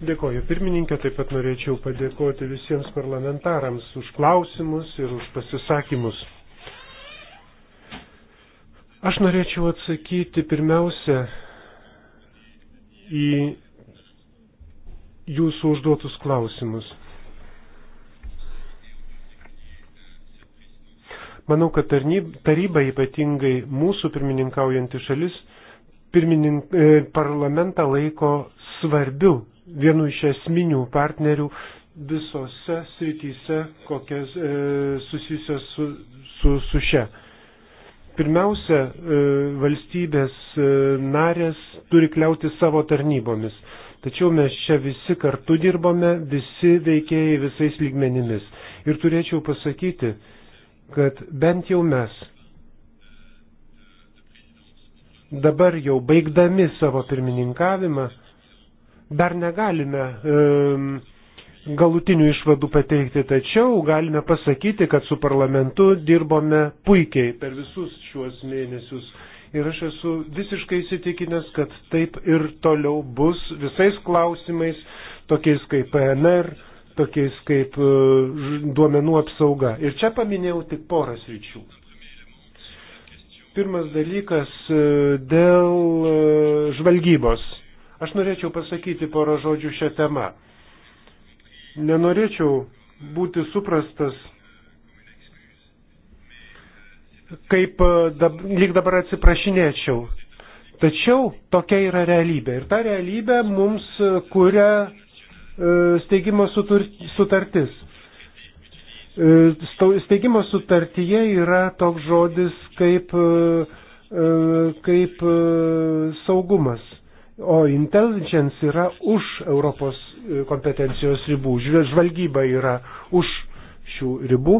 Dėkoju pirmininkė, taip pat norėčiau padėkoti visiems parlamentarams už klausimus ir už pasisakymus. Aš norėčiau atsakyti pirmiausia į jūsų užduotus klausimus. Manau, kad taryba ypatingai mūsų pirmininkaujanti šalis pirminink, e, parlamentą laiko svarbiu, vienu iš esminių partnerių visose srityse, kokias e, susijusios su, su, su šia. Pirmiausia, e, valstybės e, narės turi kliauti savo tarnybomis. Tačiau mes čia visi kartu dirbame, visi veikėjai visais lygmenimis. Ir turėčiau pasakyti, kad bent jau mes dabar jau baigdami savo pirmininkavimą dar negalime e, galutinių išvadų pateikti, tačiau galime pasakyti, kad su parlamentu dirbome puikiai per visus šiuos mėnesius. Ir aš esu visiškai įsitikinęs, kad taip ir toliau bus visais klausimais, tokiais kaip PNR, tokiais kaip e, duomenų apsauga. Ir čia paminėjau tik porą sričių. Pirmas dalykas e, dėl e, žvalgybos. Aš norėčiau pasakyti porą žodžių šią temą. Nenorėčiau būti suprastas kaip e, dab, lyg dabar atsiprašinėčiau. Tačiau tokia yra realybė. Ir ta realybė mums kuria steigimo sutartis. E, steigimo sutartyje yra toks žodis kaip, e, e, kaip saugumas, o intelligence yra už Europos kompetencijos ribų, žvalgyba yra už šių ribų.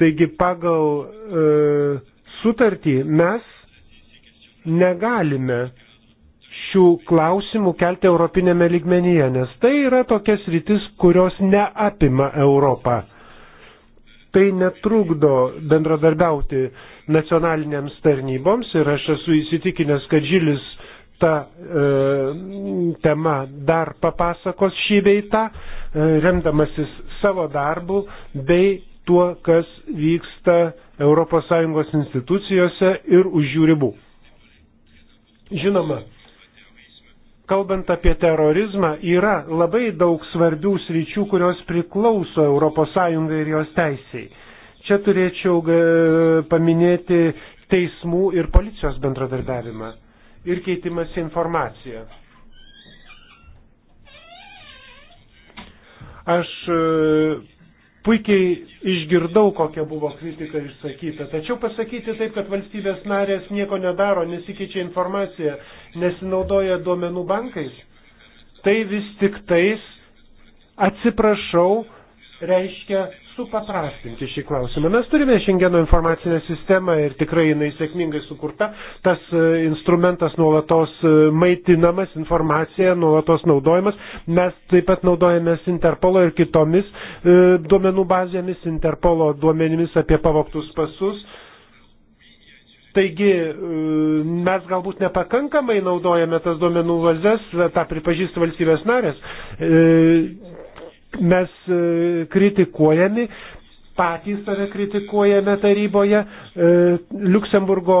Taigi pagal sutartį mes negalime šių klausimų kelti europinėme lygmenyje, nes tai yra tokias rytis, kurios neapima Europą. Tai netrukdo bendradarbiauti nacionalinėms tarnyboms ir aš esu įsitikinęs, kad Žilis ta e, tema dar papasakos šį beitą, e, remdamasis savo darbu bei tuo, kas vyksta ES institucijose ir už jų ribų. Žinoma, kalbant apie terorizmą, yra labai daug svarbių sričių, kurios priklauso ES ir jos teisiai. Čia turėčiau e, paminėti teismų ir policijos bendradarbiavimą ir keitimas informacija. Aš e, Puikiai išgirdau, kokia buvo kritika išsakyta. Tačiau pasakyti taip, kad valstybės narės nieko nedaro, nesikeičia informacija, nesinaudoja duomenų bankais, tai vis tik tais, atsiprašau, reiškia supaprastinti šį klausimą. Mes turime šiandieno informacinę sistemą ir tikrai jinai sėkmingai sukurta. Tas e, instrumentas nuolatos e, maitinamas, informacija nuolatos naudojamas. Mes taip pat naudojamės Interpolo ir kitomis e, duomenų bazėmis, Interpolo duomenimis apie pavoktus pasus. Taigi mes galbūt nepakankamai naudojame tas duomenų valdės, tą pripažįsta valstybės narės mes e, kritikuojami, patys save kritikuojame taryboje. E, Luksemburgo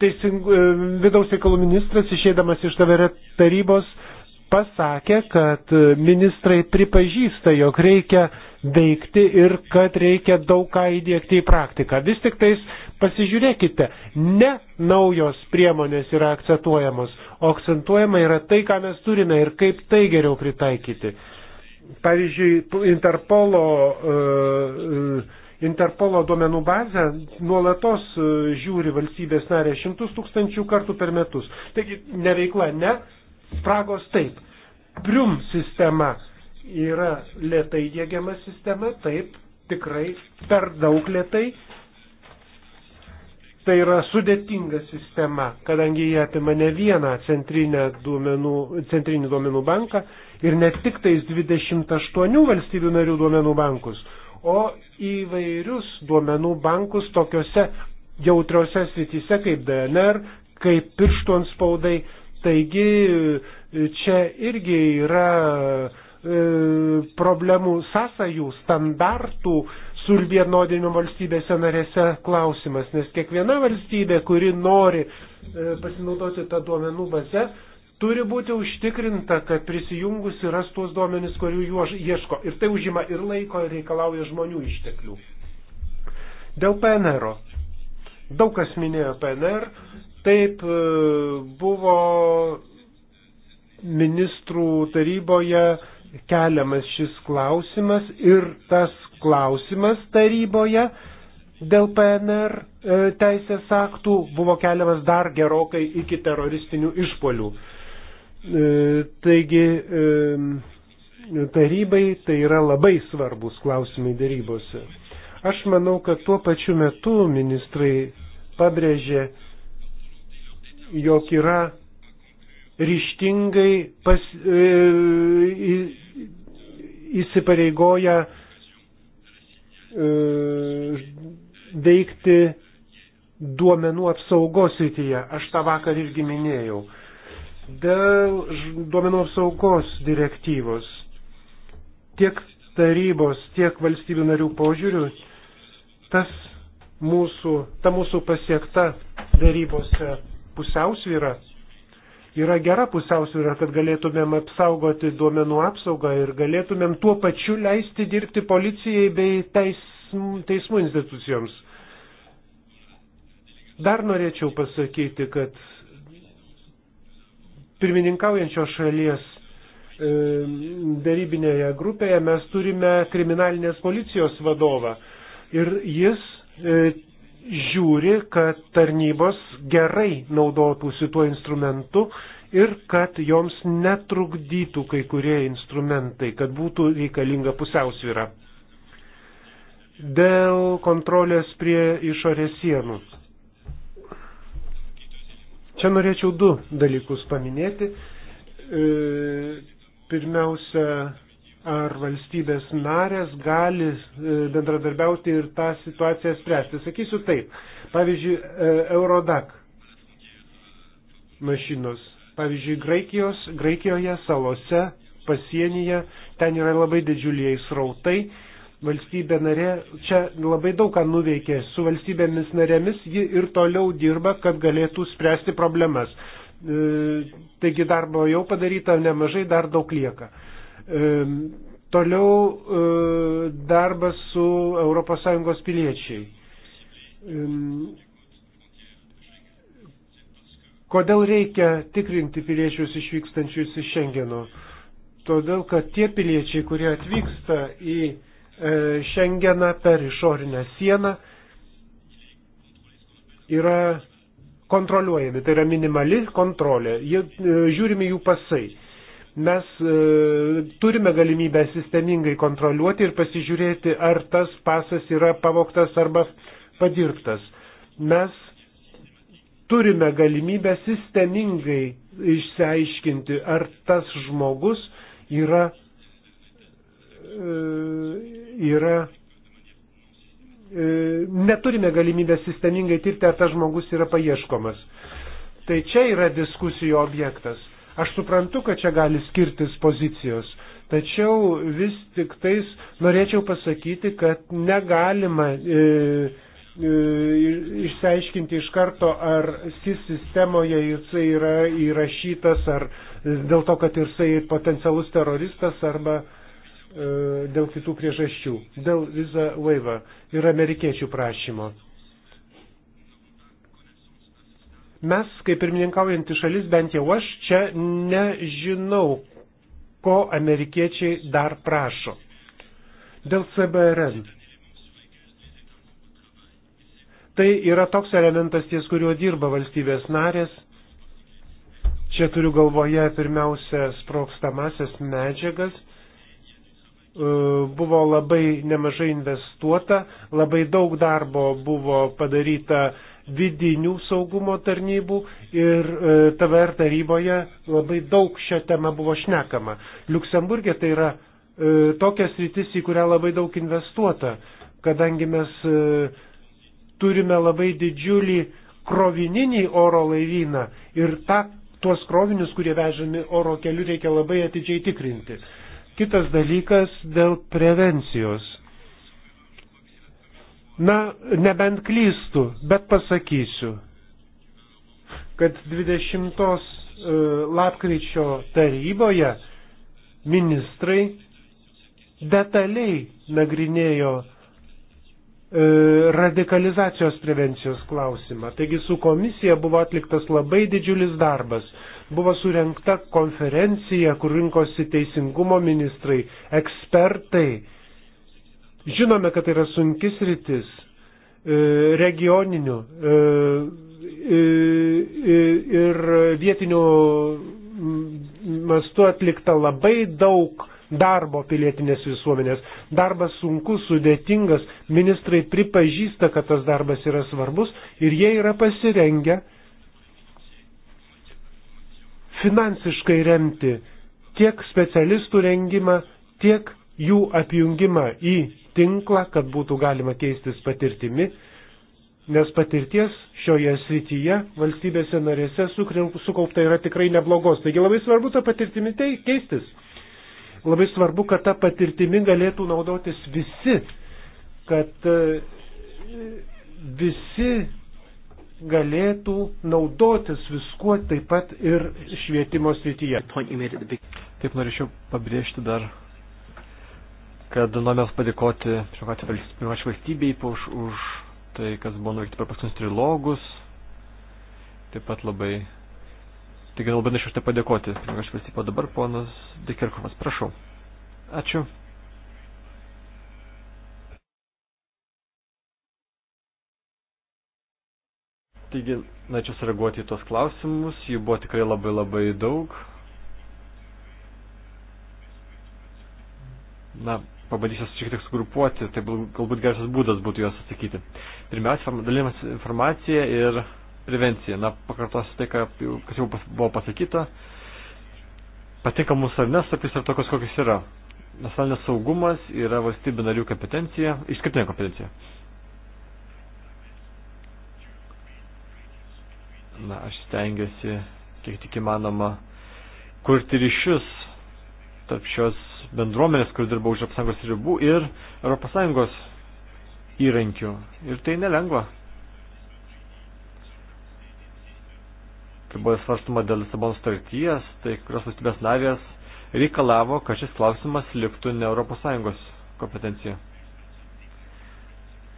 teising, e, vidaus reikalų ministras, išėdamas iš TVR tarybos, pasakė, kad ministrai pripažįsta, jog reikia veikti ir kad reikia daug ką įdėkti į praktiką. Vis tik tais pasižiūrėkite, ne naujos priemonės yra akcentuojamos, o akcentuojama yra tai, ką mes turime ir kaip tai geriau pritaikyti. Pavyzdžiui, Interpolo, e, e, Interpolo duomenų bazę nuolatos e, žiūri valstybės narė šimtus tūkstančių kartų per metus. Taigi neveikla ne, spragos taip. Prium sistema yra lietai dėgiama sistema, taip, tikrai per daug lietai. Tai yra sudėtinga sistema, kadangi jie apima ne vieną centrinę duomenų, centrinį duomenų banką, ir ne tik tais 28 valstybių narių duomenų bankus, o įvairius duomenų bankus tokiuose jautriuose srityse kaip DNR, kaip pirštų anspaudai. Taigi čia irgi yra e, problemų sąsajų, standartų sulvienodinimo valstybėse narėse klausimas, nes kiekviena valstybė, kuri nori e, pasinaudoti tą duomenų bazę, turi būti užtikrinta, kad prisijungusi ras tuos duomenis, kurių juos ieško. Ir tai užima ir laiko, ir reikalauja žmonių išteklių. Dėl PNR. -o. Daug kas minėjo PNR. Taip e, buvo ministrų taryboje keliamas šis klausimas ir tas klausimas taryboje dėl PNR e, teisės aktų buvo keliamas dar gerokai iki teroristinių išpolių. E, taigi e, tarybai tai yra labai svarbus klausimai dėrybose. Aš manau, kad tuo pačiu metu ministrai pabrėžė, jog yra ryštingai pas, e, įsipareigoja e, veikti duomenų apsaugos rytyje. Aš tą vakar irgi minėjau. E, Dėl duomenų apsaugos direktyvos tiek tarybos, tiek valstybių narių požiūrių tas mūsų, ta mūsų pasiekta darybose pusiausvyra yra gera pusiausvyra, kad galėtumėm apsaugoti duomenų apsaugą ir galėtumėm tuo pačiu leisti dirbti policijai bei teism, teismų institucijoms. Dar norėčiau pasakyti, kad pirmininkaujančios šalies e, darybinėje grupėje mes turime kriminalinės policijos vadovą. Ir jis e, žiūri, kad tarnybos gerai naudotųsi tuo instrumentu ir kad joms netrukdytų kai kurie instrumentai, kad būtų reikalinga pusiausvyra. Dėl kontrolės prie išorės sienų Čia norėčiau du dalykus paminėti. E, pirmiausia, ar valstybės narės gali e, bendradarbiauti ir tą situaciją spręsti. Sakysiu taip. Pavyzdžiui, e, Eurodac mašinos. Pavyzdžiui, Graikijos, Graikijoje, salose, pasienyje, ten yra labai didžiuliai srautai valstybė narė čia labai daug ką nuveikė su valstybėmis narėmis, ji ir toliau dirba, kad galėtų spręsti problemas. E, taigi darbo jau padaryta nemažai, dar daug lieka. E, toliau e, darbas su ES piliečiai. Kodėl reikia tikrinti piliečius išvykstančius iš Šengeno? Todėl, kad tie piliečiai, kurie atvyksta į E, Šengeną per išorinę sieną yra kontroliuojami, tai yra minimali kontrolė, jie, e, žiūrimi jų pasai. Mes e, turime galimybę sistemingai kontroliuoti ir pasižiūrėti, ar tas pasas yra pavoktas arba padirbtas. Mes turime galimybę sistemingai išsiaiškinti, ar tas žmogus yra e, yra, e, neturime galimybę sistemingai tirti, ar tas žmogus yra paieškomas. Tai čia yra diskusijų objektas. Aš suprantu, kad čia gali skirtis pozicijos, tačiau vis tik tais norėčiau pasakyti, kad negalima e, e, išsiaiškinti iš karto, ar SIS sistemoje jisai yra įrašytas, ar dėl to, kad jisai potencialus teroristas, arba e, E, dėl kitų priežasčių, dėl visa waiver ir amerikiečių prašymo. Mes, kaip pirmininkaujanti šalis, bent jau aš čia nežinau, ko amerikiečiai dar prašo. Dėl CBRN. Tai yra toks elementas, ties kuriuo dirba valstybės narės. Čia turiu galvoje pirmiausia sprokstamasias medžiagas E, buvo labai nemažai investuota, labai daug darbo buvo padaryta vidinių saugumo tarnybų ir e, TVR taryboje labai daug šią temą buvo šnekama. Luksemburgė tai yra e, tokias rytis, į kurią labai daug investuota, kadangi mes turime labai didžiulį krovininį oro laivyną ir tą, tuos krovinius, kurie vežami oro keliu, reikia labai atidžiai tikrinti. Kitas dalykas dėl prevencijos. Na, nebent klystu, bet pasakysiu, kad 20 e, lapkričio taryboje ministrai detaliai nagrinėjo e, radikalizacijos prevencijos klausimą. Taigi su komisija buvo atliktas labai didžiulis darbas buvo surinkta konferencija, kur rinkosi teisingumo ministrai, ekspertai. Žinome, kad tai yra sunkis rytis e, regioninių e, e, ir vietinių mastu atlikta labai daug darbo pilietinės visuomenės. Darbas sunkus, sudėtingas, ministrai pripažįsta, kad tas darbas yra svarbus ir jie yra pasirengę uh, finansiškai remti tiek specialistų rengimą, tiek jų apjungimą į tinklą, kad būtų galima keistis patirtimi, nes patirties šioje srityje valstybėse narėse sukaupta yra tikrai neblogos. Taigi labai svarbu tą patirtimi keistis. Labai svarbu, kad tą patirtimi galėtų naudotis visi, kad e, visi galėtų naudotis viskuo taip pat ir švietimo srityje. Taip norėčiau pabrėžti dar, kad norime padėkoti privačiai valstybei už, už tai, kas buvo nuveikti per paskutinius trilogus. Taip pat labai, taigi labai norėčiau už tai padėkoti privačiai valstybei. O dabar ponas Dekerkovas, prašau. Ačiū. Taigi, norėčiau sureaguoti į tos klausimus, jų buvo tikrai labai labai daug. Na, pabandysiu šiek tiek sugrupuoti, tai galbūt geriausias būdas būtų juos atsakyti. Pirmiausia, dalinimas informacija ir prevencija. Na, pakartosiu tai, kas jau buvo pasakyta. Patinka mūsų ar ne, sakys, ar tokios kokios yra. Nacionalinis saugumas yra valstybių narių kompetencija, išskirtinė kompetencija na, aš stengiuosi, kiek tik įmanoma, kurti ryšius tarp šios bendruomenės, kur dirba už apsangos ribų ir ES įrankių. Ir tai nelengva. Kai buvo svarstama dėl Lisabonos starties, tai kurios valstybės narės reikalavo, kad šis klausimas liktų ne ES kompetencija.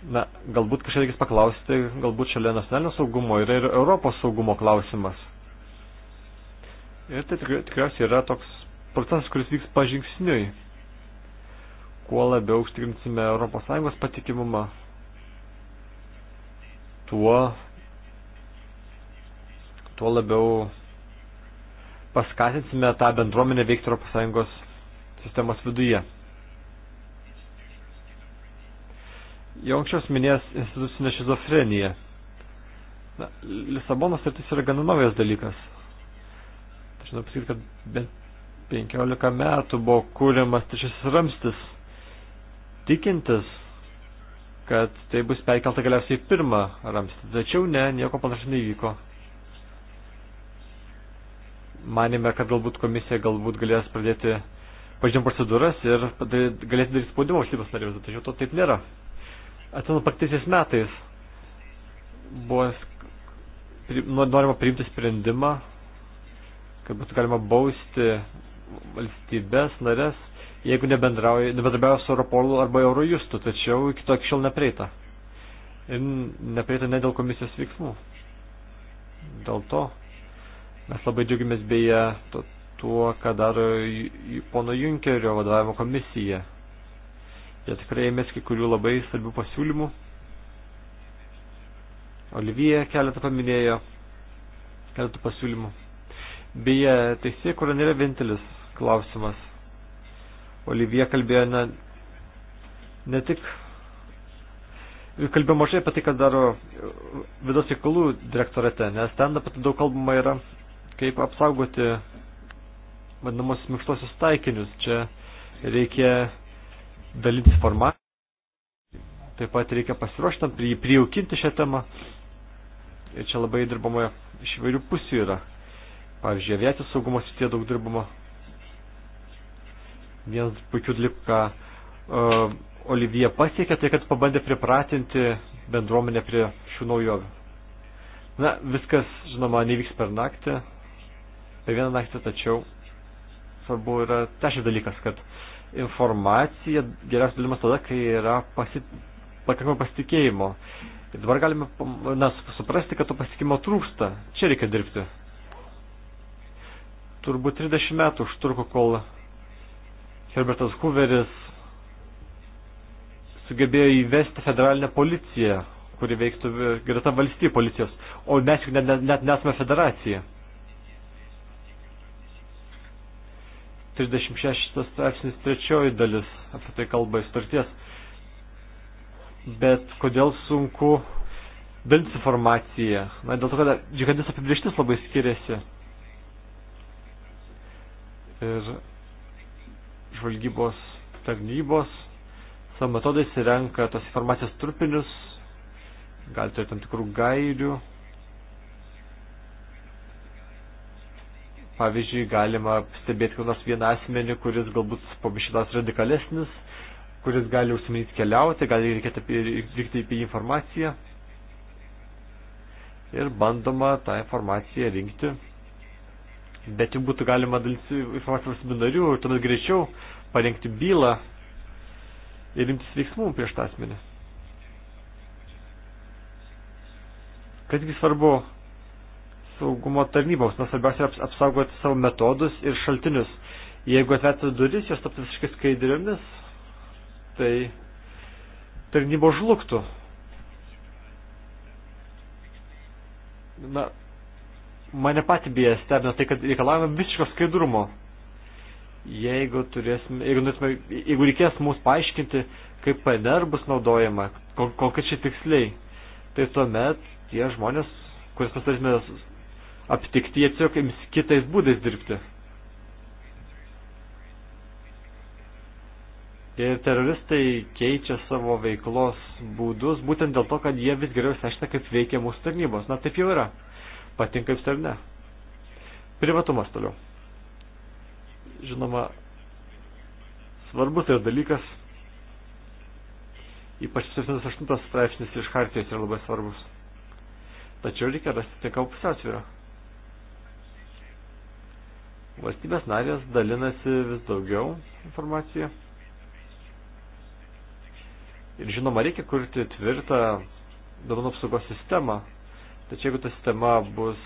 Na, galbūt kažkaip reikės paklausti, galbūt šalia nacionalinio saugumo yra ir Europos saugumo klausimas. Ir tai tikriausiai yra toks procesas, kuris vyks pažingsniui. Kuo labiau užtikrinsime ES patikimumą, tuo, tuo labiau paskatinsime tą bendruomenę veikti ES sistemos viduje. jau anksčiau minės institucinė šizofrenija. Na, Lisabonos sutartis yra gana naujas dalykas. Žinau pasakyti, kad bent 15 metų buvo kūriamas trečiasis ramstis, tikintis, kad tai bus perkelta galiausiai į pirmą ramstį. Tačiau ne, nieko panašai nevyko. Manėme, kad galbūt komisija galbūt galės pradėti pažinti procedūras ir galėti daryti spaudimą valstybės narėms, tačiau to taip nėra. Atsimenu, praktisis metais buvo norima priimti sprendimą, kad būtų galima bausti valstybės narės, jeigu nebendrabiavo su Europolu arba Eurojustu, tačiau iki to šiol nepreita. Ir nepreita ne dėl komisijos veiksmų. Dėl to mes labai džiaugiamės beje to, tuo, ką daro pono Junkerio vadovavimo komisija. Jie tikrai ėmės kai kurių labai svarbių pasiūlymų. Olivija keletą paminėjo, keletą pasiūlymų. Beje, teisė, kur nėra vienintelis klausimas. Olivija kalbėjo ne, ne tik kalbėjo mažai apie tai, ką daro vidos reikalų direktorate, nes ten apie tai daug kalbama yra, kaip apsaugoti vadinamos minkštosius taikinius. Čia reikia dalinti informaciją, taip pat reikia pasiruošti tam, prijaukinti šią temą. Ir čia labai dirbama iš įvairių pusių yra. Pavyzdžiui, aviacijos saugumos srityje daug dirbama. Vienas puikių dalykų, ką uh, Olivija pasiekė, tai kad pabandė pripratinti bendruomenę prie šių naujovių. Na, viskas, žinoma, nevyks per naktį, per vieną naktį, tačiau svarbu yra tešiai dalykas, kad uh, informacija geriausiai dalimas tada, kai yra pasi, pakankamai pasitikėjimo. Ir dabar galime na, suprasti, kad to pasitikimo trūksta. Čia reikia dirbti. Turbūt 30 metų užtruko, kol Herbertas Hooveris sugebėjo įvesti federalinę policiją, kuri veiktų greta valstybių policijos, o mes juk net, net, net nesame federacija. 36 straipsnis trečioji dalis apie tai kalba įstarties. Bet kodėl sunku dalintis informaciją? Na, dėl to, kad džihadis apibrieštis labai skiriasi. Ir žvalgybos tarnybos savo metodais renka tos informacijos trupinius, gali turėti tam tikrų gairių, Pavyzdžiui, galima stebėti kur nors vieną asmenį, kuris galbūt pabišytas radikalesnis, kuris gali užsiminti keliauti, gali reikėti apie, reikėti apie informaciją. Ir bandoma tą informaciją rinkti. Bet jau būtų galima dalyti informaciją valstybių narių ir tuomet greičiau parengti bylą ir imtis veiksmų prieš tą asmenį. Kasgi svarbu saugumo tarnyboms, nes svarbiausia yra apsaugoti savo metodus ir šaltinius. Jeigu atverti duris, jos taptų visiškai skaidriomis, tai tarnybos žlugtų. Na, mane pati bėja stebina tai, kad reikalavome visiško skaidrumo. Jeigu, turėsime, jeigu, norėtume, jeigu reikės mums paaiškinti, kaip PNR bus naudojama, konkrečiai tiksliai, tai tuomet tie žmonės, kuris pastarysime aptikti, jie tiesiog ims kitais būdais dirbti. Ir teroristai keičia savo veiklos būdus būtent dėl to, kad jie vis geriau sešta, kaip veikia mūsų tarnybos. Na, taip jau yra. Patinka jums ar ne. Privatumas toliau. Žinoma, svarbus yra dalykas, ypač 78 straipsnis iš Hartijos yra labai svarbus. Tačiau reikia rasti tinkamą pusiausvyrą. Valstybės narės dalinasi vis daugiau informaciją. Ir žinoma, reikia kurti tvirtą duomenų apsaugos sistemą. Tačiau jeigu ta sistema bus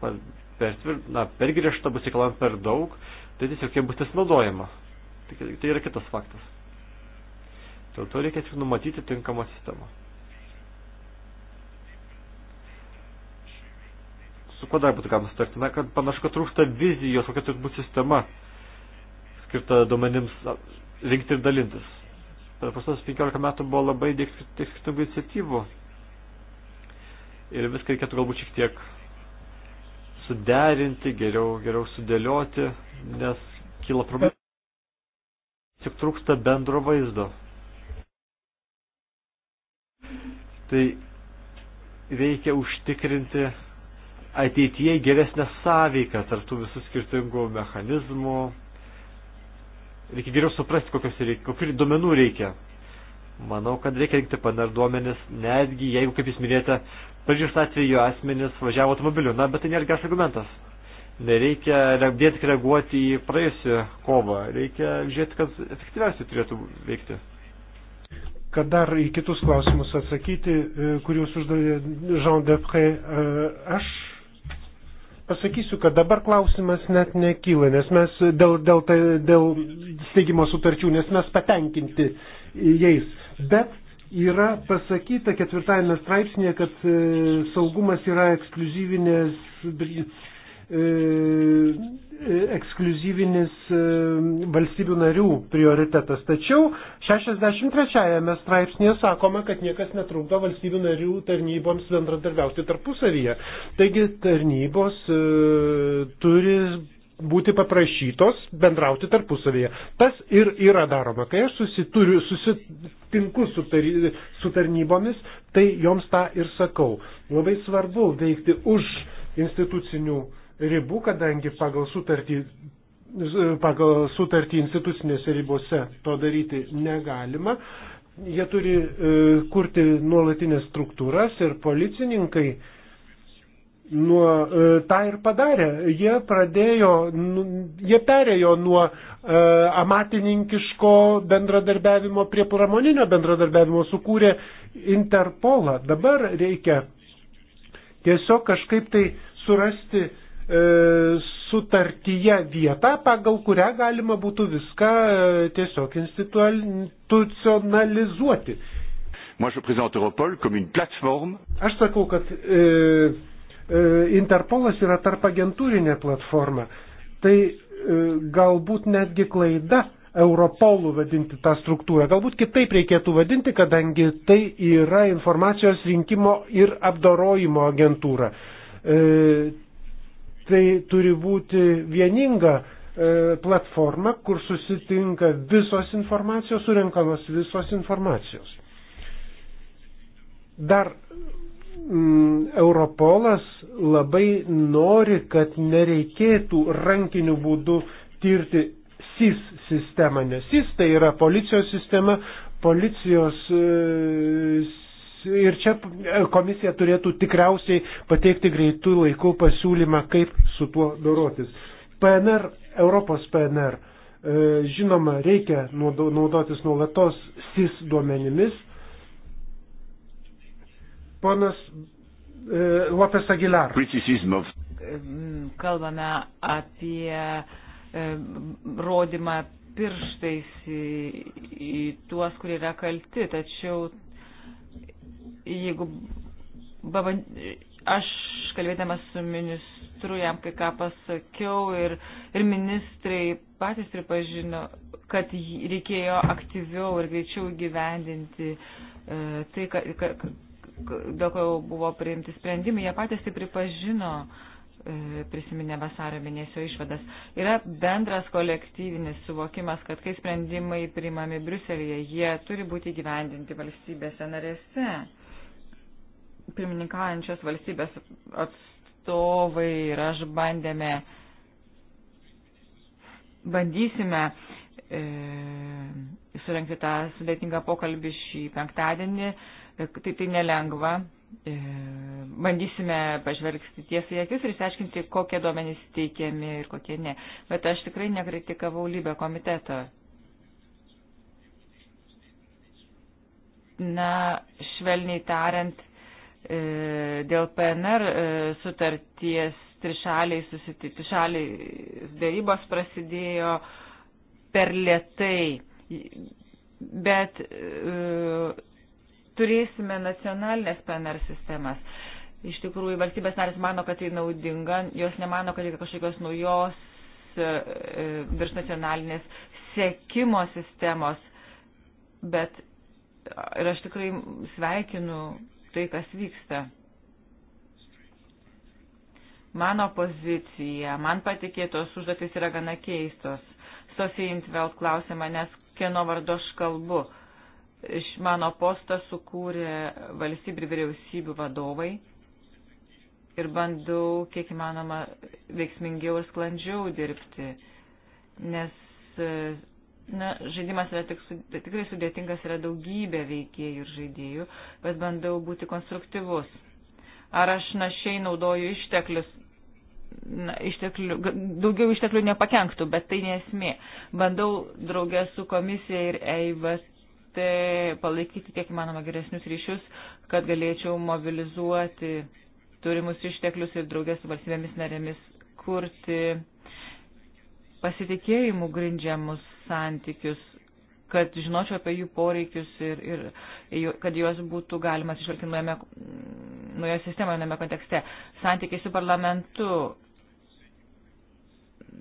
per, na, per griežta, bus reikalavim per daug, tai tiesiog jie bus nesnaudojama. Tai, tai yra kitas faktas. Dėl to reikia tik numatyti tinkamą sistemą. su kuo dar būtų galima sutarti? Na, kad panašu, kad trūksta vizijos, kokia turi būti sistema skirta duomenims rinkti ir dalintis. Per pasos 15 metų buvo labai tiek skirtingų iniciatyvų. Ir viską reikėtų galbūt šiek tiek suderinti, geriau, geriau sudėlioti, nes kyla problemų. Tik trūksta bendro vaizdo. Tai reikia užtikrinti ateityje geresnę sąveiką tarp tų visų skirtingų mechanizmų. Reikia geriau suprasti, reikia, kokių duomenų reikia. Manau, kad reikia rinkti PNR duomenis, netgi jeigu, kaip jūs minėjote, Paryžiaus atveju asmenis važiavo automobiliu. Na, bet tai nėra geras argumentas. Nereikia dėti reaguoti į praėjusią kovą. Reikia žiūrėti, kad efektyviausiai turėtų veikti. Kad dar į kitus klausimus atsakyti, e, kuriuos uždavė Jean Depre, e, aš Pasakysiu, kad dabar klausimas net nekyla, nes mes dėl, dėl, tai, dėl steigimo sutarčių, nes mes patenkinti jais. Bet yra pasakyta ketvirtajame straipsnėje, kad e, saugumas yra ekskluzyvinės E, e, ekskluzyvinis e, valstybių narių prioritetas. Tačiau 63 straipsnėje sakoma, kad niekas netrukdo valstybių narių tarnyboms bendradarbiauti tarpusavyje. Taigi tarnybos turi būti paprašytos bendrauti tarpusavyje. Tas ir yra daroma. Kai aš susituriu, susitinku su, tar, su tarnybomis, tai joms tą ir sakau. Labai svarbu veikti už institucinių uh, ribų, kadangi pagal sutartį, pagal sutartį institucinėse ribose to daryti negalima. Jie turi e, kurti nuolatinės struktūras ir policininkai nuo e, tą ir padarė. Jie pradėjo, nu, jie perėjo nuo e, amatininkiško bendradarbiavimo prie pramoninio bendradarbiavimo, sukūrė Interpolą. Dabar reikia tiesiog kažkaip tai surasti E, sutartyje vieta, pagal kurią galima būtų viską e, tiesiog institucionalizuoti. Moi, je présente Europol comme une plateforme. Aš sakau, kad e, e, Interpolas yra tarp agentūrinė platforma. Tai e, galbūt netgi klaida Europolų vadinti tą struktūrą. Galbūt kitaip reikėtų vadinti, kadangi tai yra informacijos rinkimo ir apdorojimo agentūra. E, Tai turi būti vieninga e, platforma, kur susitinka visos informacijos, surenkamos visos informacijos. Dar mm, Europolas labai nori, kad nereikėtų rankiniu būdu tirti SIS sistemą, nes SIS tai yra policijos sistema, policijos e, ir čia komisija turėtų tikriausiai pateikti greitų laikų pasiūlymą, kaip su tuo dorotis. PNR, Europos PNR, e, žinoma, reikia naudotis nuolatos SIS duomenimis. Ponas e, Lopes Aguilar. E, kalbame apie rodymą pirštais į, į tuos, kurie yra kalti, tačiau jeigu aš kalbėdamas su ministru jam kai ką pasakiau ir, ir ministrai patys pripažino, kad reikėjo aktyviau ir greičiau gyvendinti e, tai, ka, ka, dėl ko buvo priimti sprendimai. Jie patys tai pripažino e, prisiminę vasario mėnesio išvadas. Yra bendras kolektyvinis suvokimas, kad kai sprendimai priimami Briuselėje, jie turi būti gyvendinti valstybėse narėse pirmininkaujančios valstybės atstovai ir aš bandėme, bandysime e, surenkti tą sudėtingą pokalbį šį penktadienį. E, tai, tai nelengva. E, bandysime pažvelgti tiesiai akis ir išsiaiškinti, kokie duomenys teikiami ir kokie ne. Bet aš tikrai nekritikavau lybę komiteto. na, švelniai tariant, E, dėl PNR e, sutarties trišaliai, susiti, trišaliai darybos prasidėjo per lietai, bet e, turėsime nacionalinės PNR sistemas. Iš tikrųjų, valstybės narės mano, kad tai naudinga, jos nemano, kad reikia kažkokios naujos virš nacionalinės sekimo sistemos, bet ir aš tikrai sveikinu tai, kas vyksta. Mano pozicija, man patikėtos užduotis yra gana keistos. Sofija Intveld klausė manęs, kieno vardu aš kalbu. Iš mano postą sukūrė valstybių ir vyriausybių vadovai ir bandau, kiek įmanoma, veiksmingiau ir sklandžiau dirbti, nes Na, žaidimas yra tik, tai tikrai sudėtingas, yra daugybė veikėjų ir žaidėjų, bet bandau būti konstruktyvus. Ar aš našiai naudoju išteklius? Na, išteklių, daugiau išteklių nepakenktų, bet tai nesmė. Bandau draugę su komisija ir EIVT palaikyti kiek įmanoma geresnius ryšius, kad galėčiau mobilizuoti turimus išteklius ir draugę su valstybėmis narėmis kurti pasitikėjimų grindžiamus santykius, kad žinočiau apie jų poreikius ir, ir kad juos būtų galima atsižvelgti nuojame, nuojo sistemoje, nuojame kontekste. Santykiai su parlamentu.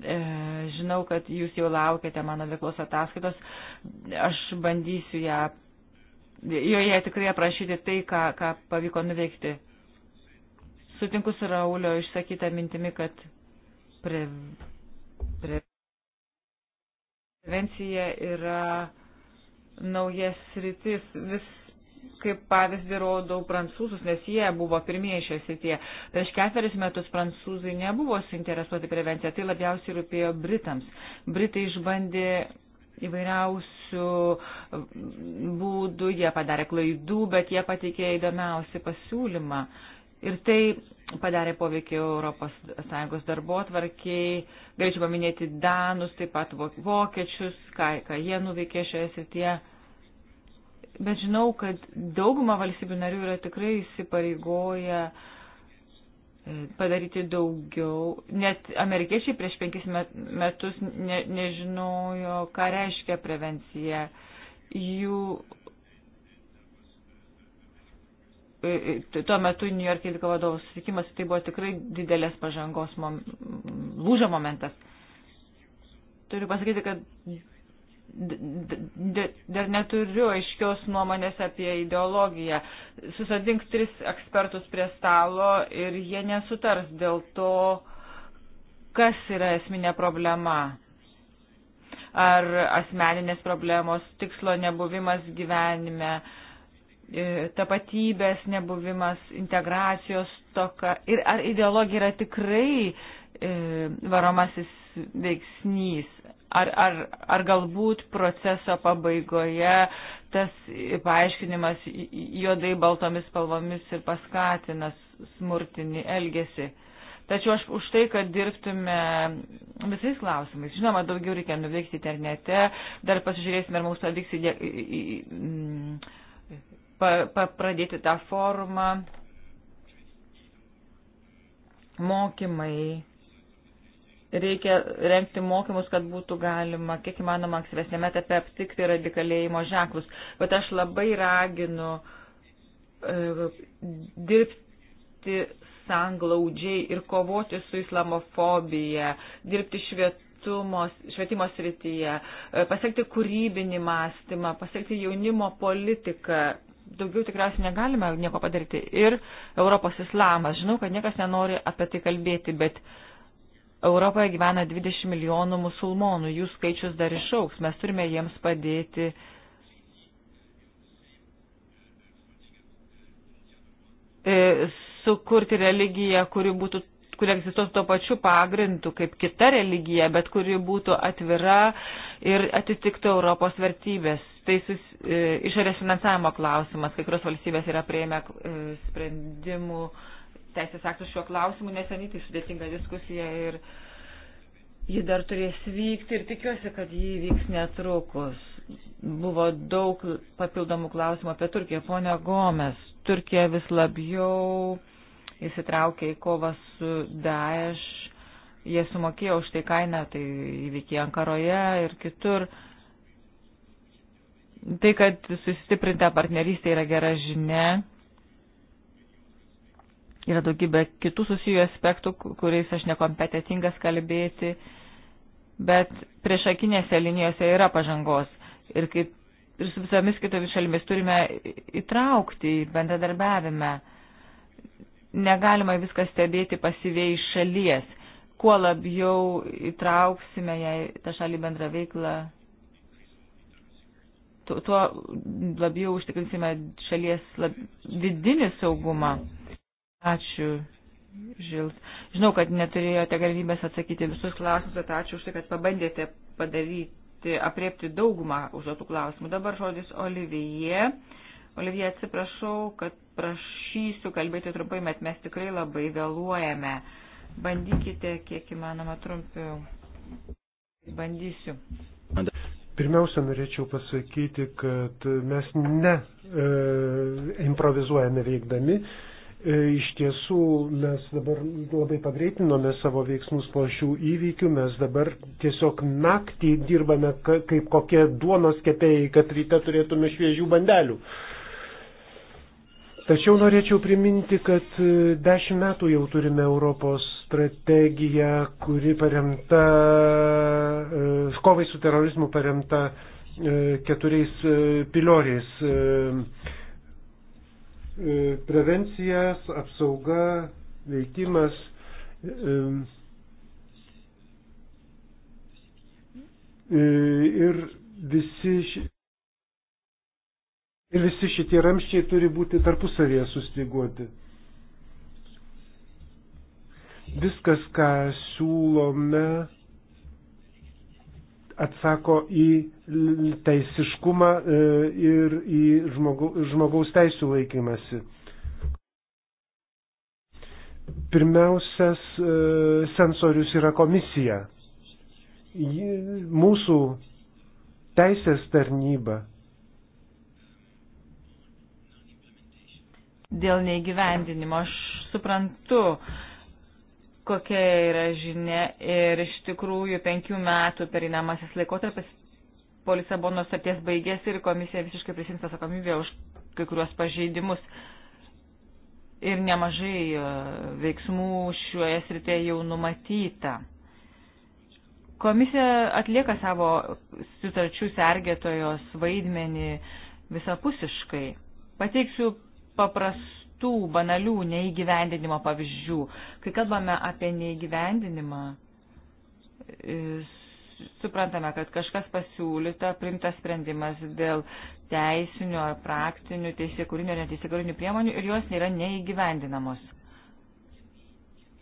E, žinau, kad jūs jau laukiate mano veiklos ataskaitos. Aš bandysiu ją, joje tikrai aprašyti tai, ką, ką pavyko nuveikti. Sutinku su Raulio išsakytą mintimi, kad pre, pre, Prevencija yra naujas rytis. Vis kaip pavyzdį rodau prancūzus, nes jie buvo pirmieji šioje srityje. Prieš ketveris metus prancūzai nebuvo suinteresuoti prevenciją, tai labiausiai rūpėjo Britams. Britai išbandė įvairiausių būdų, jie padarė klaidų, bet jie pateikė įdomiausią pasiūlymą. Ir tai padarė poveikį ES darbo atvarkiai. Galėčiau paminėti Danus, taip pat Vokiečius, ką, ką jie nuveikė šioje srityje. Bet žinau, kad dauguma valstybių narių yra tikrai įsipareigoję e, padaryti daugiau. Net amerikiečiai prieš penkis metus ne, nežinojo, ką reiškia prevencija. Jų E, e, tuo metu New York'e vyko vadovų susitikimas, tai buvo tikrai didelės pažangos mom, lūžio momentas. Turiu pasakyti, kad dar neturiu aiškios nuomonės apie ideologiją. Susadink tris ekspertus prie stalo ir jie nesutars dėl to, kas yra esminė problema. Ar asmeninės problemos, tikslo nebuvimas gyvenime, uh, E, tapatybės nebuvimas, integracijos toka ir ar ideologija yra tikrai e, varomasis veiksnys, ar, ar, ar galbūt proceso pabaigoje tas paaiškinimas juodai baltomis spalvomis ir paskatina smurtinį elgesį. Tačiau aš už tai, kad dirbtume visais klausimais. Žinoma, daugiau reikia nuveikti internete, dar pasižiūrėsime, ar mums pavyks įdėkti pa, pa, pradėti tą formą, mokymai. Reikia renkti mokymus, kad būtų galima, kiek įmanoma, ankstyvesnėme etape aptikti radikalėjimo ženklus. Bet aš labai raginu e, dirbti sanglaudžiai ir kovoti su islamofobija, dirbti švietu švietimo srityje, e, pasiekti kūrybinį mąstymą, pasiekti jaunimo politiką, daugiau tikriausiai negalime nieko padaryti. Ir Europos islamas. Žinau, kad niekas nenori apie tai kalbėti, bet Europoje gyvena 20 milijonų musulmonų. Jų skaičius dar išauks. Mes turime jiems padėti. E, sukurti religiją, kuri būtų kuri egzistuotų tuo pačiu pagrindu kaip kita religija, bet kuri būtų atvira ir atitiktų Europos vertybės tai sus, e, išorės finansavimo klausimas. Kai kurios valstybės yra prieėmę e, sprendimų teisės aktų šiuo klausimu neseniai, tai sudėtinga diskusija ir ji dar turės vykti ir tikiuosi, kad ji vyks netrukus. Buvo daug papildomų klausimų apie Turkiją. Pone Gomes, Turkija vis labiau įsitraukia į kovą su Daesh. Jie sumokėjo už tai kainą, tai įvykė Ankaroje ir kitur. Tai, kad sustiprinta partnerystė yra gera žinia. Yra daugybė kitų susijų aspektų, kuriais aš nekompetitingas kalbėti, bet priešakinėse linijose yra pažangos. Ir, kaip, ir su visomis kitomis šalimis turime įtraukti į bendradarbiavimą. Negalima viską stebėti pasyviai iš šalies. Kuo labiau įtrauksime ją tą šalį bendrą veiklą, tuo labiau užtikrinsime šalies lab, vidinį saugumą. Ačiū. Žils. Žinau, kad neturėjote galimybės atsakyti visus klausimus, bet ačiū už tai, kad pabandėte padaryti, apriepti daugumą užduotų klausimų. Dabar žodis Olivije. Olivije, atsiprašau, kad prašysiu kalbėti trumpai, bet mes tikrai labai vėluojame. Bandykite, kiek įmanoma, trumpiau. Bandysiu. Pirmiausia, norėčiau pasakyti, kad mes ne e, improvizuojame veikdami. E, iš tiesų, mes dabar labai pagreitinome savo veiksmus po šių įvykių. Mes dabar tiesiog naktį dirbame kaip kokie duonos kepėjai, kad ryte turėtume šviežių bandelių. E, Tačiau norėčiau priminti, kad e, dešimt metų jau turime Europos strategiją, kuri paremta, e, kovai su terorizmu paremta e, keturiais pilioriais. Prevencijas, apsauga, veikimas. Ir visi. Ši Ir visi šitie ramščiai turi būti tarpusavėje sustiguoti. Viskas, ką siūlome, atsako į teisiškumą e, ir į žmogaus teisų laikymasi. Pirmiausias e, sensorius yra komisija. Mūsų teisės tarnyba dėl neįgyvendinimo. Aš suprantu, kokia yra žinia ir iš tikrųjų penkių metų perinamasis laikotarpis po Lisabonos sarties baigėsi ir komisija visiškai prisims atsakomybę už kai kuriuos pažeidimus. Ir nemažai e, veiksmų šioje srityje jau numatyta. Komisija atlieka savo sutarčių sergėtojos vaidmenį visapusiškai. Pateiksiu paprastų, banalių neįgyvendinimo pavyzdžių. Kai kalbame apie neįgyvendinimą, e, suprantame, kad kažkas pasiūlyta, primtas sprendimas dėl teisinių ar praktinių, teisėkūrinių ar neteisėkūrinių priemonių ir jos nėra neįgyvendinamos.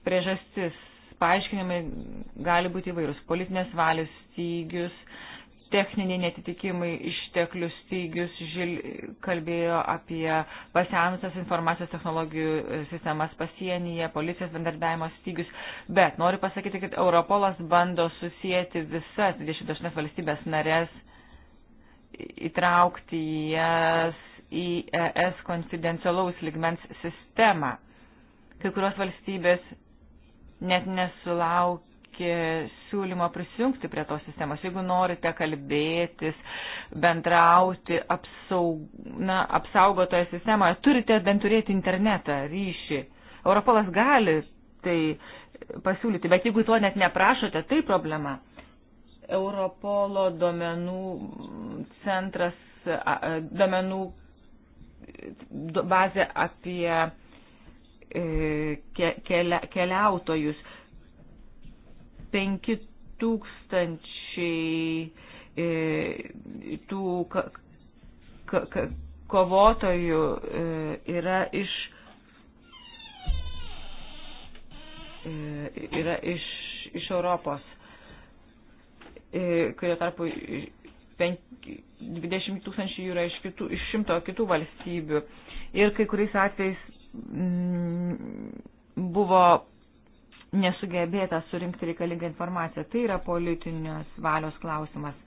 Priežastis, paaiškinimai gali būti įvairūs. Politinės valios stygius, uh, techniniai netitikimai išteklių stygius, Žil kalbėjo apie pasenusias informacijos technologijų e, sistemas pasienyje, policijos bendarbiavimo stygius, bet noriu pasakyti, kad Europolas bando susijęti visas 28 valstybės narės, įtraukti jas į ES konfidencialaus ligmens sistemą. Kai kurios valstybės net nesulaukia iki siūlymo prisijungti prie tos sistemos. Jeigu norite kalbėtis, bendrauti apsaug, na, apsaugotoje sistemoje, turite bent turėti internetą, ryšį. Europolas gali tai pasiūlyti, bet jeigu to net neprašote, tai problema. Europolo domenų centras, domenų bazė apie e, kelia, keliautojus. 5 tūkstančiai e, tų kovotojų e, yra iš e, yra iš, iš Europos, kurio tarpu 20 tūkstančių yra iš, kitų, iš šimto kitų valstybių. Ir kai kuriais atvejais mm, buvo nesugebėta surinkti reikalingą informaciją. Tai yra politinės valios klausimas.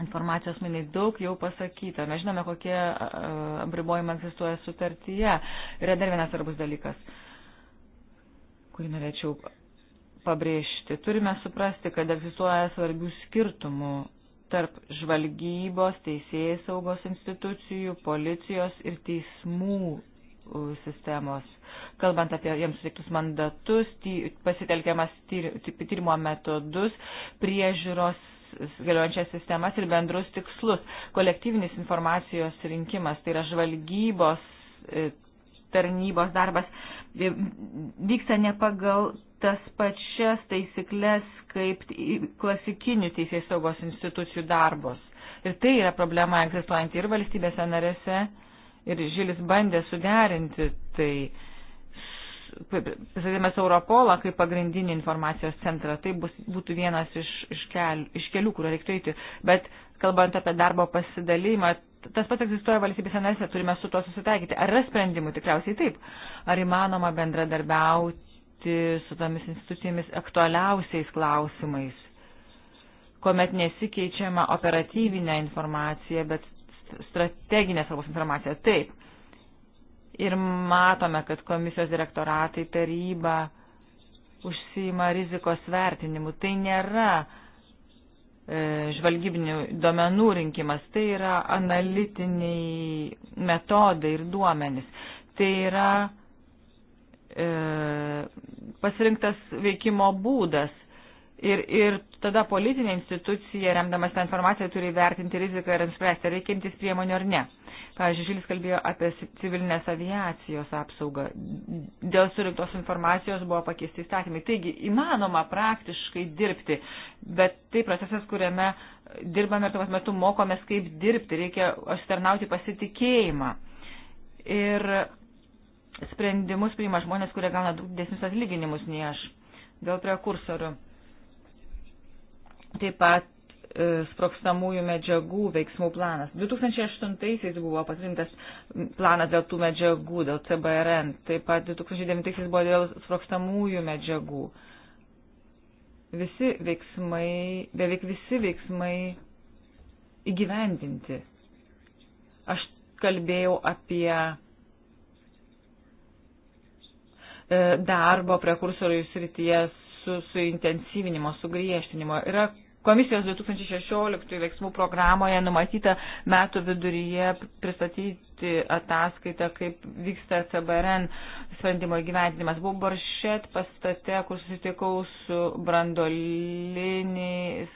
Informacijos miniai daug jau pasakyta. Mes žinome, kokie apribojimai egzistuoja sutartyje. Yra dar vienas svarbus dalykas, kurį norėčiau pabrėžti. Turime suprasti, kad egzistuoja svarbių skirtumų tarp žvalgybos, teisėjai saugos institucijų, policijos ir teismų sistemos. Kalbant apie jiems suteiktus mandatus, ty, pasitelkiamas tyr, tyrimo metodus, priežiūros galiojančias sistemas ir bendrus tikslus. Kolektyvinis informacijos rinkimas, tai yra žvalgybos e, tarnybos darbas, e, vyksta ne pagal tas pačias taisyklės kaip klasikinių teisės saugos institucijų darbos. Ir tai yra problema egzistuojanti ir valstybėse narėse, ir Žilis bandė suderinti tai, pristatėmės Europolą kaip pagrindinį informacijos centrą, tai bus, būtų vienas iš, iš, kel, iš kelių, kurio reiktų eiti, bet kalbant apie darbo pasidalymą, tas pats egzistuoja valstybėse narėse, turime su to susitaikyti. Ar yra sprendimų? Tikriausiai taip. Ar įmanoma bendradarbiauti su tomis institucijomis aktualiausiais klausimais? kuomet nesikeičiama operatyvinė informacija, bet strateginės svarbos informacija. Taip. Ir matome, kad komisijos direktoratai taryba užsima rizikos vertinimu. Tai nėra e, žvalgybinių duomenų rinkimas, tai yra analitiniai metodai ir duomenys. Tai yra e, pasirinktas veikimo būdas Ir, ir tada politinė institucija, remdamas tą informaciją, turi vertinti riziką ir nuspręsti, ar reikintis priemonių ar ne. Pavyzdžiui, Žilis kalbėjo apie civilinės aviacijos apsaugą. Dėl surinktos informacijos buvo pakeisti įstatymai. Taigi, įmanoma praktiškai dirbti, bet tai procesas, kuriame dirbame ir tuo pat metu mokomės, kaip dirbti. Reikia asitarnauti pasitikėjimą. Ir sprendimus priima žmonės, kurie gauna daug didesnius atlyginimus nei aš. Dėl prekursorių. Taip pat e, sprokstamųjų medžiagų veiksmų planas. 2008-aisiais buvo patvirtintas planas dėl tų medžiagų, dėl CBRN, taip pat 2009-aisiais buvo dėl sprokstamųjų medžiagų. Visi veiksmai, beveik visi veiksmai įgyvendinti. Aš kalbėjau apie e, darbo prekursorių srityje su suintensyvinimo, sugriežtinimo. Yra komisijos 2016 veiksmų programoje numatyta metų viduryje pristatyti ataskaitą, kaip vyksta CBRN sprendimo įgyvendinimas. Buvo Baršet pastate, kur susitikau su brandoliniais,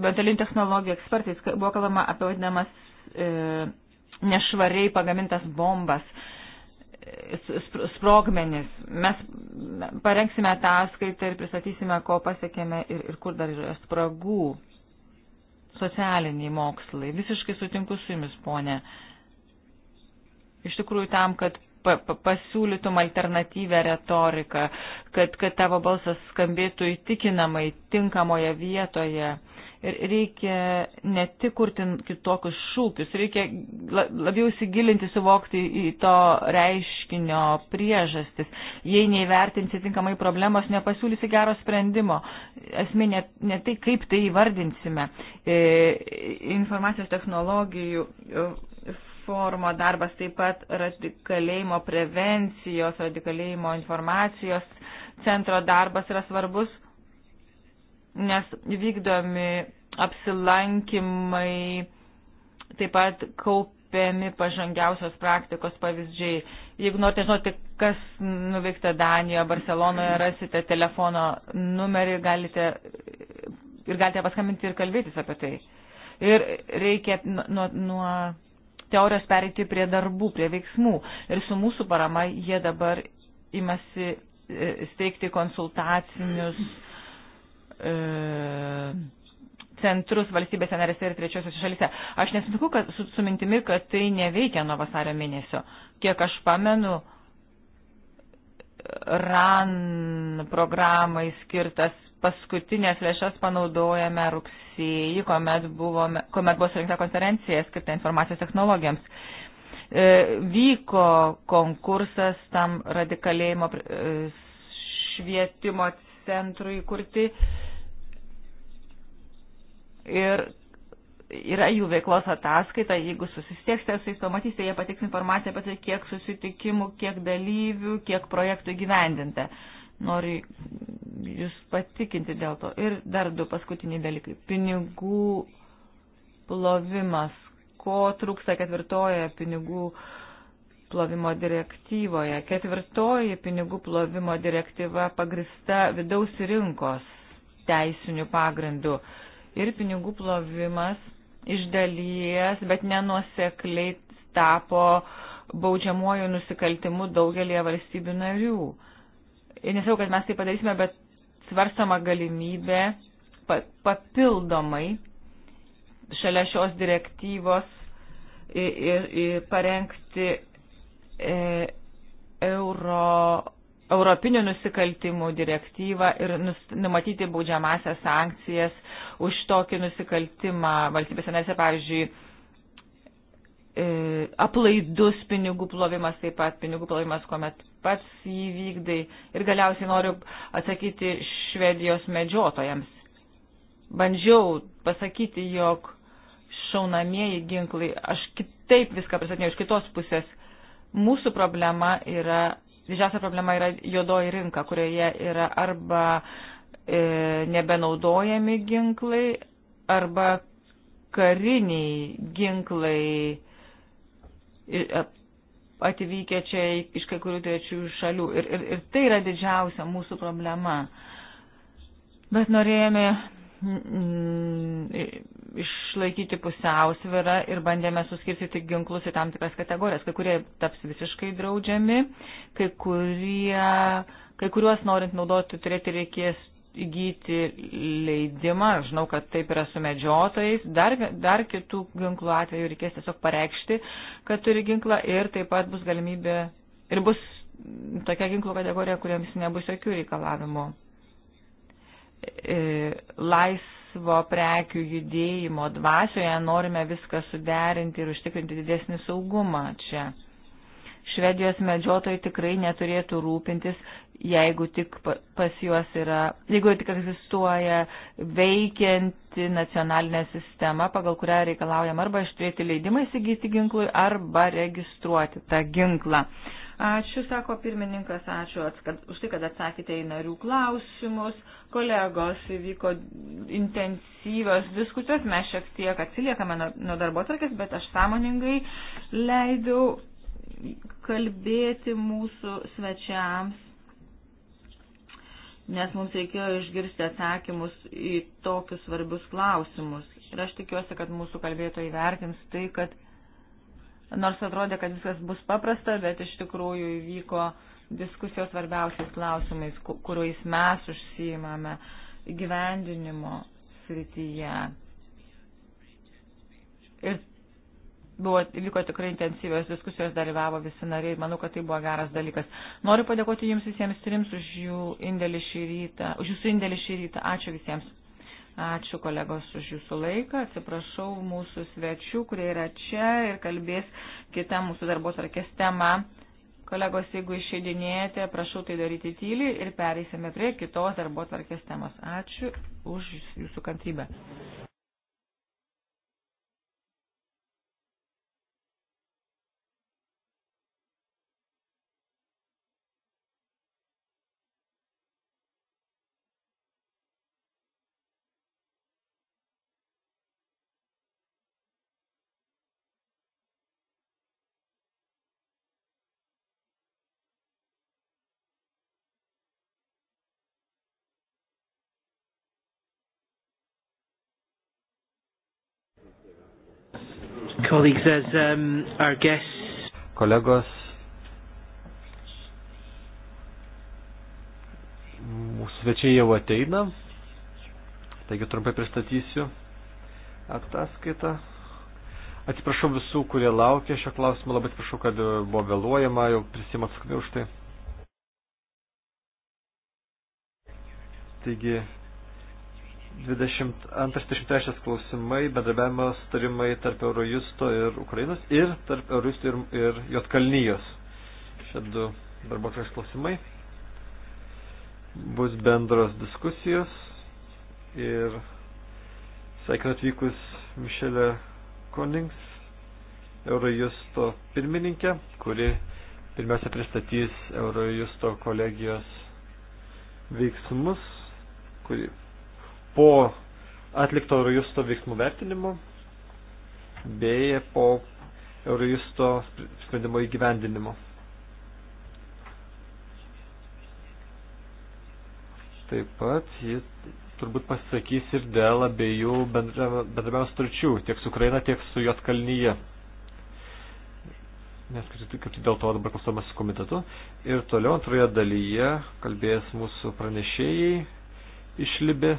brandolinių technologijų ekspertais. Buvo kalbama apie vadinamas e, nešvariai pagamintas bombas. E, sprogmenis. Mes parengsime tą skaitą ir pristatysime, ko pasiekėme ir, ir kur dar yra spragų socialiniai mokslai. Visiškai sutinku su jumis, ponė. Iš tikrųjų, tam, kad pa, pa, pasiūlytum alternatyvę retoriką, kad, kad tavo balsas skambėtų įtikinamai tinkamoje vietoje Ir reikia ne tik kurti kitokius šūkius, reikia labiau įsigilinti, suvokti į to reiškinio priežastis. Jei neįvertinsi tinkamai problemos, nepasiūlysi gero sprendimo. Esmė ne, ne tai, kaip tai įvardinsime. E, informacijos technologijų e, forumo darbas taip pat radikalėjimo prevencijos, radikalėjimo informacijos centro darbas yra svarbus nes vykdomi apsilankimai, taip pat kaupiami pažangiausios praktikos pavyzdžiai. Jeigu norite žinoti, kas nuveikta Danijoje, Barcelonoje, rasite telefono numerį galite, ir galite paskambinti ir kalbėtis apie tai. Ir reikia nuo, nuo teorijos pereiti prie darbų, prie veiksmų. Ir su mūsų parama jie dabar imasi e, steigti konsultacinius. Mm e, centrus valstybėse narėse ir trečiosios šalyse. Aš nesutinku kad, su, su mintimi, kad tai neveikia nuo vasario mėnesio. Kiek aš pamenu, RAN programai skirtas paskutinės lėšas panaudojame rugsėjį, kuomet, buvome, kuomet buvo surinkta konferencija skirta informacijos technologijams. E, vyko konkursas tam radikalėjimo e, švietimo centrui kurti. E, ir yra jų veiklos ataskaita, jeigu susisieksite su jais, pamatysite, jie patiks informaciją apie tai, kiek susitikimų, kiek dalyvių, kiek projektų gyvendinta. Noriu jūs patikinti dėl to. Ir dar du paskutiniai dalykai. Pinigų plovimas. Ko trūksta ketvirtoje pinigų plovimo direktyvoje? Ketvirtoji pinigų plovimo direktyva pagrista vidaus rinkos teisinių pagrindų ir pinigų plovimas iš dalies, bet nenuosekliai tapo baudžiamuoju nusikaltimu daugelie valstybių narių. Ir nesau, kad mes tai padarysime, bet svarstama galimybė papildomai šalia šios direktyvos ir, ir, ir parengti e, euro Europinių nusikaltimų direktyvą ir numatyti baudžiamasias sankcijas už tokį nusikaltimą valstybėse narėse, pavyzdžiui, e, aplaidus pinigų plovimas, taip pat pinigų plovimas, kuomet pats jį vykdai. Ir galiausiai noriu atsakyti švedijos medžiotojams. Bandžiau pasakyti, jog šaunamieji ginklai, aš kitaip viską pristatinėjau iš kitos pusės. Mūsų problema yra didžiausia problema yra juodoji rinka, kurioje yra arba e, nebenaudojami ginklai, arba kariniai ginklai e, atvykę čia iš kai kurių trečių šalių. Ir, ir, ir tai yra didžiausia mūsų problema. Bet norėjome Mm, išlaikyti pusiausvyrą ir bandėme suskirstyti ginklus į tam tikras kategorijas. Kai kurie taps visiškai draudžiami, kai, kurie, kai kuriuos norint naudoti turėti reikės įgyti leidimą, žinau, kad taip yra su medžiotojais, dar, dar kitų ginklų atveju reikės tiesiog pareikšti, kad turi ginklą ir taip pat bus galimybė ir bus tokia ginklų kategorija, kuriems nebus jokių reikalavimų. E, laisvo prekių judėjimo dvasioje norime viską suderinti ir užtikrinti didesnį saugumą čia. Švedijos medžiotojai tikrai neturėtų rūpintis, jeigu tik pas juos yra, jeigu tik egzistuoja veikianti nacionalinė sistema, pagal kurią reikalaujam arba išturėti leidimą įsigyti ginklui, arba registruoti tą ginklą. Uh, Ačiū, sako pirmininkas, ačiū kad, už tai, kad atsakėte į narių klausimus. Kolegos, vyko intensyvios diskusijos, mes šiek tiek atsiliekame nuo, nuo darbo tarkės, bet aš sąmoningai leidau kalbėti mūsų svečiams, nes mums reikėjo išgirsti atsakymus į tokius svarbius klausimus. Ir aš tikiuosi, kad mūsų kalbėtojai vertins tai, kad Nors atrodė, kad viskas bus paprasta, bet iš tikrųjų įvyko diskusijos svarbiausiais klausimais, kuriais mes užsijimame gyvendinimo srityje. Ir buvo, vyko tikrai intensyvios diskusijos, dalyvavo visi nariai, manau, kad tai buvo geras dalykas. Noriu padėkoti Jums visiems trims už jų indėlį šį rytą, už Jūsų indėlį šį rytą. Ačiū visiems. Ačiū kolegos už jūsų laiką. Atsiprašau mūsų svečių, kurie yra čia ir kalbės kitą mūsų darbos arkės temą. Kolegos, jeigu išeidinėjate, prašau tai daryti tyliai ir pereisime prie kitos darbos arkės temos. Ačiū už jūsų kantrybę. Colleagues, as um, our guests. Kolegos, mūsų svečiai jau ateina, taigi trumpai pristatysiu ataskaitą. Atsiprašau visų, kurie laukia šio klausimo, labai atsiprašau, kad e, buvo vėluojama, jau prisim atsakomybę už tai. Taigi, 22-23 klausimai, bendrabiavimo sutarimai tarp Eurojusto ir Ukrainos ir tarp Eurojusto ir, ir Jotkalnyjos. Šie du darbotvarkės klausimai. Bus bendros diskusijos ir sveikinu atvykus Mišelė Konings, Eurojusto pirmininkė, kuri pirmiausia pristatys Eurojusto kolegijos veiksmus, kuri po atlikto Eurojusto veiksmų vertinimo bei po Eurojusto sprendimo įgyvendinimo. Taip pat jis turbūt pasisakys ir dėl abiejų bendrabiaus turčių, tiek su Ukraina, tiek su Jotkalnyje. Nes kaip tik dėl to dabar klausomas su komitetu. Ir toliau antroje dalyje kalbės mūsų pranešėjai išlibė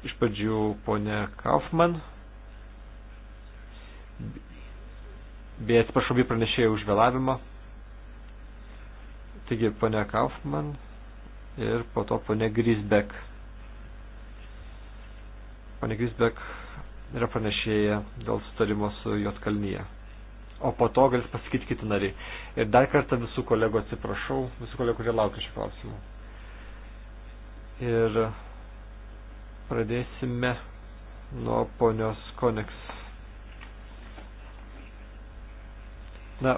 Iš pradžių ponė Kaufman. Beje, atsiprašau, bei pranešėjau už vėlavimą. Taigi, ponė Kaufman ir po to ponė Grisbek. Ponė Grisbek yra pranešėja dėl sutarimo su Jotkalnyje. O po to galis pasakyti kiti nariai. Ir dar kartą visų kolegų atsiprašau, visų kolegų, kurie laukia šio klausimo. Ir Pradėsime nuo ponios Koneks. Na,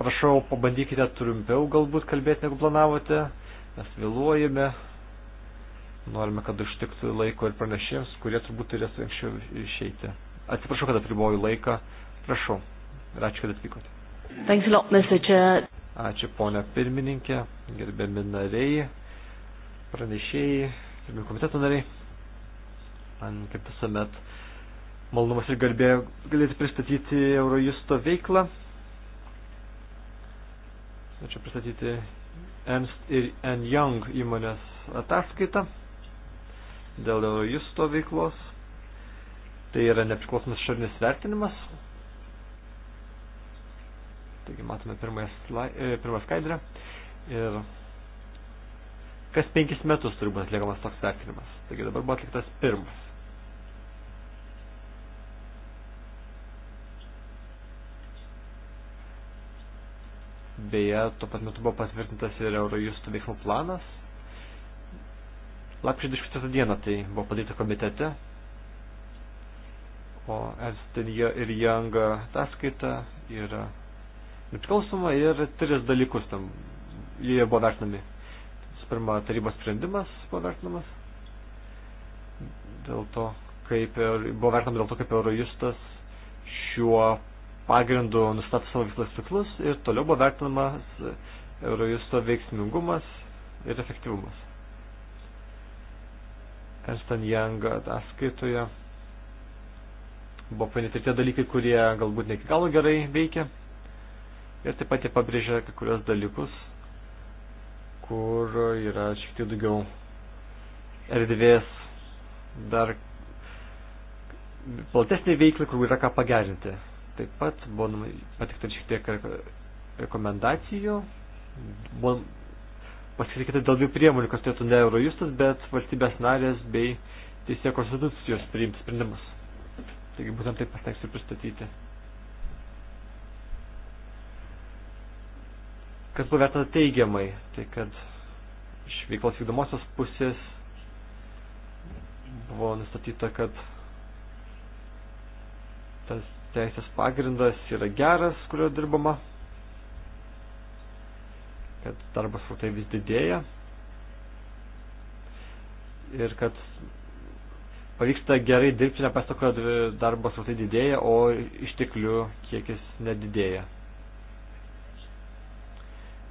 prašau, pabandykite trumpiau galbūt kalbėti, negu planavote. Mes vėluojame. Norime, kad užtiktų laiko ir pranešėjams, kurie turbūt turės anksčiau išeiti. Atsiprašau, kad apriboju laiką. Prašau. Ir ačiū, kad atvykote. Thanks a lot, Mr. Chair. Ačiū, ponia pirmininkė, gerbiami nariai, pranešėjai, gerbiami komiteto nariai. Man kaip visuomet malonumas ir garbė galėti pristatyti Eurojusto veiklą. Norėčiau pristatyti Ernst ir N. Young įmonės ataskaitą dėl Eurojusto veiklos. Tai yra nepriklausomas šalinis vertinimas. Taigi matome pirmąją e, pirmą skaidrę. Ir kas penkis metus turi būti atliekamas toks vertinimas. Taigi dabar buvo atliktas pirmas. Beje, tuo pat metu buvo patvirtintas ir Eurojusto veiksmų planas. Lapkričio 24 dieną tai buvo padaryta komitete. O Ernst ir Young ataskaita yra nepriklausoma ir tris dalykus tam jie buvo vertinami. Pirma, tarybos sprendimas buvo vertinamas. Dėl to, kaip buvo vertinama dėl to, kaip Eurojustas šiuo pagrindų nustatė savo veiklos ciklus ir toliau buvo vertinamas Eurojusto veiksmingumas ir efektyvumas. Ernst Young ataskaitoje buvo paminėti tie dalykai, kurie galbūt ne iki galo gerai veikia. Ir taip pat jie pabrėžia kai kurios dalykus, kur yra šiek tiek daugiau erdvės dar platesnė veikla, kur yra ką pagerinti. Taip pat buvo patikta šiek tiek rekomendacijų, buvo pasisakyti dėl dviejų priemonių, kas turėtų ne Eurojustas, bet valstybės narės bei teisėjo konstitucijos priimti sprendimus. Taigi būtent taip pasiteks ir pristatyti. Kas buvo vertina teigiamai, tai kad iš veiklos vykdomosios pusės buvo nustatyta, kad tas teisės pagrindas yra geras, kurio dirbama, kad darbas srautai vis didėja ir kad pavyksta gerai dirbti, nepasto, kad darbas srautai didėja, o išteklių kiekis nedidėja.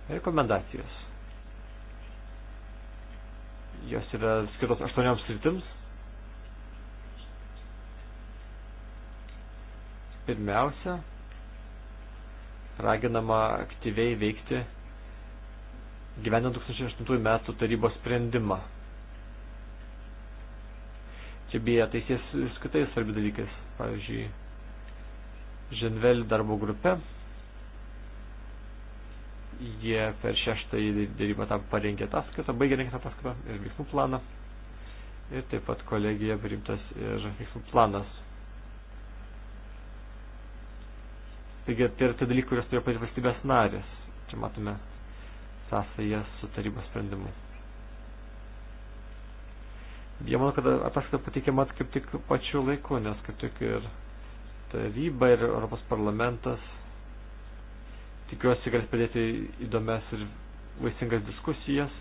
Rekomendacijos. Jos yra skirtos aštuonioms sritims Pirmiausia, raginama aktyviai veikti gyvenant 2008 metų tarybos sprendimą. Čia bija taisės ir kitais svarbi dalykais. Pavyzdžiui, Ženvelį darbo grupė. Jie per šeštąjį dėrybą tam parengė ataskaitą, baigė rengti ataskaitą ir veiksmų planą. Ir taip pat kolegija priimtas ir veiksmų planas Taigi tai yra tie dalykai, kurios turėjo padaryti valstybės narės. Čia matome sąsąją su tarybos sprendimu. Jie manau, kad ataskaita pateikiama kaip tik pačiu laiku, nes kaip tik ir taryba ir Europos parlamentas tikiuosi galės pradėti įdomias ir vaisingas diskusijas,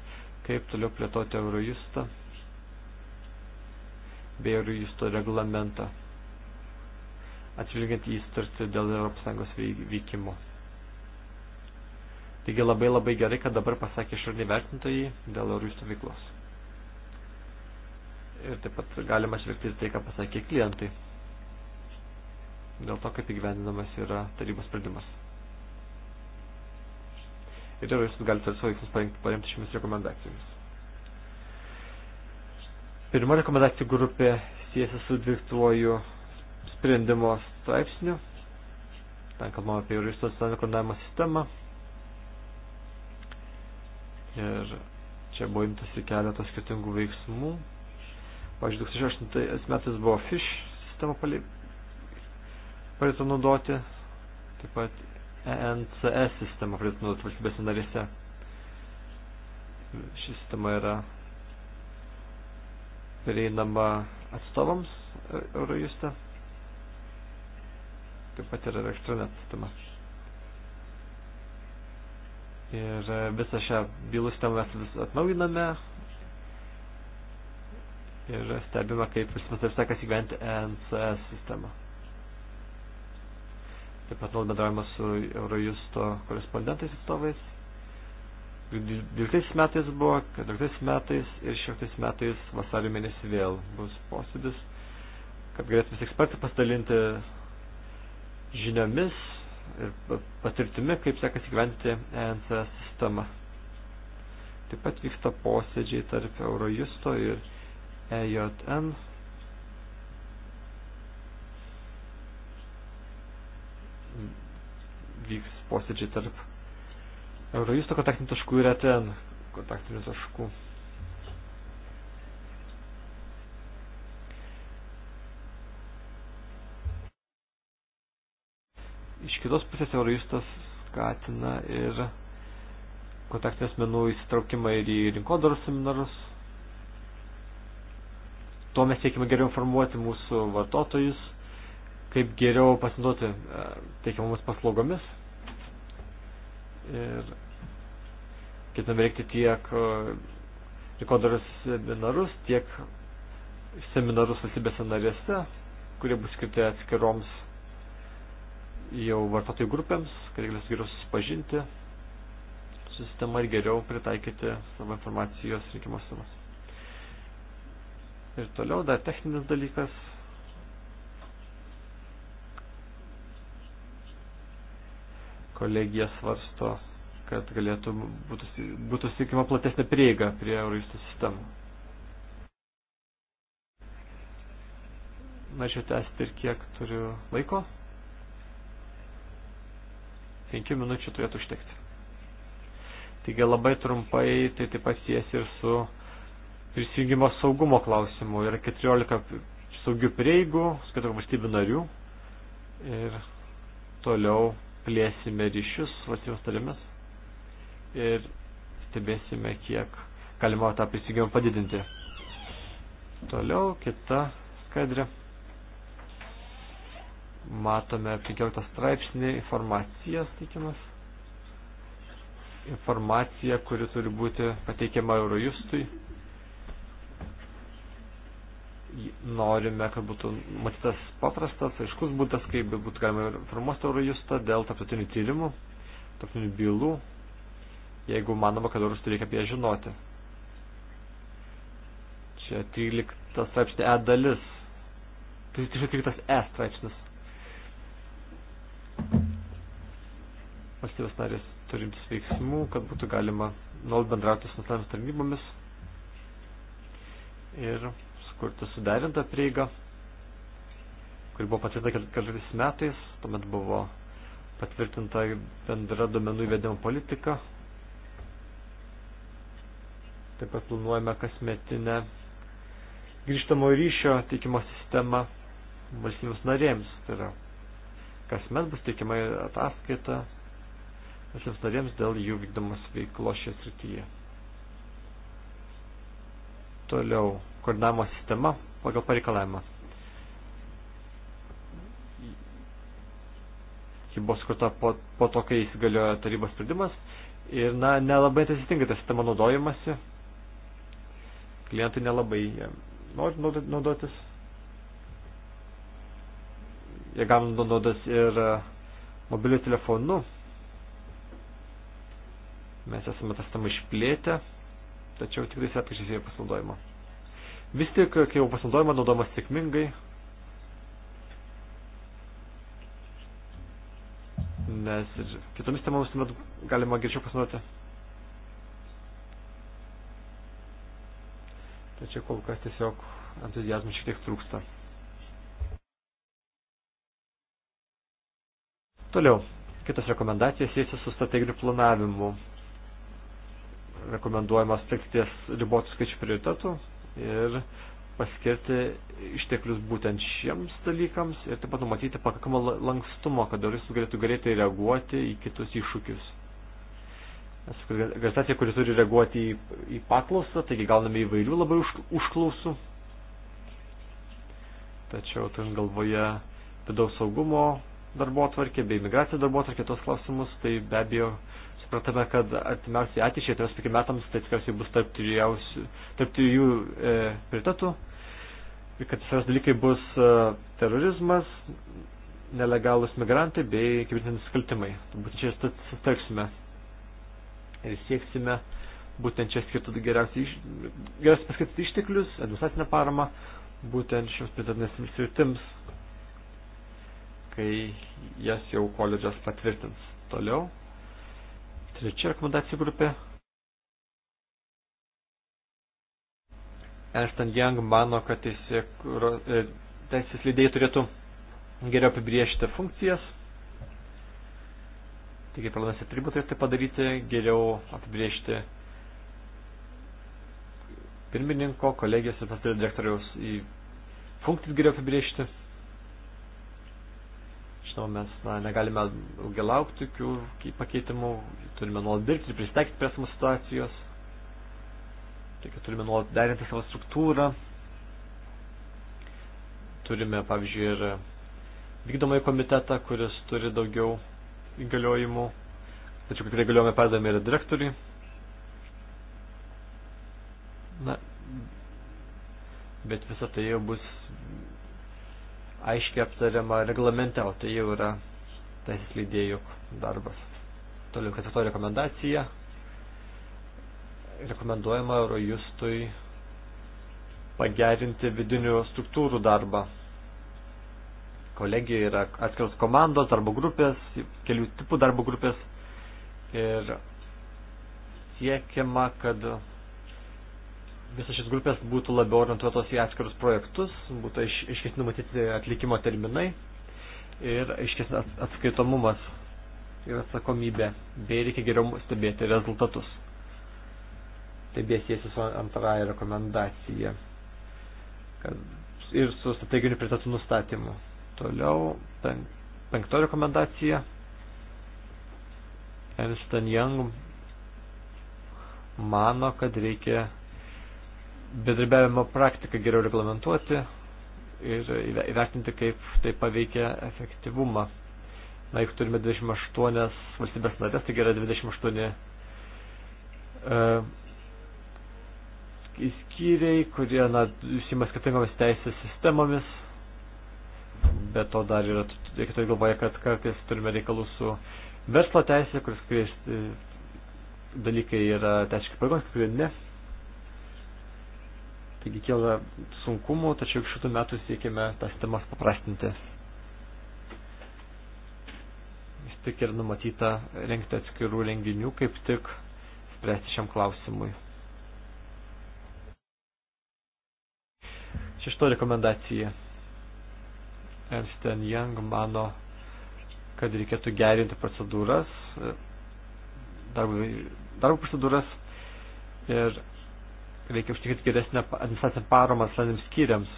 kaip toliau plėtoti Eurojustą bei Eurojusto reglamentą atsižvelgiant į sutartį dėl ES veikimo. Taigi labai labai gerai, kad dabar pasakė išoriniai vertintojai dėl Eurojusto veiklos. Ir taip pat galima žvelgti tai, ką pasakė klientai. Dėl to, kaip įgyvendinamas yra tarybos sprendimas. Ir Eurojustas gali tarsi veiksmus paremti šiomis rekomendacijomis. Pirma rekomendacijų grupė siejasi su dvirtuoju sprendimo straipsnių. Ten kalbama apie juristų socialinio koordinavimo sistemą. Ir čia buvo imtasi keletas skirtingų veiksmų. Pavyzdžiui, 2008 metais buvo FISH sistema pradėta naudoti, taip pat ENCS sistema pradėta naudoti valstybės narėse. Ši sistema yra prieinama atstovams Eurojuste. Euro taip pat ir elektroninė sistema. Ir e, visą šią bylų sistemą mes vis atnaujiname ir stebime, kaip vismas ir sekas įgyventi NCS sistemą. Taip pat nuolat bendravimą su Eurojusto korespondentais atstovais. 12 metais buvo, 14 metais ir 16 metais vasario mėnesį vėl bus posėdis, kad galėtų visi ekspertai pasidalinti žiniomis ir patirtimi, kaip sekasi gyventi ENCS sistemą. Taip pat vyksta posėdžiai tarp Eurojusto ir EJN. Vyks posėdžiai tarp Eurojusto kontaktinių taškų ir ETN kontaktinių taškų. Iš kitos pusės Eurojustas skatina ir kontaktinės menų įsitraukimą ir į rinkodaros seminarus. Tuo mes siekime geriau informuoti mūsų vartotojus, kaip geriau pasinaudoti e, teikiamomis paslaugomis. Ir ketiname reikti tiek e, rinkodaros seminarus, tiek seminarus valstybėse narėse, kurie bus skirti atskiroms jau vartotojų grupėms, kad galės geriau susipažinti su sistema ir geriau pritaikyti savo informacijos rinkimo sistemas. Ir toliau dar techninis dalykas. Kolegija svarsto, kad galėtų būtų, būtų siekima platesnė prieiga prie Euroistų sistemų. Norėčiau tęsti ir kiek turiu laiko. 5 minučių turėtų užtekti. Taigi labai trumpai tai taip pat sies ir su prisijungimo saugumo klausimu. Yra 14 saugių prieigų, skaitokų valstybių narių ir toliau plėsime ryšius valstybės talimis ir stebėsime, kiek galima tą prisijungimą padidinti. Toliau kita skaidrė. Matome 15 straipsnį informacijas teikiamas. Informacija, kuri turi būti pateikiama Eurojustui. Norime, kad būtų matytas paprastas, aiškus būdas, kaip būtų galima informuoti Eurojustą dėl tarptautinių tyrimų, tarptautinių bylų, jeigu manoma, kad Eurojustui reikia apie ją žinoti. Čia 13 straipsnė E dalis. Tai 13 E straipsnis. valstybės narės turimtis veiksmų, kad būtų galima nuolat bendrauti su nacionalinėmis tarnybomis ir sukurti suderintą prieigą, kuri buvo patvirtinta kelis metais, tuomet buvo patvirtinta bendra domenų įvedimo politika. Taip pat planuojame kasmetinę grįžtamo ryšio teikimo sistemą valstybės narėms. Tai yra, kasmet bus teikiama ataskaita visiems narėms dėl jų vykdomos veiklos šioje srityje. Toliau, koordinavimo sistema pagal pareikalavimą. Ji buvo skurta po, po to, kai įsigaliojo tarybos sprendimas ir, na, nelabai tai atsitinka ta sistema naudojimasi. Klientai nelabai e, nori naudotis. Jie gauna naudotis ir e, mobiliu telefonu, Mes esame tą sistemą išplėtę, tačiau tik tais atkažiais jie pasinaudojimo. Vis tik, kai jau pasinaudojama, naudomas sėkmingai, nes ir kitomis temomis tuomet galima greičiau pasinaudoti. Tačiau kol kas tiesiog entuzijazmų šiek tiek trūksta. Toliau, kitos rekomendacijos siejasi su strateginiu planavimu rekomenduojama atlikties ribotų skaičių prioritetų ir paskirti išteklius būtent šiems dalykams ir taip pat numatyti pakankamą lankstumą, kad teroristus galėtų greitai reaguoti į kitus iššūkius. Nes organizacija, kuri turi reaguoti į, į paklausą, taigi gauname įvairių labai už, užklausų. Tačiau turint galvoje vidaus saugumo darbo atvarkė bei migracijos darbo atvarkė tos klausimus, tai be abejo supratome, kad artimiausiai ateičiai, tai sakykim, metams, tai tikriausiai bus tarp trijų, tarp trijų e, prioritetų, kad svarbiausi dalykai bus e, terorizmas, nelegalus migrantai bei kibernetiniai nusikaltimai. Būtent čia sustaksime ir sieksime būtent čia skirti geriausiai iš, geriausiai paskirti išteklius, administracinę paramą, būtent šioms prioritetinėms sritims, kai jas jau koledžas patvirtins. Toliau. Trečia rekomendacijų grupė. Ernst Young mano, kad e, teisės lydėjai turėtų geriau apibriežti funkcijas. Taigi parlamentas ir taryba turėtų tai padaryti, geriau apibriežti pirmininko, kolegijos ir pastario direktoriaus į funkcijas geriau apibriežti žinoma, mes na, negalime ilgai laukti tokių pakeitimų, turime nuolat dirbti ir pristaikyti prie mūsų situacijos, taigi turime nuolat derinti savo struktūrą, turime, pavyzdžiui, ir vykdomąjį komitetą, kuris turi daugiau įgaliojimų, tačiau kai kurie įgaliojimai perdavėme ir direktoriui. Na, bet visą tai jau bus aiškiai aptariama reglamente, o tai jau yra teisės lydėjų darbas. Toliau ketvirtoji rekomendacija. Rekomenduojama Eurojustui pagerinti vidinių struktūrų darbą. Kolegijoje yra atskiros komandos, darbo grupės, kelių tipų darbo grupės ir siekiama, kad visas šis grupės būtų labiau orientuotos į atskirus projektus, būtų iš, aiškesni numatyti atlikimo terminai ir aiškesnis at, atskaitomumas ir atsakomybė, bei reikia geriau stebėti rezultatus. Tai bėsiesi su antrąją rekomendaciją kad, ir su strateginiu prietatų nustatymu. Toliau pen, penkto rekomendacija. Ernst Young mano, kad reikia bedarbiavimo praktiką geriau reglamentuoti ir įvertinti, kaip tai paveikia efektyvumą. Na, jeigu turime 28 valstybės narės, tai yra 28 uh, skyriai, kurie, na, užsima skirtingomis teisės sistemomis, bet to dar yra, reikia tai galvoje, kad kartais turime reikalų su verslo teisė, kuris kai dalykai yra teisiškai pareigos, kai kurie ne. Taigi kėlė sunkumų, tačiau šitų metų siekime tas temas paprastinti. Vis tik ir numatyta rengti atskirų renginių, kaip tik spręsti šiam klausimui. Šešto rekomendacija. Ernst Young mano, kad reikėtų gerinti procedūras, e, darbo, darbo procedūras ir reikia užtikrinti geresnę administracinę paramą asmenims skyriams.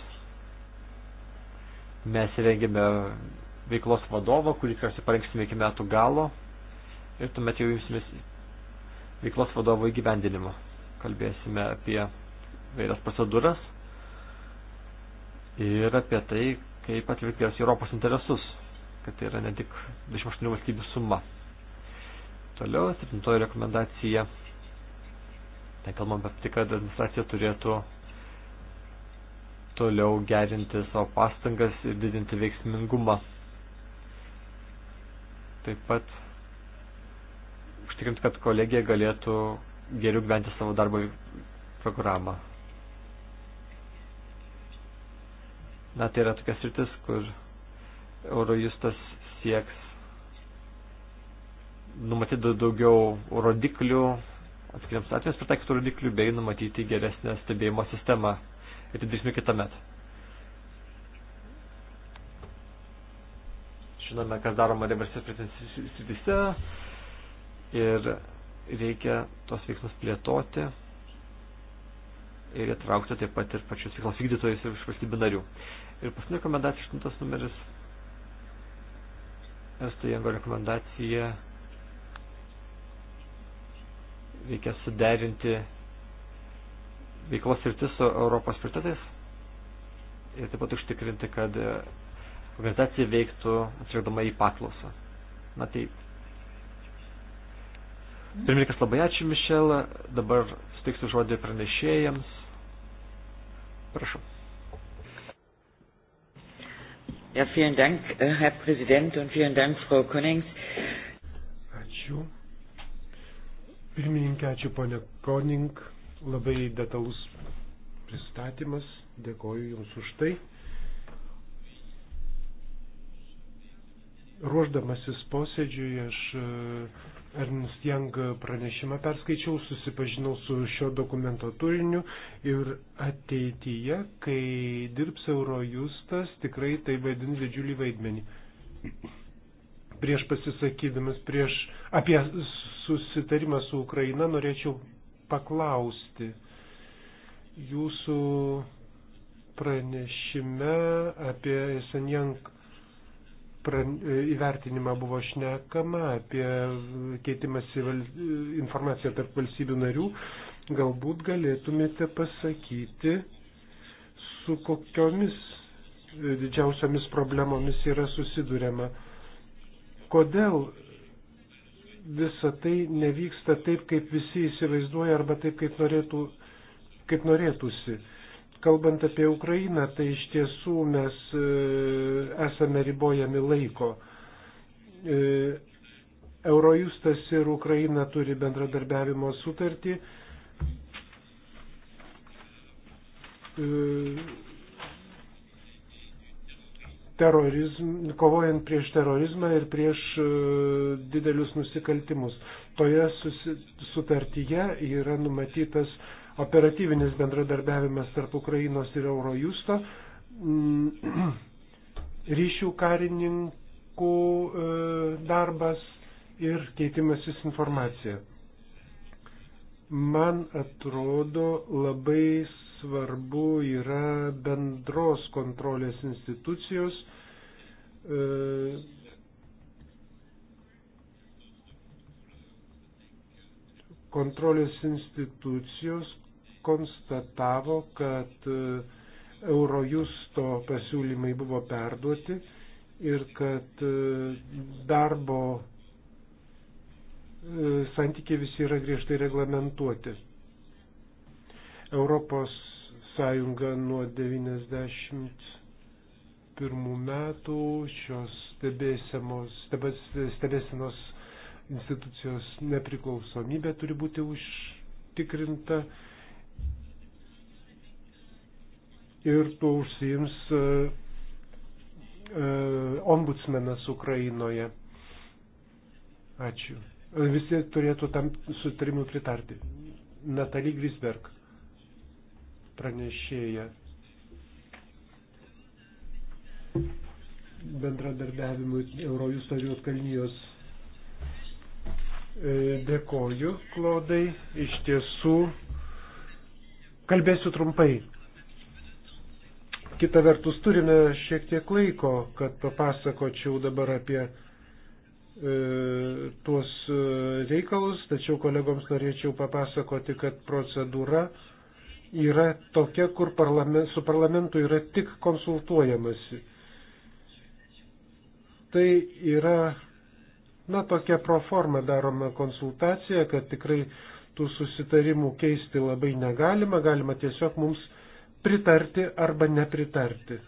Mes rengėme veiklos vadovą, kurį tikriausiai parengsime iki metų galo ir tuomet jau imsimės veiklos vadovo įgyvendinimo. Kalbėsime apie vairias procedūras ir apie tai, kaip atvirkės Europos interesus, kad tai yra ne tik 28 valstybių suma. Toliau, 7 rekomendacija Ten tai kalbam apie tai, kad administracija turėtų toliau gerinti savo pastangas ir didinti veiksmingumą. Taip pat užtikrinti, kad kolegija galėtų geriau gyventi savo darbo programą. Na, tai yra tokia sritis, kur Eurojustas sieks numatyti daugiau rodiklių, atskiriams atvejams pritaikytų rodiklių bei numatyti geresnę stebėjimo sistemą. Ir tai darysime kitą metą. Žinome, kas daroma reversijos pretencijos srityse ir reikia tos veiksmus plėtoti ir įtraukti taip pat ir pačius veiklos vykdytojus iš valstybių narių. Ir paskutinė rekomendacija, aštuntas numeris, Estų Jengo rekomendacija reikia suderinti veiklos sritis su Europos prioritetais ir taip pat užtikrinti, kad organizacija veiktų atsižvelgdama į paklausą. Na tai. Pirmininkas, labai ačiū, Mišel. Dabar suteiksiu žodį pranešėjams. Prašau. Ja, vielen Dank, Herr Präsident, und vielen Dank, Frau Konings. Ačiū. Pirmininkė, ačiū ponė Koning, labai detalus pristatymas, dėkoju Jums už tai. Ruoždamasis posėdžiui aš e, Ernst Young pranešimą perskaičiau, susipažinau su šio dokumento turiniu ir ateityje, kai dirbs Eurojustas, tikrai tai vaidins didžiulį vaidmenį. Prieš pasisakydamas prieš, apie susitarimą su Ukraina, norėčiau paklausti jūsų pranešime apie Sanjank įvertinimą buvo šnekama, apie keitimąsi informaciją tarp valstybių narių. Galbūt galėtumėte pasakyti, su kokiomis didžiausiamis problemomis yra susidurėma. Kodėl visa tai nevyksta taip, kaip visi įsivaizduoja arba taip, kaip, norėtų, kaip norėtųsi. Kalbant apie Ukrainą, tai iš tiesų mes e, esame ribojami laiko. E, Eurojustas ir Ukraina turi bendradarbiavimo sutartį. E, terorizm, kovojant prieš terorizmą ir prieš e, didelius nusikaltimus. Toje sutartyje yra numatytas operatyvinis bendradarbiavimas tarp Ukrainos ir Eurojusto, mm, ryšių karininkų e, darbas ir keitimasis informacija. Man atrodo labai svarbu yra bendros kontrolės institucijos. E, kontrolės institucijos konstatavo, kad e, Eurojusto pasiūlymai buvo perduoti ir kad e, darbo santykiai visi yra griežtai reglamentuoti. Europos Sąjunga nuo 1991 metų šios stebėsenos institucijos nepriklausomybė turi būti užtikrinta ir tuo užsiims e, e, ombudsmenas Ukrainoje. Ačiū. Visi turėtų tam sutarimui pritarti. Natalie Grisberg pranešėja. Bendradarbiavimui Eurojusto ir Juotkalnyjos e, dėkoju, Klodai. Iš tiesų, kalbėsiu trumpai. Kita vertus, turime šiek tiek laiko, kad papasakočiau dabar apie e, tuos e, reikalus, tačiau kolegoms norėčiau papasakoti, kad procedūra yra tokia, kur parlament, su parlamentu yra tik konsultuojamasi. Tai yra, na, tokia proforma daroma konsultacija, kad tikrai tų susitarimų keisti labai negalima, galima tiesiog mums pritarti arba nepritarti.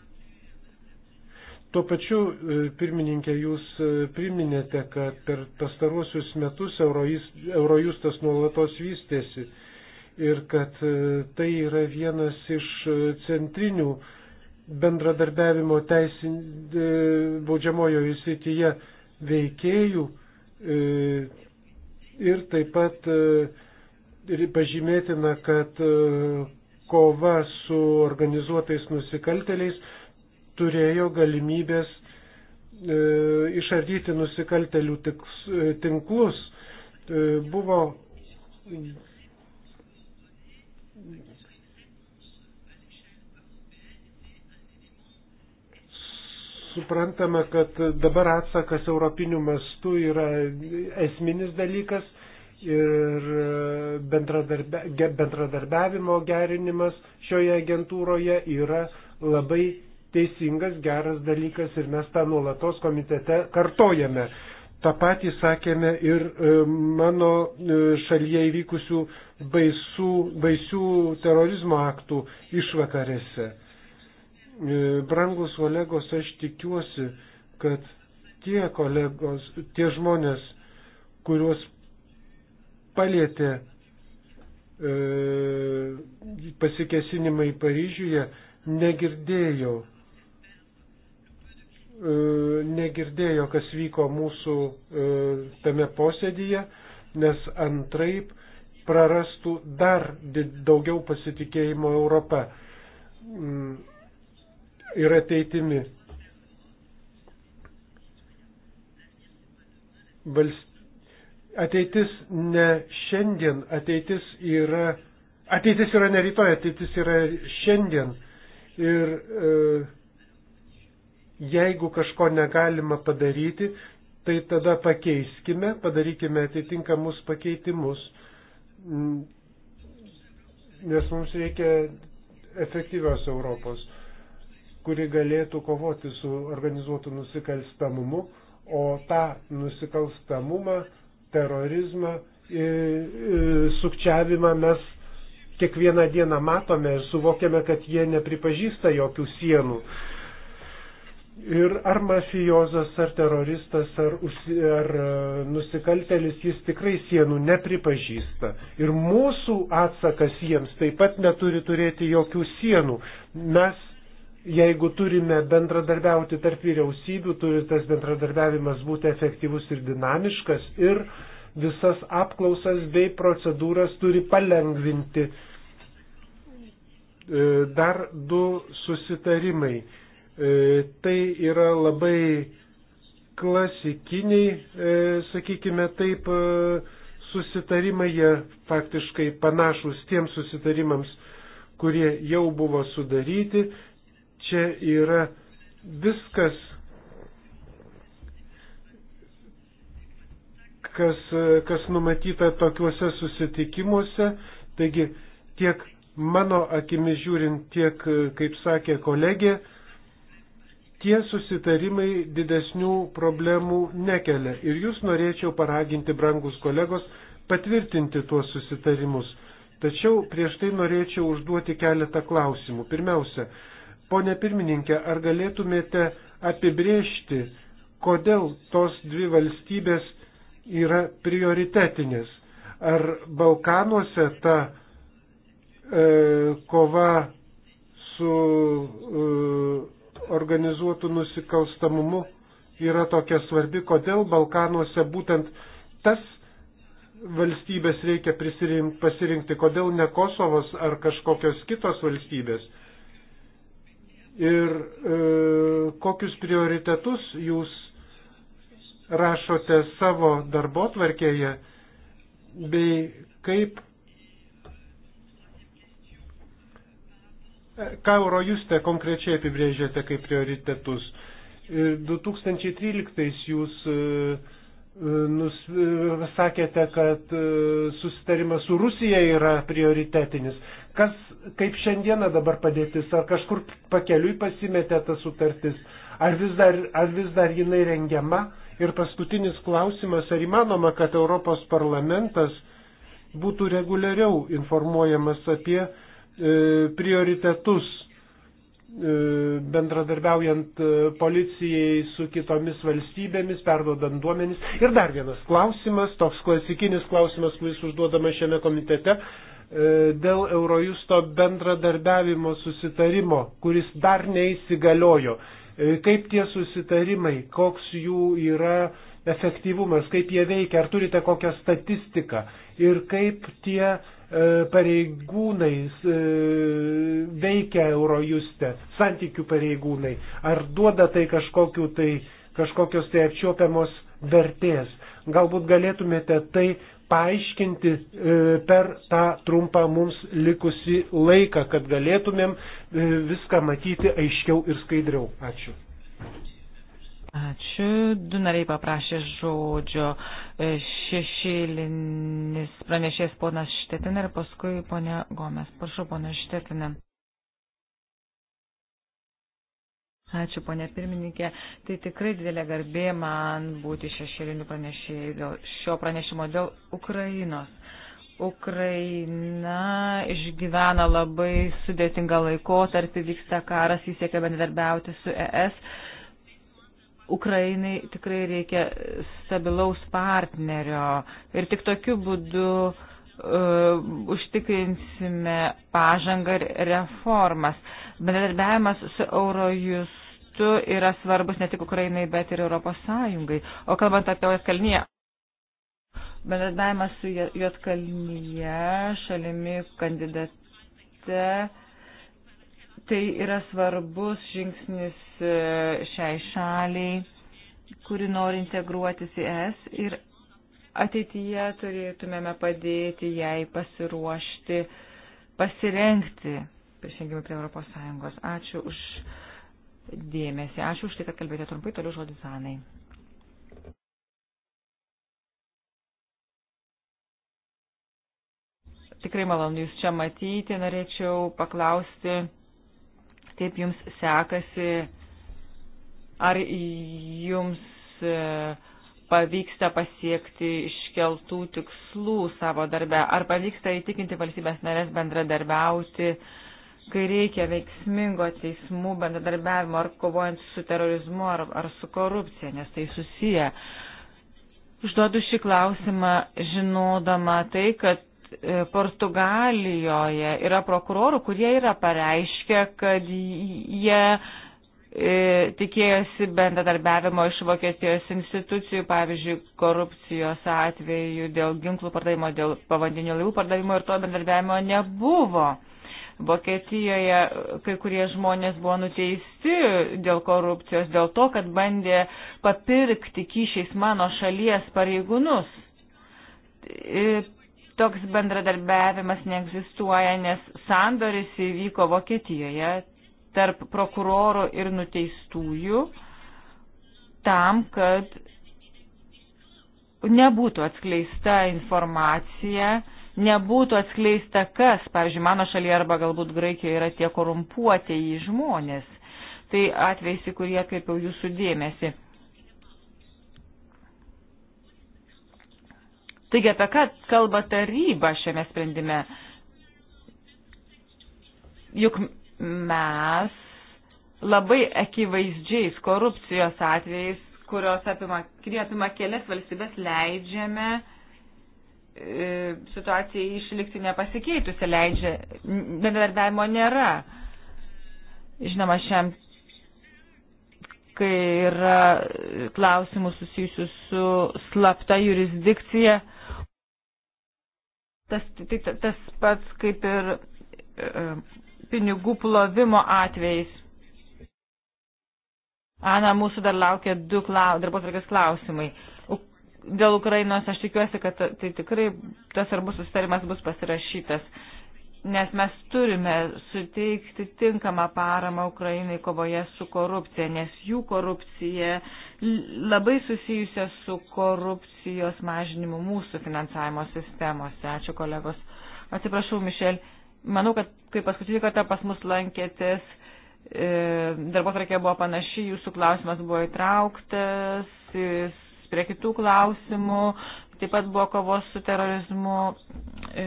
Tuo pačiu, e, pirmininkė, jūs e, priminėte, kad per pastaruosius metus Eurojustas nuolatos vystėsi ir kad e, tai yra vienas iš e, centrinių bendradarbiavimo teisin e, baudžiamojoje srityje veikėjų ir taip pat pažymėtina, kad kova su organizuotais nusikalteliais turėjo galimybės išardyti nusikaltelių tinklus. Buvo suprantame, kad dabar atsakas europiniu mastu yra esminis dalykas ir e, bendradarbia, bendradarbiavimo gerinimas šioje agentūroje yra labai teisingas, geras dalykas ir mes tą nuolatos komitete kartojame. Ta patį sakėme ir e, mano e, šalyje įvykusių baisų, baisių terorizmo aktų išvakarėse. E, brangus kolegos, aš tikiuosi, kad tie kolegos, tie žmonės, kuriuos palėtė e, pasikesinimai Paryžiuje, negirdėjo, e, negirdėjo, kas vyko mūsų e, tame posėdyje, nes antraip prarastų dar daugiau pasitikėjimo Europą. Mm ir ateitimi. Valst... Ateitis ne šiandien, ateitis yra, ateitis yra ne rytoj, ateitis yra šiandien. Ir e, jeigu kažko negalima padaryti, tai tada pakeiskime, padarykime atitinkamus pakeitimus, nes mums reikia efektyvios Europos kuri galėtų kovoti su organizuotu nusikalstamumu, o tą nusikalstamumą, terorizmą, sukčiavimą mes kiekvieną dieną matome ir suvokiame, kad jie nepripažįsta jokių sienų. Ir ar mafijozas, ar teroristas, ar, užsi, ar e, nusikaltelis, jis tikrai sienų nepripažįsta. Ir mūsų atsakas jiems taip pat neturi turėti jokių sienų. Mes Jeigu turime bendradarbiauti tarp vyriausybių, turi tas bendradarbiavimas būti efektyvus ir dinamiškas ir visas apklausas bei procedūras turi palengvinti. E, dar du susitarimai. E, tai yra labai klasikiniai, e, sakykime taip, susitarimai, jie faktiškai panašus tiems susitarimams, kurie jau buvo sudaryti čia yra viskas, kas, kas numatyta tokiuose susitikimuose. Taigi tiek mano akimi žiūrint, tiek, kaip sakė kolegė, tie susitarimai didesnių problemų nekelia. Ir jūs norėčiau paraginti, brangus kolegos, patvirtinti tuos susitarimus. Tačiau prieš tai norėčiau užduoti keletą klausimų. Pirmiausia, Pone pirmininkė, ar galėtumėte apibriežti, kodėl tos dvi valstybės yra prioritetinės? Ar Balkanuose ta e, kova su e, organizuotų nusikalstamumu yra tokia svarbi, kodėl Balkanuose būtent tas valstybės reikia pasirinkti, kodėl ne Kosovos ar kažkokios kitos valstybės ir e, kokius prioritetus jūs rašote savo darbo tvarkėje, bei kaip, e, ką Eurojuste konkrečiai apibrėžėte kaip prioritetus. 2013 e, jūs e, nus, sakėte, kad susitarimas su Rusija yra prioritetinis. Kas, kaip šiandieną dabar padėtis, ar kažkur pakeliui pasimetė ta sutartis, ar vis, dar, ar vis dar jinai rengiama. Ir paskutinis klausimas, ar įmanoma, kad Europos parlamentas būtų reguliariau informuojamas apie e, prioritetus e, bendradarbiaujant e, policijai su kitomis valstybėmis, perdodant duomenis. Ir dar vienas klausimas, toks klasikinis klausimas, kuris užduodamas šiame komitete, E, dėl Eurojusto bendradarbiavimo susitarimo, kuris dar neįsigaliojo. E, kaip tie susitarimai, koks jų yra efektyvumas, kaip jie veikia, ar turite kokią statistiką ir kaip tie e, pareigūnais veikia Eurojuste, santykių pareigūnai, ar duoda tai, tai kažkokios tai apčiopiamos vertės. Galbūt galėtumėte tai paaiškinti e, per tą trumpą mums likusi laiką, kad galėtumėm e, viską matyti aiškiau ir skaidriau. Ačiū. Ačiū. Du nariai paprašė žodžio. E, šešėlinis pranešės ponas Štetinė ir paskui ponė Gomes. Prašau, ponė Štetinė. Ačiū, ponė pirmininkė. Tai tikrai didelė garbė man būti šešėliniu pranešėjai dėl šio pranešimo dėl Ukrainos. Ukraina išgyvena labai sudėtingą laikotarpį, vyksta karas, jis siekia bendarbiauti su ES. Ukrainai tikrai reikia stabilaus partnerio ir tik tokiu būdu uh, užtikrinsime pažangą ir reformas. Bendradarbiavimas su Eurojus metu yra svarbus ne tik Ukrainai, bet ir Europos Sąjungai. O kalbant apie Juotkalnyje, bendradavimas su Juotkalnyje šalimi kandidate, tai yra svarbus žingsnis e, šiai šaliai, kuri nori integruotis į ES ir ateityje turėtumėme padėti jai pasiruošti, pasirengti prisijungimui prie Europos Sąjungos. Ačiū už dėmesį. Ačiū už tai, kad kalbėjote trumpai, toliau žodis Anai. Tikrai malonu Jūs čia matyti, norėčiau paklausti, kaip Jums sekasi, ar Jums e, pavyksta pasiekti iškeltų tikslų savo darbe, ar pavyksta įtikinti valstybės narės bendradarbiauti uh, kai reikia veiksmingo teismų bendradarbiavimo ar kovojant su terorizmu ar, ar su korupcija, nes tai susiję. Užduodu šį klausimą žinodama tai, kad e, Portugalijoje yra prokurorų, kurie yra pareiškę, kad jie e, tikėjosi bendradarbiavimo iš Vokietijos institucijų, pavyzdžiui, korupcijos atveju dėl ginklų pardavimo, dėl pavandinių laivų pardavimo ir to bendradarbiavimo nebuvo. Vokietijoje kai kurie žmonės buvo nuteisti dėl korupcijos, dėl to, kad bandė papirkti kyšiais mano šalies pareigūnus. Toks bendradarbiavimas neegzistuoja, nes sandoris įvyko Vokietijoje tarp prokurorų ir nuteistųjų tam, kad nebūtų atskleista informacija, nebūtų atskleista, kas, pavyzdžiui, mano šalyje arba galbūt Graikijoje yra tie korumpuotieji žmonės. Tai atvejs, į kurį atkreipiau jūsų dėmesį. Taigi apie ką kalba taryba šiame sprendime? Juk mes labai akivaizdžiais korupcijos atvejais, kurios apima, apima kelias valstybės, leidžiame uh, E, situacijai išlikti nepasikeitusi leidžia, bendradarbiavimo nėra. Žinoma, šiam, kai yra klausimų susijusių su slapta jurisdikcija, tas, tai, tai tas pats kaip ir e, e, pinigų plovimo atvejais. Ana, mūsų dar laukia du klaus, darbotvarkės klausimai dėl Ukrainos aš tikiuosi, kad tai tikrai tas svarbus susitarimas bus pasirašytas, nes mes turime suteikti tinkamą paramą Ukrainai kovoje su korupcija, nes jų korupcija labai susijusia su korupcijos mažinimu mūsų finansavimo sistemose. Ačiū kolegos. Atsiprašau, Mišel. Manau, kad kai paskutinį kartą pas mus lankėtės, e, darbotvarkė buvo panaši, jūsų klausimas buvo įtrauktas, jis prie kitų klausimų. Taip pat buvo kovos su terorizmu e,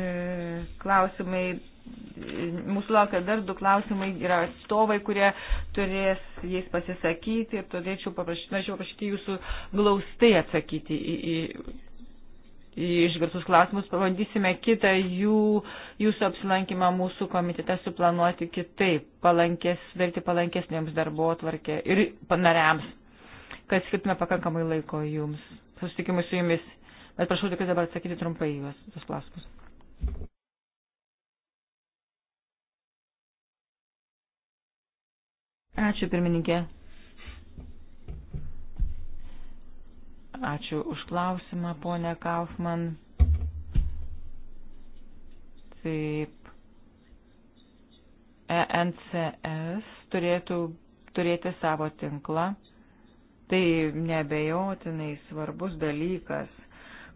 klausimai. E, mūsų laukia dar du klausimai, yra atstovai, kurie turės jais pasisakyti ir turėčiau paprašyti, norėčiau paprašyti jūsų glaustai atsakyti į, į išgirtus klausimus, pabandysime kitą jų, jūsų apsilankymą mūsų komitete suplanuoti kitaip, palankės, daryti palankesnėms darbo atvarkė ir panariams kad skirtume pakankamai laiko jums, susitikimui su jumis. Bet prašau tik dabar atsakyti trumpai juos, tuos klausimus. Ačiū pirmininkė. Ačiū už klausimą, ponė Kaufman. Taip. ENCS turėtų turėti savo tinklą Tai nebejotinai svarbus dalykas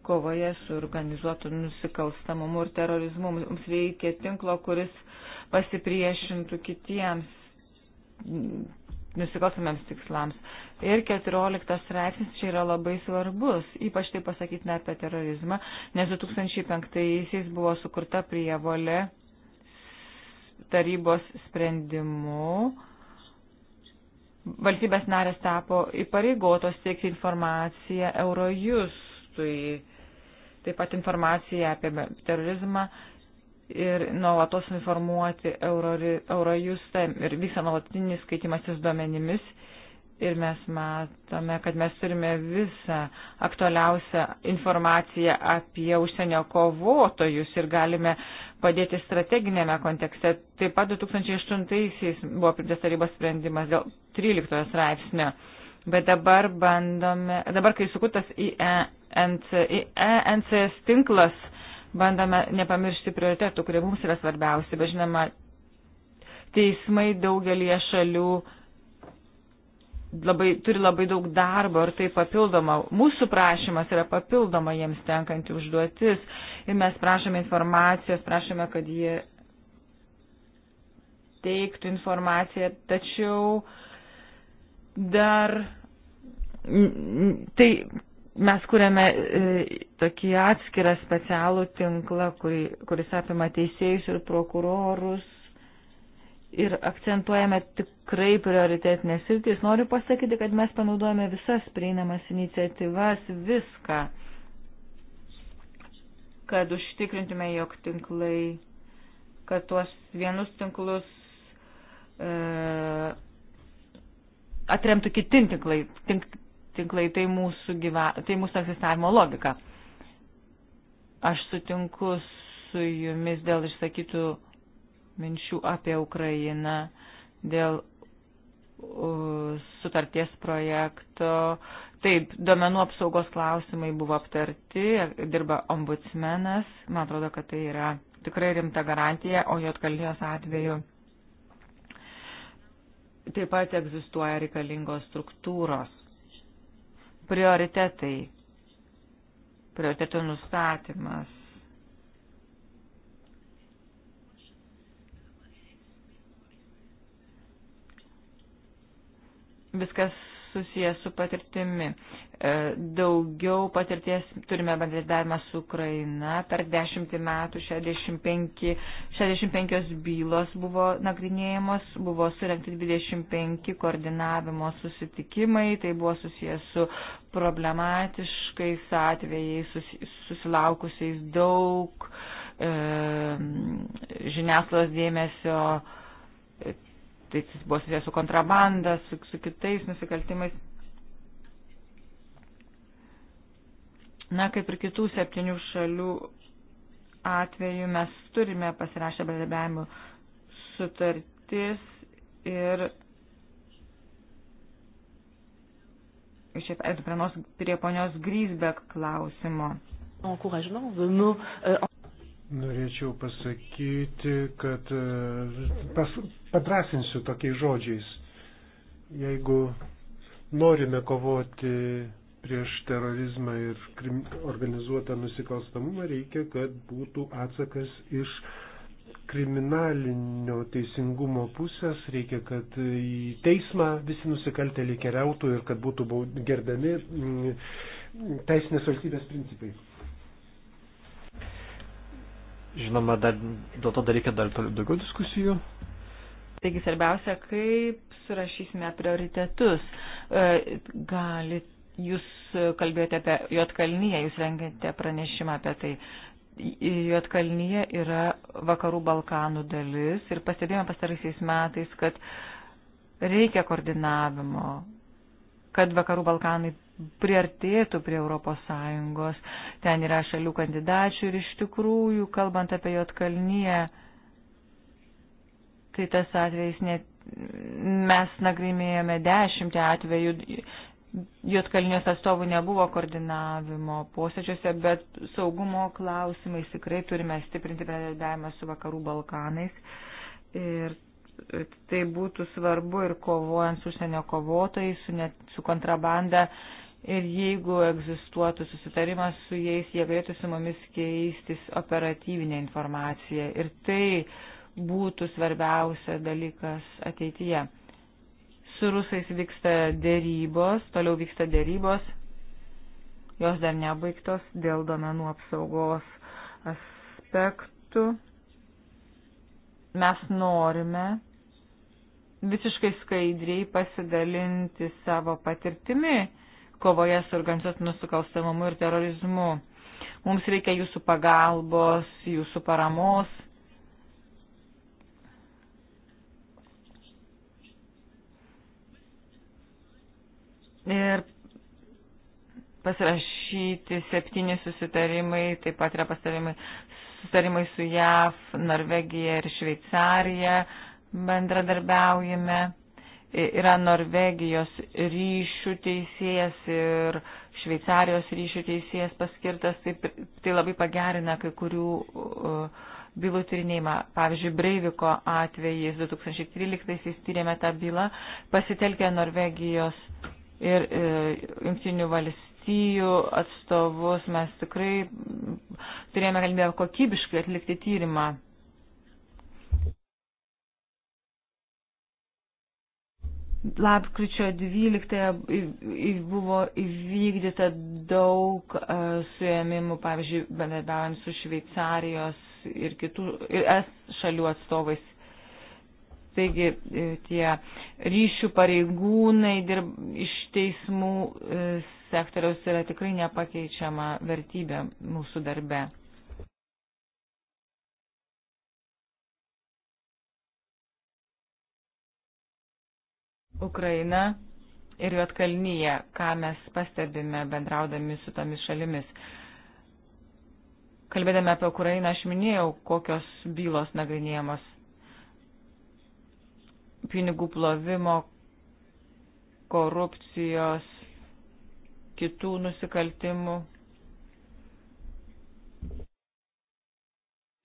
kovoje su organizuotu nusikalstamumu ir terorizmu. Mums reikia tinklo, kuris pasipriešintų kitiems nusikalstamiems tikslams. Ir 14 straipsnis čia yra labai svarbus, ypač tai pasakytina apie terorizmą, nes 2005-aisiais buvo sukurta prievolė tarybos sprendimu valstybės narės tapo įpareigotos tiekti informaciją Eurojustui, taip pat informaciją apie terorizmą ir nuolatos informuoti Eurojustą ir visą nuolatinį skaitimasis duomenimis. Ir mes matome, kad mes turime visą aktualiausią informaciją apie užsienio kovotojus ir galime padėti strateginėme kontekste. Taip pat 2008-aisiais buvo pridės tarybos sprendimas dėl 13 straipsnio, bet dabar bandome, dabar kai sukurtas ENCS e tinklas, bandome nepamiršti prioritetų, kurie mums yra svarbiausi, bet žinoma, teismai daugelie šalių labai, turi labai daug darbo ir tai papildoma. Mūsų prašymas yra papildoma jiems tenkanti užduotis ir mes prašome informacijos, prašome, kad jie teiktų informaciją, tačiau dar tai mes kuriame e, tokį atskirą specialų tinklą, kuris apima teisėjus ir prokurorus ir akcentuojame tikrai prioritetinės sritis. Noriu pasakyti, kad mes panaudojame visas prieinamas iniciatyvas, viską, kad užtikrintume, jog tinklai, kad tuos vienus tinklus e, atremtų kiti tinklai. Tink, tinklai tai mūsų, gyva, tai mūsų egzistavimo logika. Aš sutinku su jumis dėl išsakytų minčių apie Ukrainą dėl sutarties projekto. Taip, domenų apsaugos klausimai buvo aptarti, dirba ombudsmenas, man atrodo, kad tai yra tikrai rimta garantija, o Jotkalnijos atveju taip pat egzistuoja reikalingos struktūros, prioritetai, prioritetų nustatymas, viskas susijęs su patirtimi. E, daugiau patirties turime bendradarbiavimą su Ukraina. Per dešimtį metų 65, 65 bylos buvo nagrinėjamos, buvo surinkti 25 koordinavimo susitikimai, tai buvo susijęs su problematiškais atvejais, susilaukusiais daug e, žiniasklaidos dėmesio tai buvo susijęs su kontrabanda, su, su kitais nusikaltimais. Na, kaip ir kitų septynių šalių atveju mes turime pasirašę bendradarbiavimo sutartis ir šiaip atpranos prie ponios Grisbek klausimo. Encouragement, Norėčiau pasakyti, kad e, pas, padrasinsiu tokiais žodžiais. Jeigu norime kovoti prieš terorizmą ir krim, organizuotą nusikalstamumą, reikia, kad būtų atsakas iš kriminalinio teisingumo pusės, reikia, kad į teismą visi nusikaltėliai keliautų ir kad būtų gerbiami mm, teisinės valstybės principai. Žinoma, dar, dėl to dar reikia dar daugiau diskusijų. Taigi svarbiausia, kaip surašysime prioritetus. E, Galit, jūs kalbėjote apie Jotkalnyje, jūs rengėte pranešimą apie tai. Jotkalnyje yra vakarų Balkanų dalis ir pastebėjome pastaraisiais metais, kad reikia koordinavimo, kad Vakarų Balkanai priartėtų prie Europos Sąjungos. Ten yra šalių kandidačių ir iš tikrųjų, kalbant apie Jotkalnyje, tai tas atvejs net mes nagrinėjome dešimtį atvejų. Jotkalnės atstovų nebuvo koordinavimo posėdžiuose, bet saugumo klausimais tikrai turime stiprinti bendradarbiavimą su Vakarų Balkanais. Ir tai būtų svarbu ir kovojant su užsienio kovotojais, su, net, su kontrabanda. Ir jeigu egzistuotų susitarimas su jais, jie galėtų su mumis keistis operatyvinę informaciją. Ir tai būtų svarbiausia dalykas ateityje. Su rusais vyksta dėrybos, toliau vyksta dėrybos, jos dar nebaigtos dėl domenų apsaugos aspektų. Mes norime visiškai skaidriai pasidalinti savo patirtimi kovoje su organizuotų nusikalstamumu ir terorizmu. Mums reikia jūsų pagalbos, jūsų paramos. Ir pasirašyti septyni susitarimai, taip pat yra pasitarimai susitarimai su JAV, Norvegija ir Šveicarija, bendradarbiaujame. Yra Norvegijos ryšių teisėjas ir Šveicarijos ryšių teisėjas paskirtas, taip, tai labai pagerina kai kurių uh, bylų tyrinėjimą. Pavyzdžiui, Breiviko atvejais 2013-aisiais tyrėme tą bylą, pasitelkę Norvegijos ir e, jungtinių valstijų atstovus, mes tikrai turėjome galimybę kokybiškai atlikti tyrimą. Lapkričio 12 buvo įvykdyta daug e, suėmimų, pavyzdžiui, bendradarbiaujant su Šveicarijos ir kitų ir es šalių atstovais. Taigi e, tie ryšių pareigūnai dirb, iš teismų e, sektoriaus yra tikrai nepakeičiama vertybė mūsų darbe. Ukraina ir Juotkalnyje, ką mes pastebime bendraudami su tomis šalimis. Kalbėdami apie Ukrainą, aš minėjau, kokios bylos nagrinėjamos pinigų plovimo, korupcijos, kitų nusikaltimų.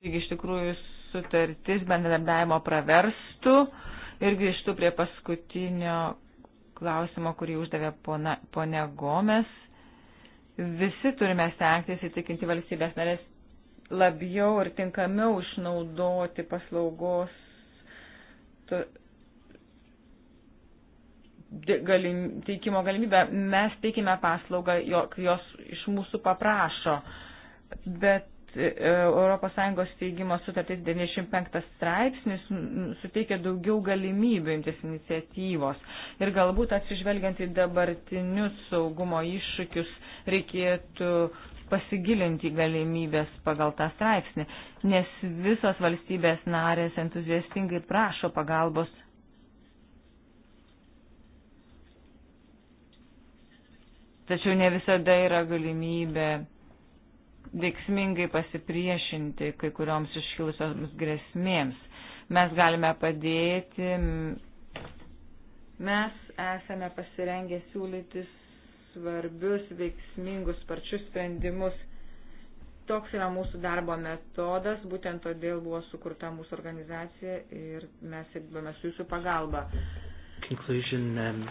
Taigi iš tikrųjų sutartis bendradarbiavimo praverstų Ir grįžtu prie paskutinio klausimo, kurį uždavė pona, ponia Gomes. Visi turime stengtis įtikinti valstybės narės labiau ir tinkamiau išnaudoti paslaugos to, galim, teikimo galimybę. Mes teikime paslaugą, jog jos iš mūsų paprašo. Bet ES steigimo sutartis 95 straipsnis suteikia daugiau galimybių imtis iniciatyvos ir galbūt atsižvelgiant į dabartinius saugumo iššūkius reikėtų pasigilinti galimybės pagal tą straipsnį, nes visos valstybės narės entuziastingai prašo pagalbos. Tačiau ne visada yra galimybė veiksmingai pasipriešinti kai kurioms iškilusioms grėsmėms. Mes galime padėti, mes esame pasirengę siūlyti svarbius, veiksmingus, sparčius sprendimus. Toks yra mūsų darbo metodas, būtent todėl buvo sukurta mūsų organizacija ir mes dirbame su jūsų pagalba. Conclusion, um,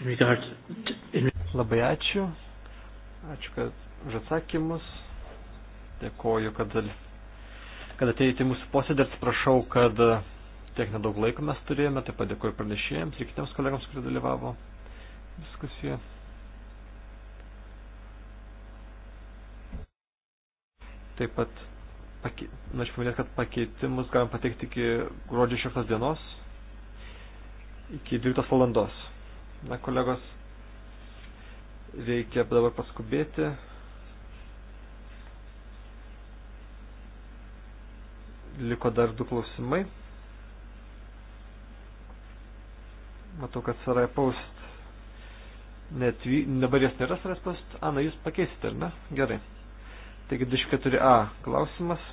in regard to, in... Labai ačiū. Ačiū, kad už atsakymus. Dėkoju, kad, kad atėjote į mūsų posėdį. Atsiprašau, kad e, tiek nedaug laiko mes turėjome. Taip pat dėkoju pranešėjams ir kitiems kolegams, kurie dalyvavo diskusijoje. Taip pat, pake, na, aš paminėt, kad pakeitimus galim pateikti iki gruodžio 6 dienos, iki 12 valandos. Na, kolegos, reikia dabar paskubėti. Liko dar du klausimai. Matau, kad Sarai Paust netvy... dabar jos nėra Sarai Paust. Ana, jūs pakeisite, ar ne? Gerai. Taigi 24a klausimas.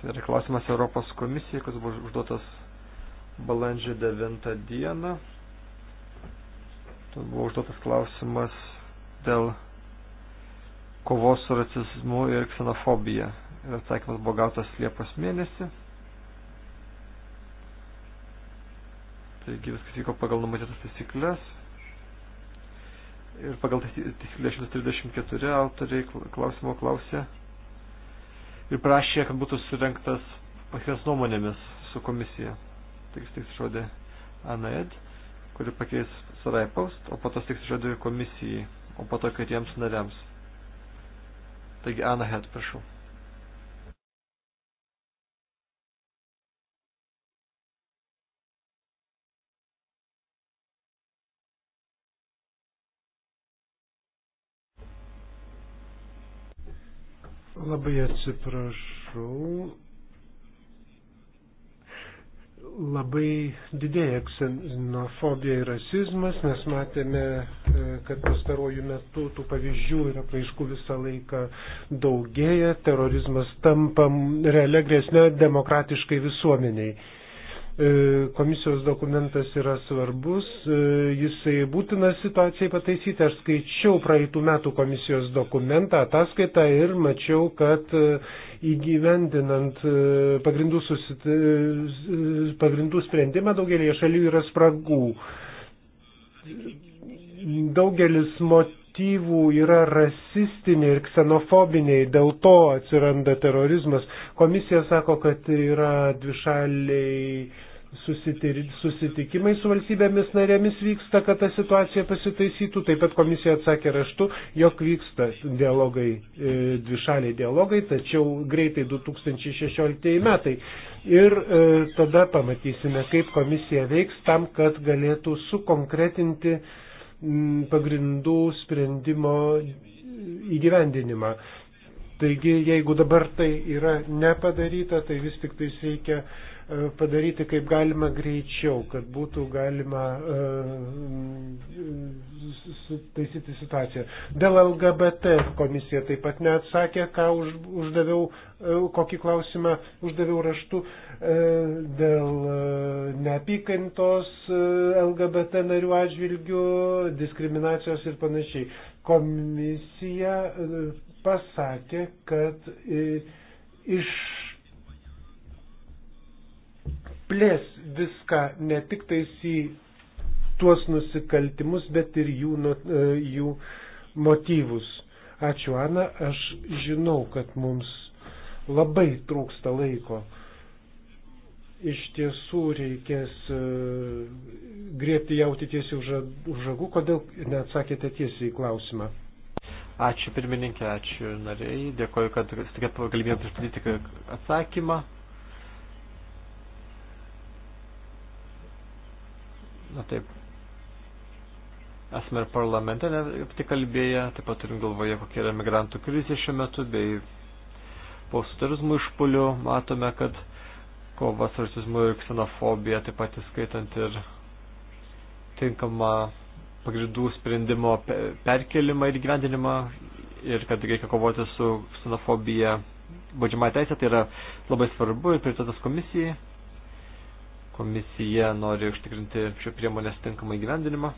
Tai yra klausimas Europos komisijai, kas buvo užduotas balandžio 9 dieną. Tai buvo užduotas klausimas dėl kovos su rasizmu ir ksenofobija. Ir atsakymas buvo gautas Liepos mėnesį. Taigi viskas vyko pagal numatytas taisyklės. Ir pagal taisyklę 134 autoriai klausimo klausė ir prašė, kad būtų surinktas pakės nuomonėmis su komisija. Taigi tiks žodė ANAED, kuri pakeis Sarai Post, o po to tiks žodė komisijai, o po to kitiems nariams. Taigi, Anna Het, prašau. Labai atsiprašau, labai didėja ksenofobija ir rasizmas, mes matėme, e, kad pastaruoju metu tų pavyzdžių ir apraiškų visą laiką daugėja, terorizmas tampa realia grėsne demokratiškai visuomeniai. E, komisijos dokumentas yra svarbus, e, jisai būtina situacijai pataisyti. Aš skaičiau praeitų metų komisijos dokumentą, ataskaitą ir mačiau, kad e, įgyvendinant pagrindų, susit... pagrindų sprendimą daugelį šalių yra spragų. Daugelis motyvų motyvų yra rasistiniai ir ksenofobiniai, dėl to atsiranda terorizmas. Komisija sako, kad yra dvišaliai susitikimai su valstybėmis narėmis vyksta, kad ta situacija pasitaisytų. Taip pat komisija atsakė raštu, jog vyksta dialogai, e, dvišaliai dialogai, tačiau greitai 2016 metai. Ir e, tada pamatysime, kaip komisija veiks tam, kad galėtų sukonkretinti e, pagrindų sprendimo įgyvendinimą. Taigi, jeigu dabar tai yra nepadaryta, tai vis tik tai reikia uh, E, padaryti kaip galima greičiau, kad būtų galima e, e, taisyti situaciją. Dėl LGBT komisija taip pat neatsakė, ką už, uždaviau, kokį klausimą uždaviau raštu. Dėl neapykantos LGBT narių atžvilgių, diskriminacijos ir panašiai. Komisija pasakė, kad iš išplės viską ne tik tais į tuos nusikaltimus, bet ir jų, nu, e, jų motyvus. Ačiū, Ana, aš žinau, kad mums labai trūksta laiko. Iš tiesų reikės e, griebti jauti tiesiai už žagų, kodėl neatsakėte tiesiai į klausimą. Ačiū pirmininkė, ačiū nariai, dėkoju, kad galimėjom pristatyti atsakymą. Na taip. Esame ir parlamente tik kalbėję, taip pat turim galvoje, kokia yra migrantų krizė šiuo metu, bei po sutarizmų išpulių matome, kad kova su rasizmu ir ksenofobija, taip pat įskaitant ir tinkamą pagrindų sprendimo perkelimą ir gyvendinimą ir kad reikia kovoti su ksenofobija baudžiamąją teisę, tai yra labai svarbu ir prioritetas komisijai. Komisija nori užtikrinti šio priemonės tinkamą įgyvendinimą.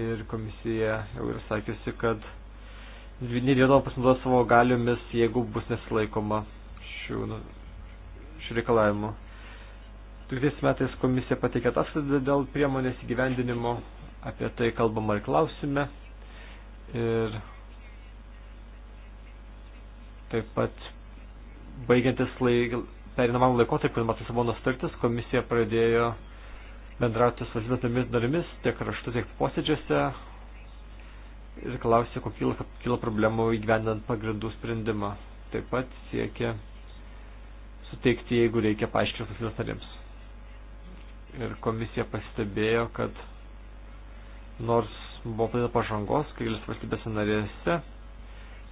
Ir komisija jau yra sakiusi, kad Nidvėdoma pasinaudos savo galiomis, jeigu bus nesilaikoma šių, nu, šių reikalavimų. 20 metais komisija pateikė ataskaitą dėl priemonės įgyvendinimo, apie tai kalbama ir klausime. Ir taip pat baigiantis laik, perinamam laikotarpiu, matai Sabonos sutartis, komisija pradėjo bendrauti su valstybėmis darimis, tiek raštu, tiek posėdžiuose ir klausė, kokia kilo, kilo problemų įgyvendant pagrindų sprendimą. Taip pat siekia suteikti, jeigu reikia, paaiškinti valstybės narims. Ir komisija pastebėjo, kad nors buvo padaryta pažangos, kai valstybėse narėse,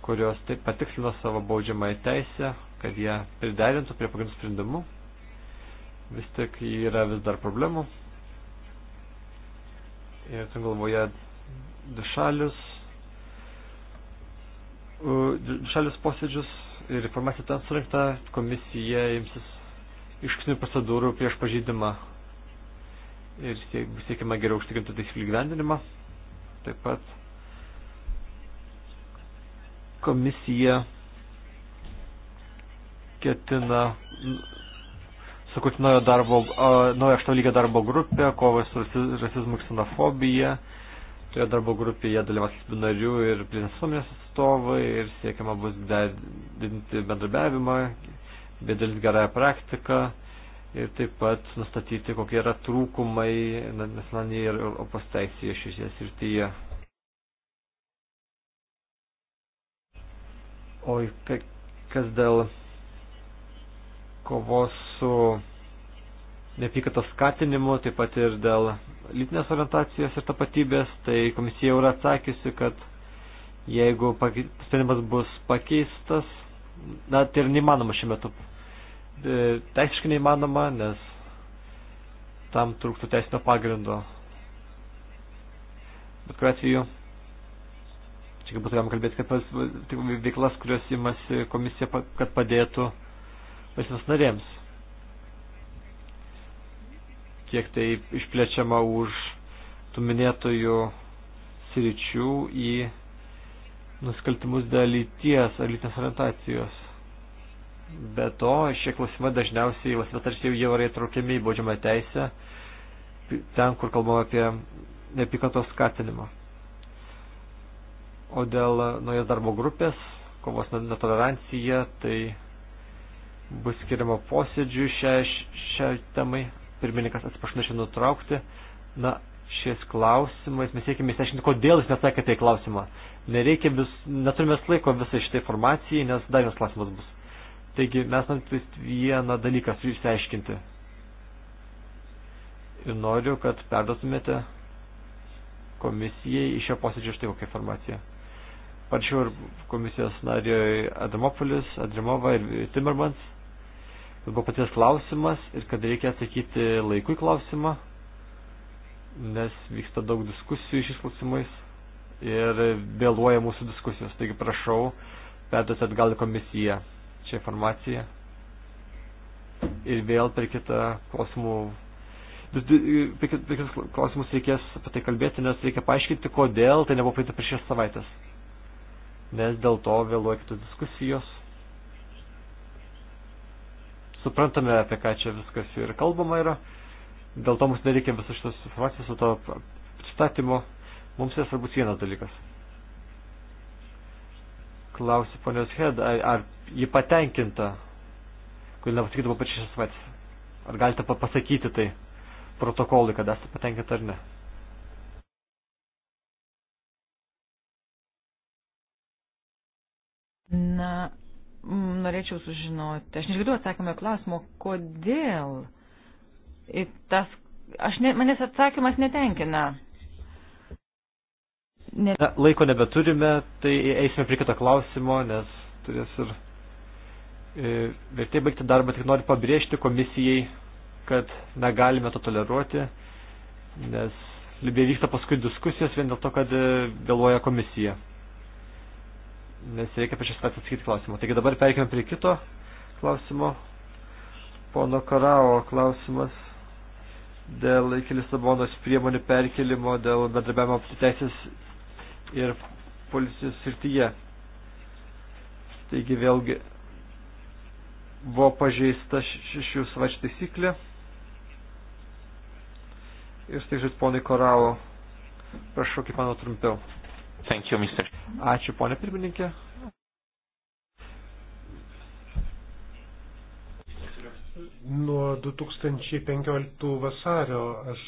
kurios taip patikslino savo baudžiamąją teisę, kad jie priderintų prie pagrindų sprendimų. Vis tik yra vis dar problemų. Ir tu galvoje dušalius, dušalius posėdžius ir informacija ten surinkta, komisija imsis iškinių procedūrų prieš pažydimą ir siekima geriau užtikrinti taisyklių gyvendinimą. Taip pat komisija ketina sukurti naujo darbo, naują ašto lygio darbo grupę, kovai su rasizmu ir ksenofobija. Toje darbo grupėje dalyvas narių ir plinsuomės atstovai ir siekiama bus didinti bendrabiavimą, bedalis gerąją praktiką ir taip pat nustatyti, kokie yra trūkumai nacionalinėje ir Europos teisėje šioje srityje. O kas dėl kovos su neapykatos skatinimu, taip pat ir dėl lytinės orientacijos ir tapatybės, tai komisija jau yra atsakiusi, kad jeigu sprendimas bus pakeistas, na, tai ir neįmanoma šiuo metu. E, teisiškai neįmanoma, nes tam trūktų teisinio pagrindo. Bet kuriuo atveju, čia būtų galima kalbėti, kad tai veiklas, kurios įmasi komisija, kad padėtų valstybės narėms. Kiek tai išplečiama už tų minėtojų sričių į nusikaltimus dėl lyties ar lytinės orientacijos. Be to, šie klausimai dažniausiai valstybės tarsi jau, jau yra įtraukiami į baudžiamą teisę, ten, kur kalbama apie neapykantos skatinimą. O dėl naujas darbo grupės, kovos netolerancija, tai bus skiriama posėdžių šiai, šiai temai. Pirmininkas atsiprašau, šiandien nutraukti. Na, šiais klausimais mes siekime įsiaiškinti, kodėl jis nesakė tai klausimą. Nereikia vis, neturime laiko visai šitai informacijai, nes dar vienas klausimas bus. Taigi mes norime vieną dalyką su išsiaiškinti. Ir noriu, kad perduotumėte komisijai iš šio posėdžio štai kokią informaciją. Parčiau ir komisijos nariai Adamopolis, Adrimova ir Timmermans. Tai buvo paties klausimas ir kad reikia atsakyti laikui klausimą, nes vyksta daug diskusijų šis klausimais ir vėluoja mūsų diskusijos. Taigi prašau, perduoti atgal į komisiją čia informaciją. Ir vėl per kitą klausimų per kitus klausimus reikės apie tai kalbėti, nes reikia paaiškinti, kodėl tai nebuvo praeita prieš šias savaitės nes dėl to vėluoja kitos diskusijos. Suprantame, apie ką čia viskas ir kalbama yra. Dėl to mums nereikia visos šitos informacijos, o to pristatymo. Mums yra svarbus vienas dalykas. Klausiu ponios Hed, ar, ar ji patenkinta, kodėl nepasakydavo per šešias savaitės. Ar galite pasakyti tai protokolui, kad esate patenkinta ar ne? Na, norėčiau sužinoti, aš nežinau atsakymą klausimo, kodėl į tas, aš ne, manęs atsakymas netenkina. Ne... Na, laiko nebeturime, tai eisime prie kito klausimo, nes turės ir e, vertė baigti darbą, tik noriu pabrėžti komisijai, kad negalime to toleruoti, nes Libija vyksta paskui diskusijos vien dėl to, kad e, vėluoja komisija nes reikia pačias pat atsakyti klausimą. Taigi dabar perkime prie kito klausimo. Pono Karao klausimas dėl iki Lisabonos priemonių perkelimo, dėl bendrabiavimo teisės ir policijos srityje. Taigi vėlgi buvo pažeista šešių savaičių taisyklė. Ir tai žodžiu, ponai Korao, prašau, kaip mano trumpiau. Thank you, Mr. Ačiū, ponė pirmininkė. Nuo 2015 vasario aš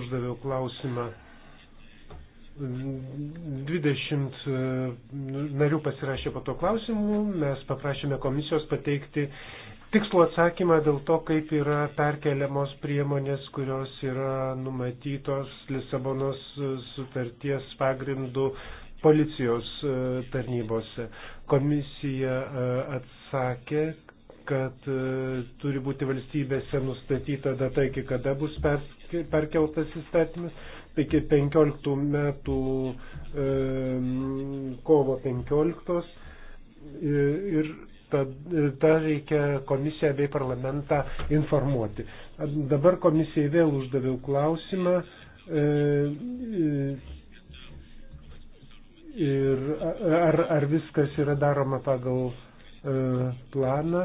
uždaviau klausimą. 20 e, narių pasirašė po to klausimų, mes paprašėme komisijos pateikti uh, tikslų atsakymą dėl to, kaip yra perkeliamos priemonės, kurios yra numatytos Lisabonos sutarties pagrindų policijos e, tarnybose. Komisija e, atsakė, kad e, turi būti valstybėse nustatyta data, iki kada bus perkeltas įstatymas. Tai iki 15 metų kovo 15 ir tada reikia komisiją bei parlamentą informuoti. Dabar komisijai vėl uždaviau klausimą e, e, ir ar, ar viskas yra daroma pagal e, planą.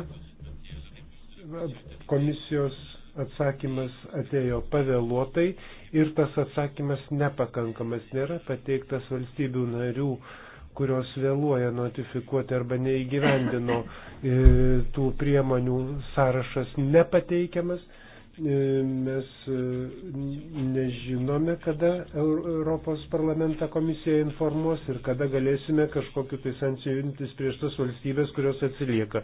Komisijos atsakymas atėjo pavėluotai ir tas atsakymas nepakankamas nėra pateiktas valstybių narių uh, kurios vėluoja notifikuoti arba neįgyvendino e, tų priemonių sąrašas nepateikiamas. E, mes e, nežinome, kada Europos parlamentą komisija informuos ir kada galėsime kažkokiu tai sankcijų imtis prieš tas valstybės, kurios atsilieka.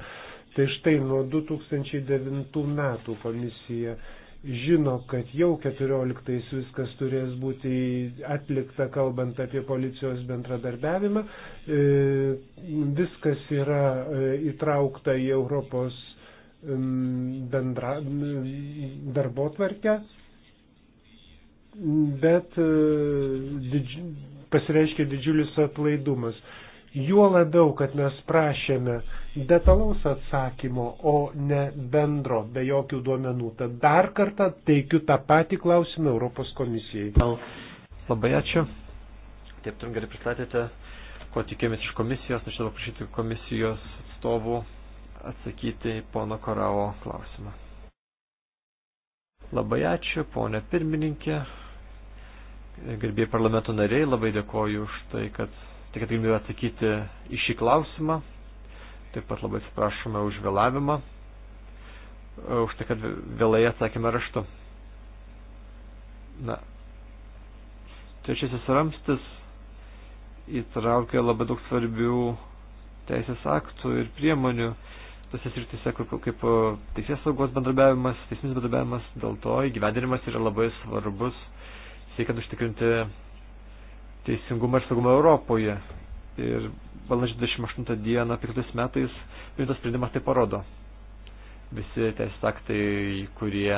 Tai štai nuo 2009 metų komisija žino, kad jau 14 viskas turės būti atlikta, kalbant apie policijos bendradarbiavimą. E, viskas yra e, įtraukta į Europos bendra, darbo tvarkę, bet e, didž, pasireiškia didžiulis atlaidumas. Juo labiau, kad mes prašėme detalaus atsakymo, o ne bendro, be jokių duomenų. Tad dar kartą teikiu tą patį klausimą Europos komisijai. Labai ačiū. Taip, turim gerai pristatėte, ko tikėmės iš komisijos. Norėčiau paprašyti komisijos atstovų atsakyti į pono Koravo klausimą. Labai ačiū, ponė pirmininkė. Gerbėjai parlamento nariai, labai dėkoju už tai, kad tiek galimybę atsakyti į šį klausimą. Taip pat labai atsiprašome už vėlavimą, e, už tai, kad vėlai atsakėme raštu. Na, trečiasis ramstis įtraukia labai daug svarbių teisės aktų ir priemonių tose srityse, kaip teisės saugos bendrabiavimas, teisminis bendrabiavimas, dėl to įgyvendinimas yra labai svarbus, siekiant užtikrinti teisingumą ir saugumą Europoje. Ir balandžio 28 dieną, 15 metais, priimtas sprendimas tai parodo. Visi teisės aktai, kurie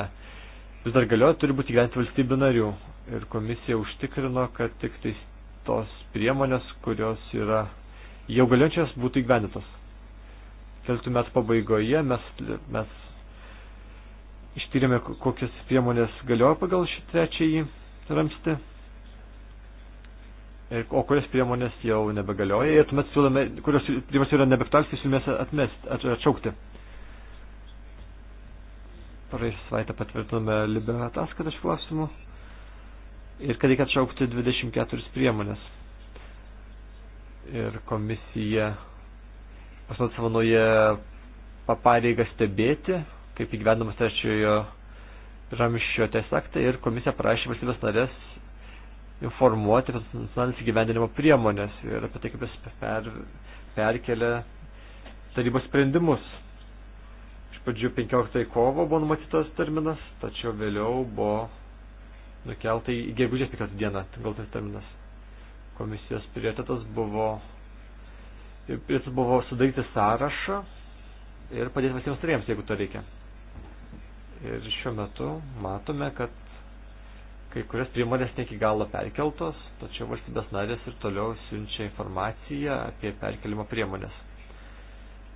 vis dar galioja, turi būti gyventi valstybių narių. Ir komisija užtikrino, kad tik tais tos priemonės, kurios yra jau galiojančios, būtų įgyvendintos. Keltų metų pabaigoje mes, mes ištyrėme, kokias priemonės galioja pagal šį trečiąjį ramstį o kurias priemonės jau nebegalioja ir tuomet siūlome, kurios priemonės yra nebeaktualios, tai siūlome atmest, at, atšaukti. Praeis savaitę patvirtinome liberą ataskaitą šiuo klausimu ir kad reikia atšaukti 24 priemonės. Ir komisija pasinaudoja savo naują pareigą stebėti, kaip įgyvendamas trečiojo ramiščio teisaktai ir komisija prašė valstybės narės informuoti apie nacionalinės įgyvendinimo priemonės ir apie tai, kaip jis per, perkelia tarybos sprendimus. Iš pradžių 15 kovo buvo numatytas terminas, tačiau vėliau buvo nukeltai į gegužės 15 dieną, galtas terminas. Komisijos prioritetas buvo, jis buvo sudaryti sąrašą ir padėti visiems turėjams, jeigu to reikia. Ir šiuo metu matome, kad Kai kurias priemonės ne iki galo perkeltos, tačiau valstybės narės ir toliau siunčia informaciją apie perkelimo priemonės.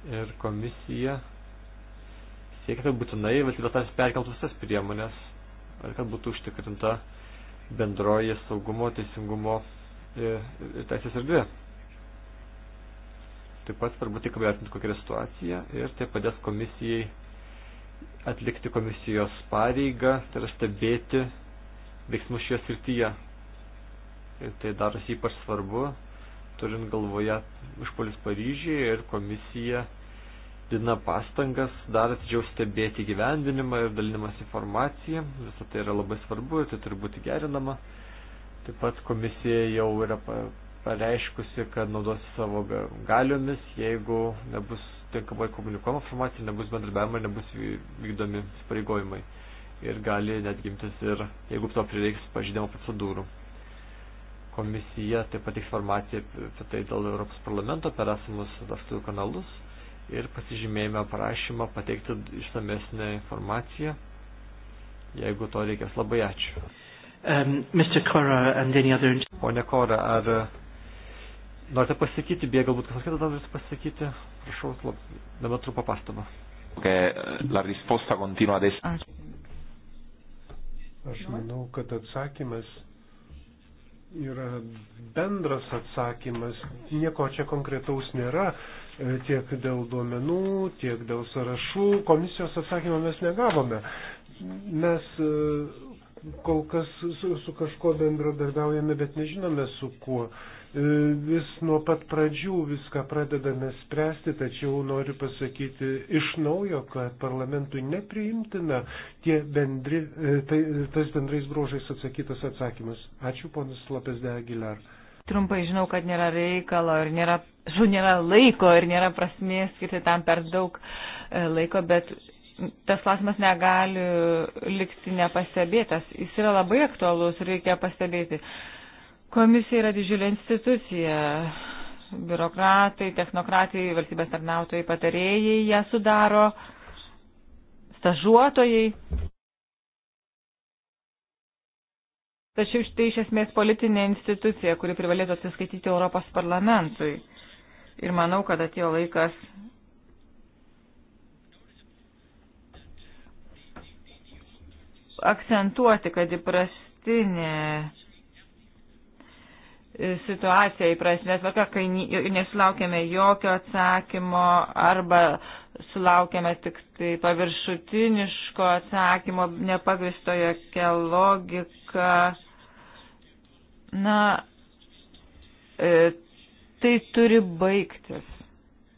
Ir komisija siekia, kad būtinai valstybės narės perkeltų visas priemonės, ar kad būtų užtikrinta bendroji saugumo, teisingumo ir teisės erdvė. Taip pat svarbu tik vertinti kokią situaciją ir tai padės komisijai atlikti komisijos pareigą, tai yra stebėti veiksmus šioje srityje. Ir tai darosi ypač svarbu, turint galvoje išpolis Paryžiuje ir komisija didina pastangas, dar atidžiau stebėti gyvendinimą ir dalinimas informacija. Visą tai yra labai svarbu ir tai turi būti gerinama. Taip pat komisija jau yra pareiškusi, kad naudosi savo galiomis, jeigu nebus tinkamai komunikuojama informacija, nebus bendradarbiavimo ir nebus vykdomi įsipareigojimai ir gali netgi imtis ir, jeigu to prireiks, pažydimo procedūrų. Komisija taip pat informaciją apie tai dėl Europos parlamento per esamus rastų kanalus ir pasižymėjime prašymą pateikti išsamesnę informaciją. Jeigu to reikės, labai ačiū. Um, other... Pone Kora, ar norite pasakyti, bėga galbūt kas kitas norite pasakyti? Prašau, dabar trupa pastaba. Che la risposta continua ad essere. Ačiū. Aš manau, kad atsakymas yra bendras atsakymas. Nieko čia konkretaus nėra e, tiek dėl duomenų, tiek dėl sąrašų. Komisijos atsakymą mes negavome. Mes e, kol kas su, su kažkuo bendradarbiaujame, bet nežinome su kuo. E, vis nuo pat pradžių viską pradedame spręsti, tačiau noriu pasakyti iš naujo, kad parlamentui nepriimtina tie bendri, e, tai, tais bendrais bruožais atsakytas atsakymas. Ačiū, ponas Lopes de Aguilar. Trumpai žinau, kad nėra reikalo ir nėra, žinau, nėra laiko ir nėra prasmės skirti tam per daug e, laiko, bet tas klausimas negali likti nepastebėtas. Jis yra labai aktualus, reikia pastebėti. Uh, Komisija yra didžiulė institucija. Biurokratai, technokratai, valstybės tarnautojai, patarėjai ją sudaro, stažuotojai. Tačiau štai iš esmės politinė institucija, kuri privalėtų atsiskaityti Europos parlamentui. Ir manau, kad atėjo laikas akcentuoti, kad įprastinė E, situaciją į prasmės tvarką, kai nesulaukėme jokio atsakymo arba sulaukėme tik tai paviršutiniško atsakymo, nepagristo jokia logika. Na, e, tai turi baigtis.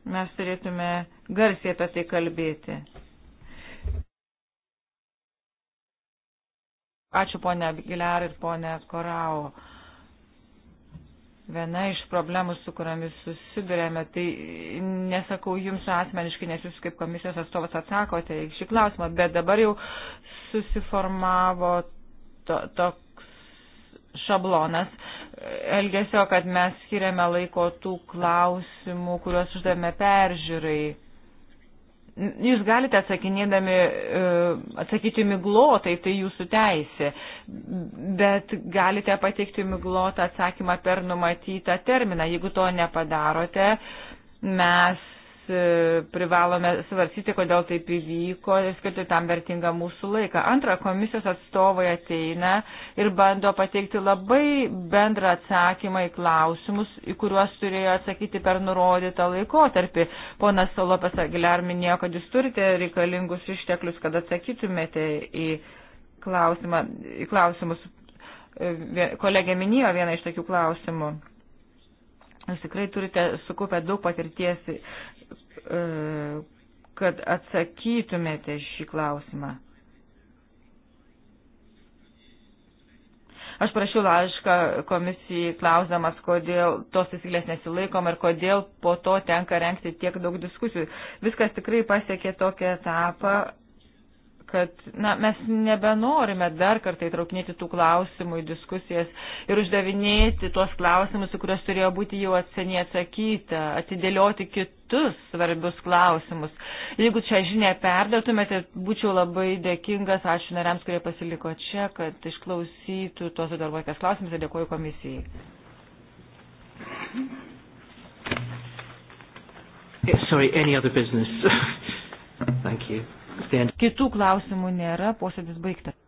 Mes turėtume garsiai apie tai kalbėti. Ačiū ponia Gilar ir ponia Korao. Viena iš problemų, su kuriamis susidurėme, tai nesakau jums asmeniškai, nes jūs kaip komisijos atstovas atsakote į šį klausimą, bet dabar jau susiformavo to, toks šablonas elgesio, kad mes skiriame laiko tų klausimų, kuriuos uždavėme peržiūrai. Jūs galite atsakinėdami e, atsakyti miglotai, tai jūsų teisė, bet galite pateikti miglotą atsakymą per numatytą terminą. Jeigu to nepadarote, mes E, privalome svarstyti, kodėl taip įvyko ir skirti tam vertingą mūsų laiką. Antra, komisijos atstovai ateina ir bando pateikti labai bendrą atsakymą į klausimus, į kuriuos turėjo atsakyti per nurodytą laikotarpį. Ponas Solopes Aguilar minėjo, kad jūs turite reikalingus išteklius, kad atsakytumėte į, klausimą, į klausimus. E, kolegė minėjo vieną iš tokių klausimų. Jūs tikrai turite sukupę daug patirties E, kad atsakytumėte šį klausimą. Aš prašiau laišką komisijai klausdamas, kodėl tos taisyklės nesilaikom ir kodėl po to tenka renkti tiek daug diskusijų. Viskas tikrai pasiekė tokią etapą, kad na, mes nebenorime dar kartą įtraukinėti tų klausimų į diskusijas ir uždavinėti tuos klausimus, į kuriuos turėjo būti jau atseniai atsakyta, atidėlioti kitus svarbius klausimus. Jeigu čia žinę perdotumėte, būčiau labai dėkingas, ačiū nariams, kurie pasiliko čia, kad išklausytų tuos darbuotės klausimus ir dėkoju komisijai. Eh, sorry, any other business? Thank you. Kitų klausimų nėra, posėdis baigtas.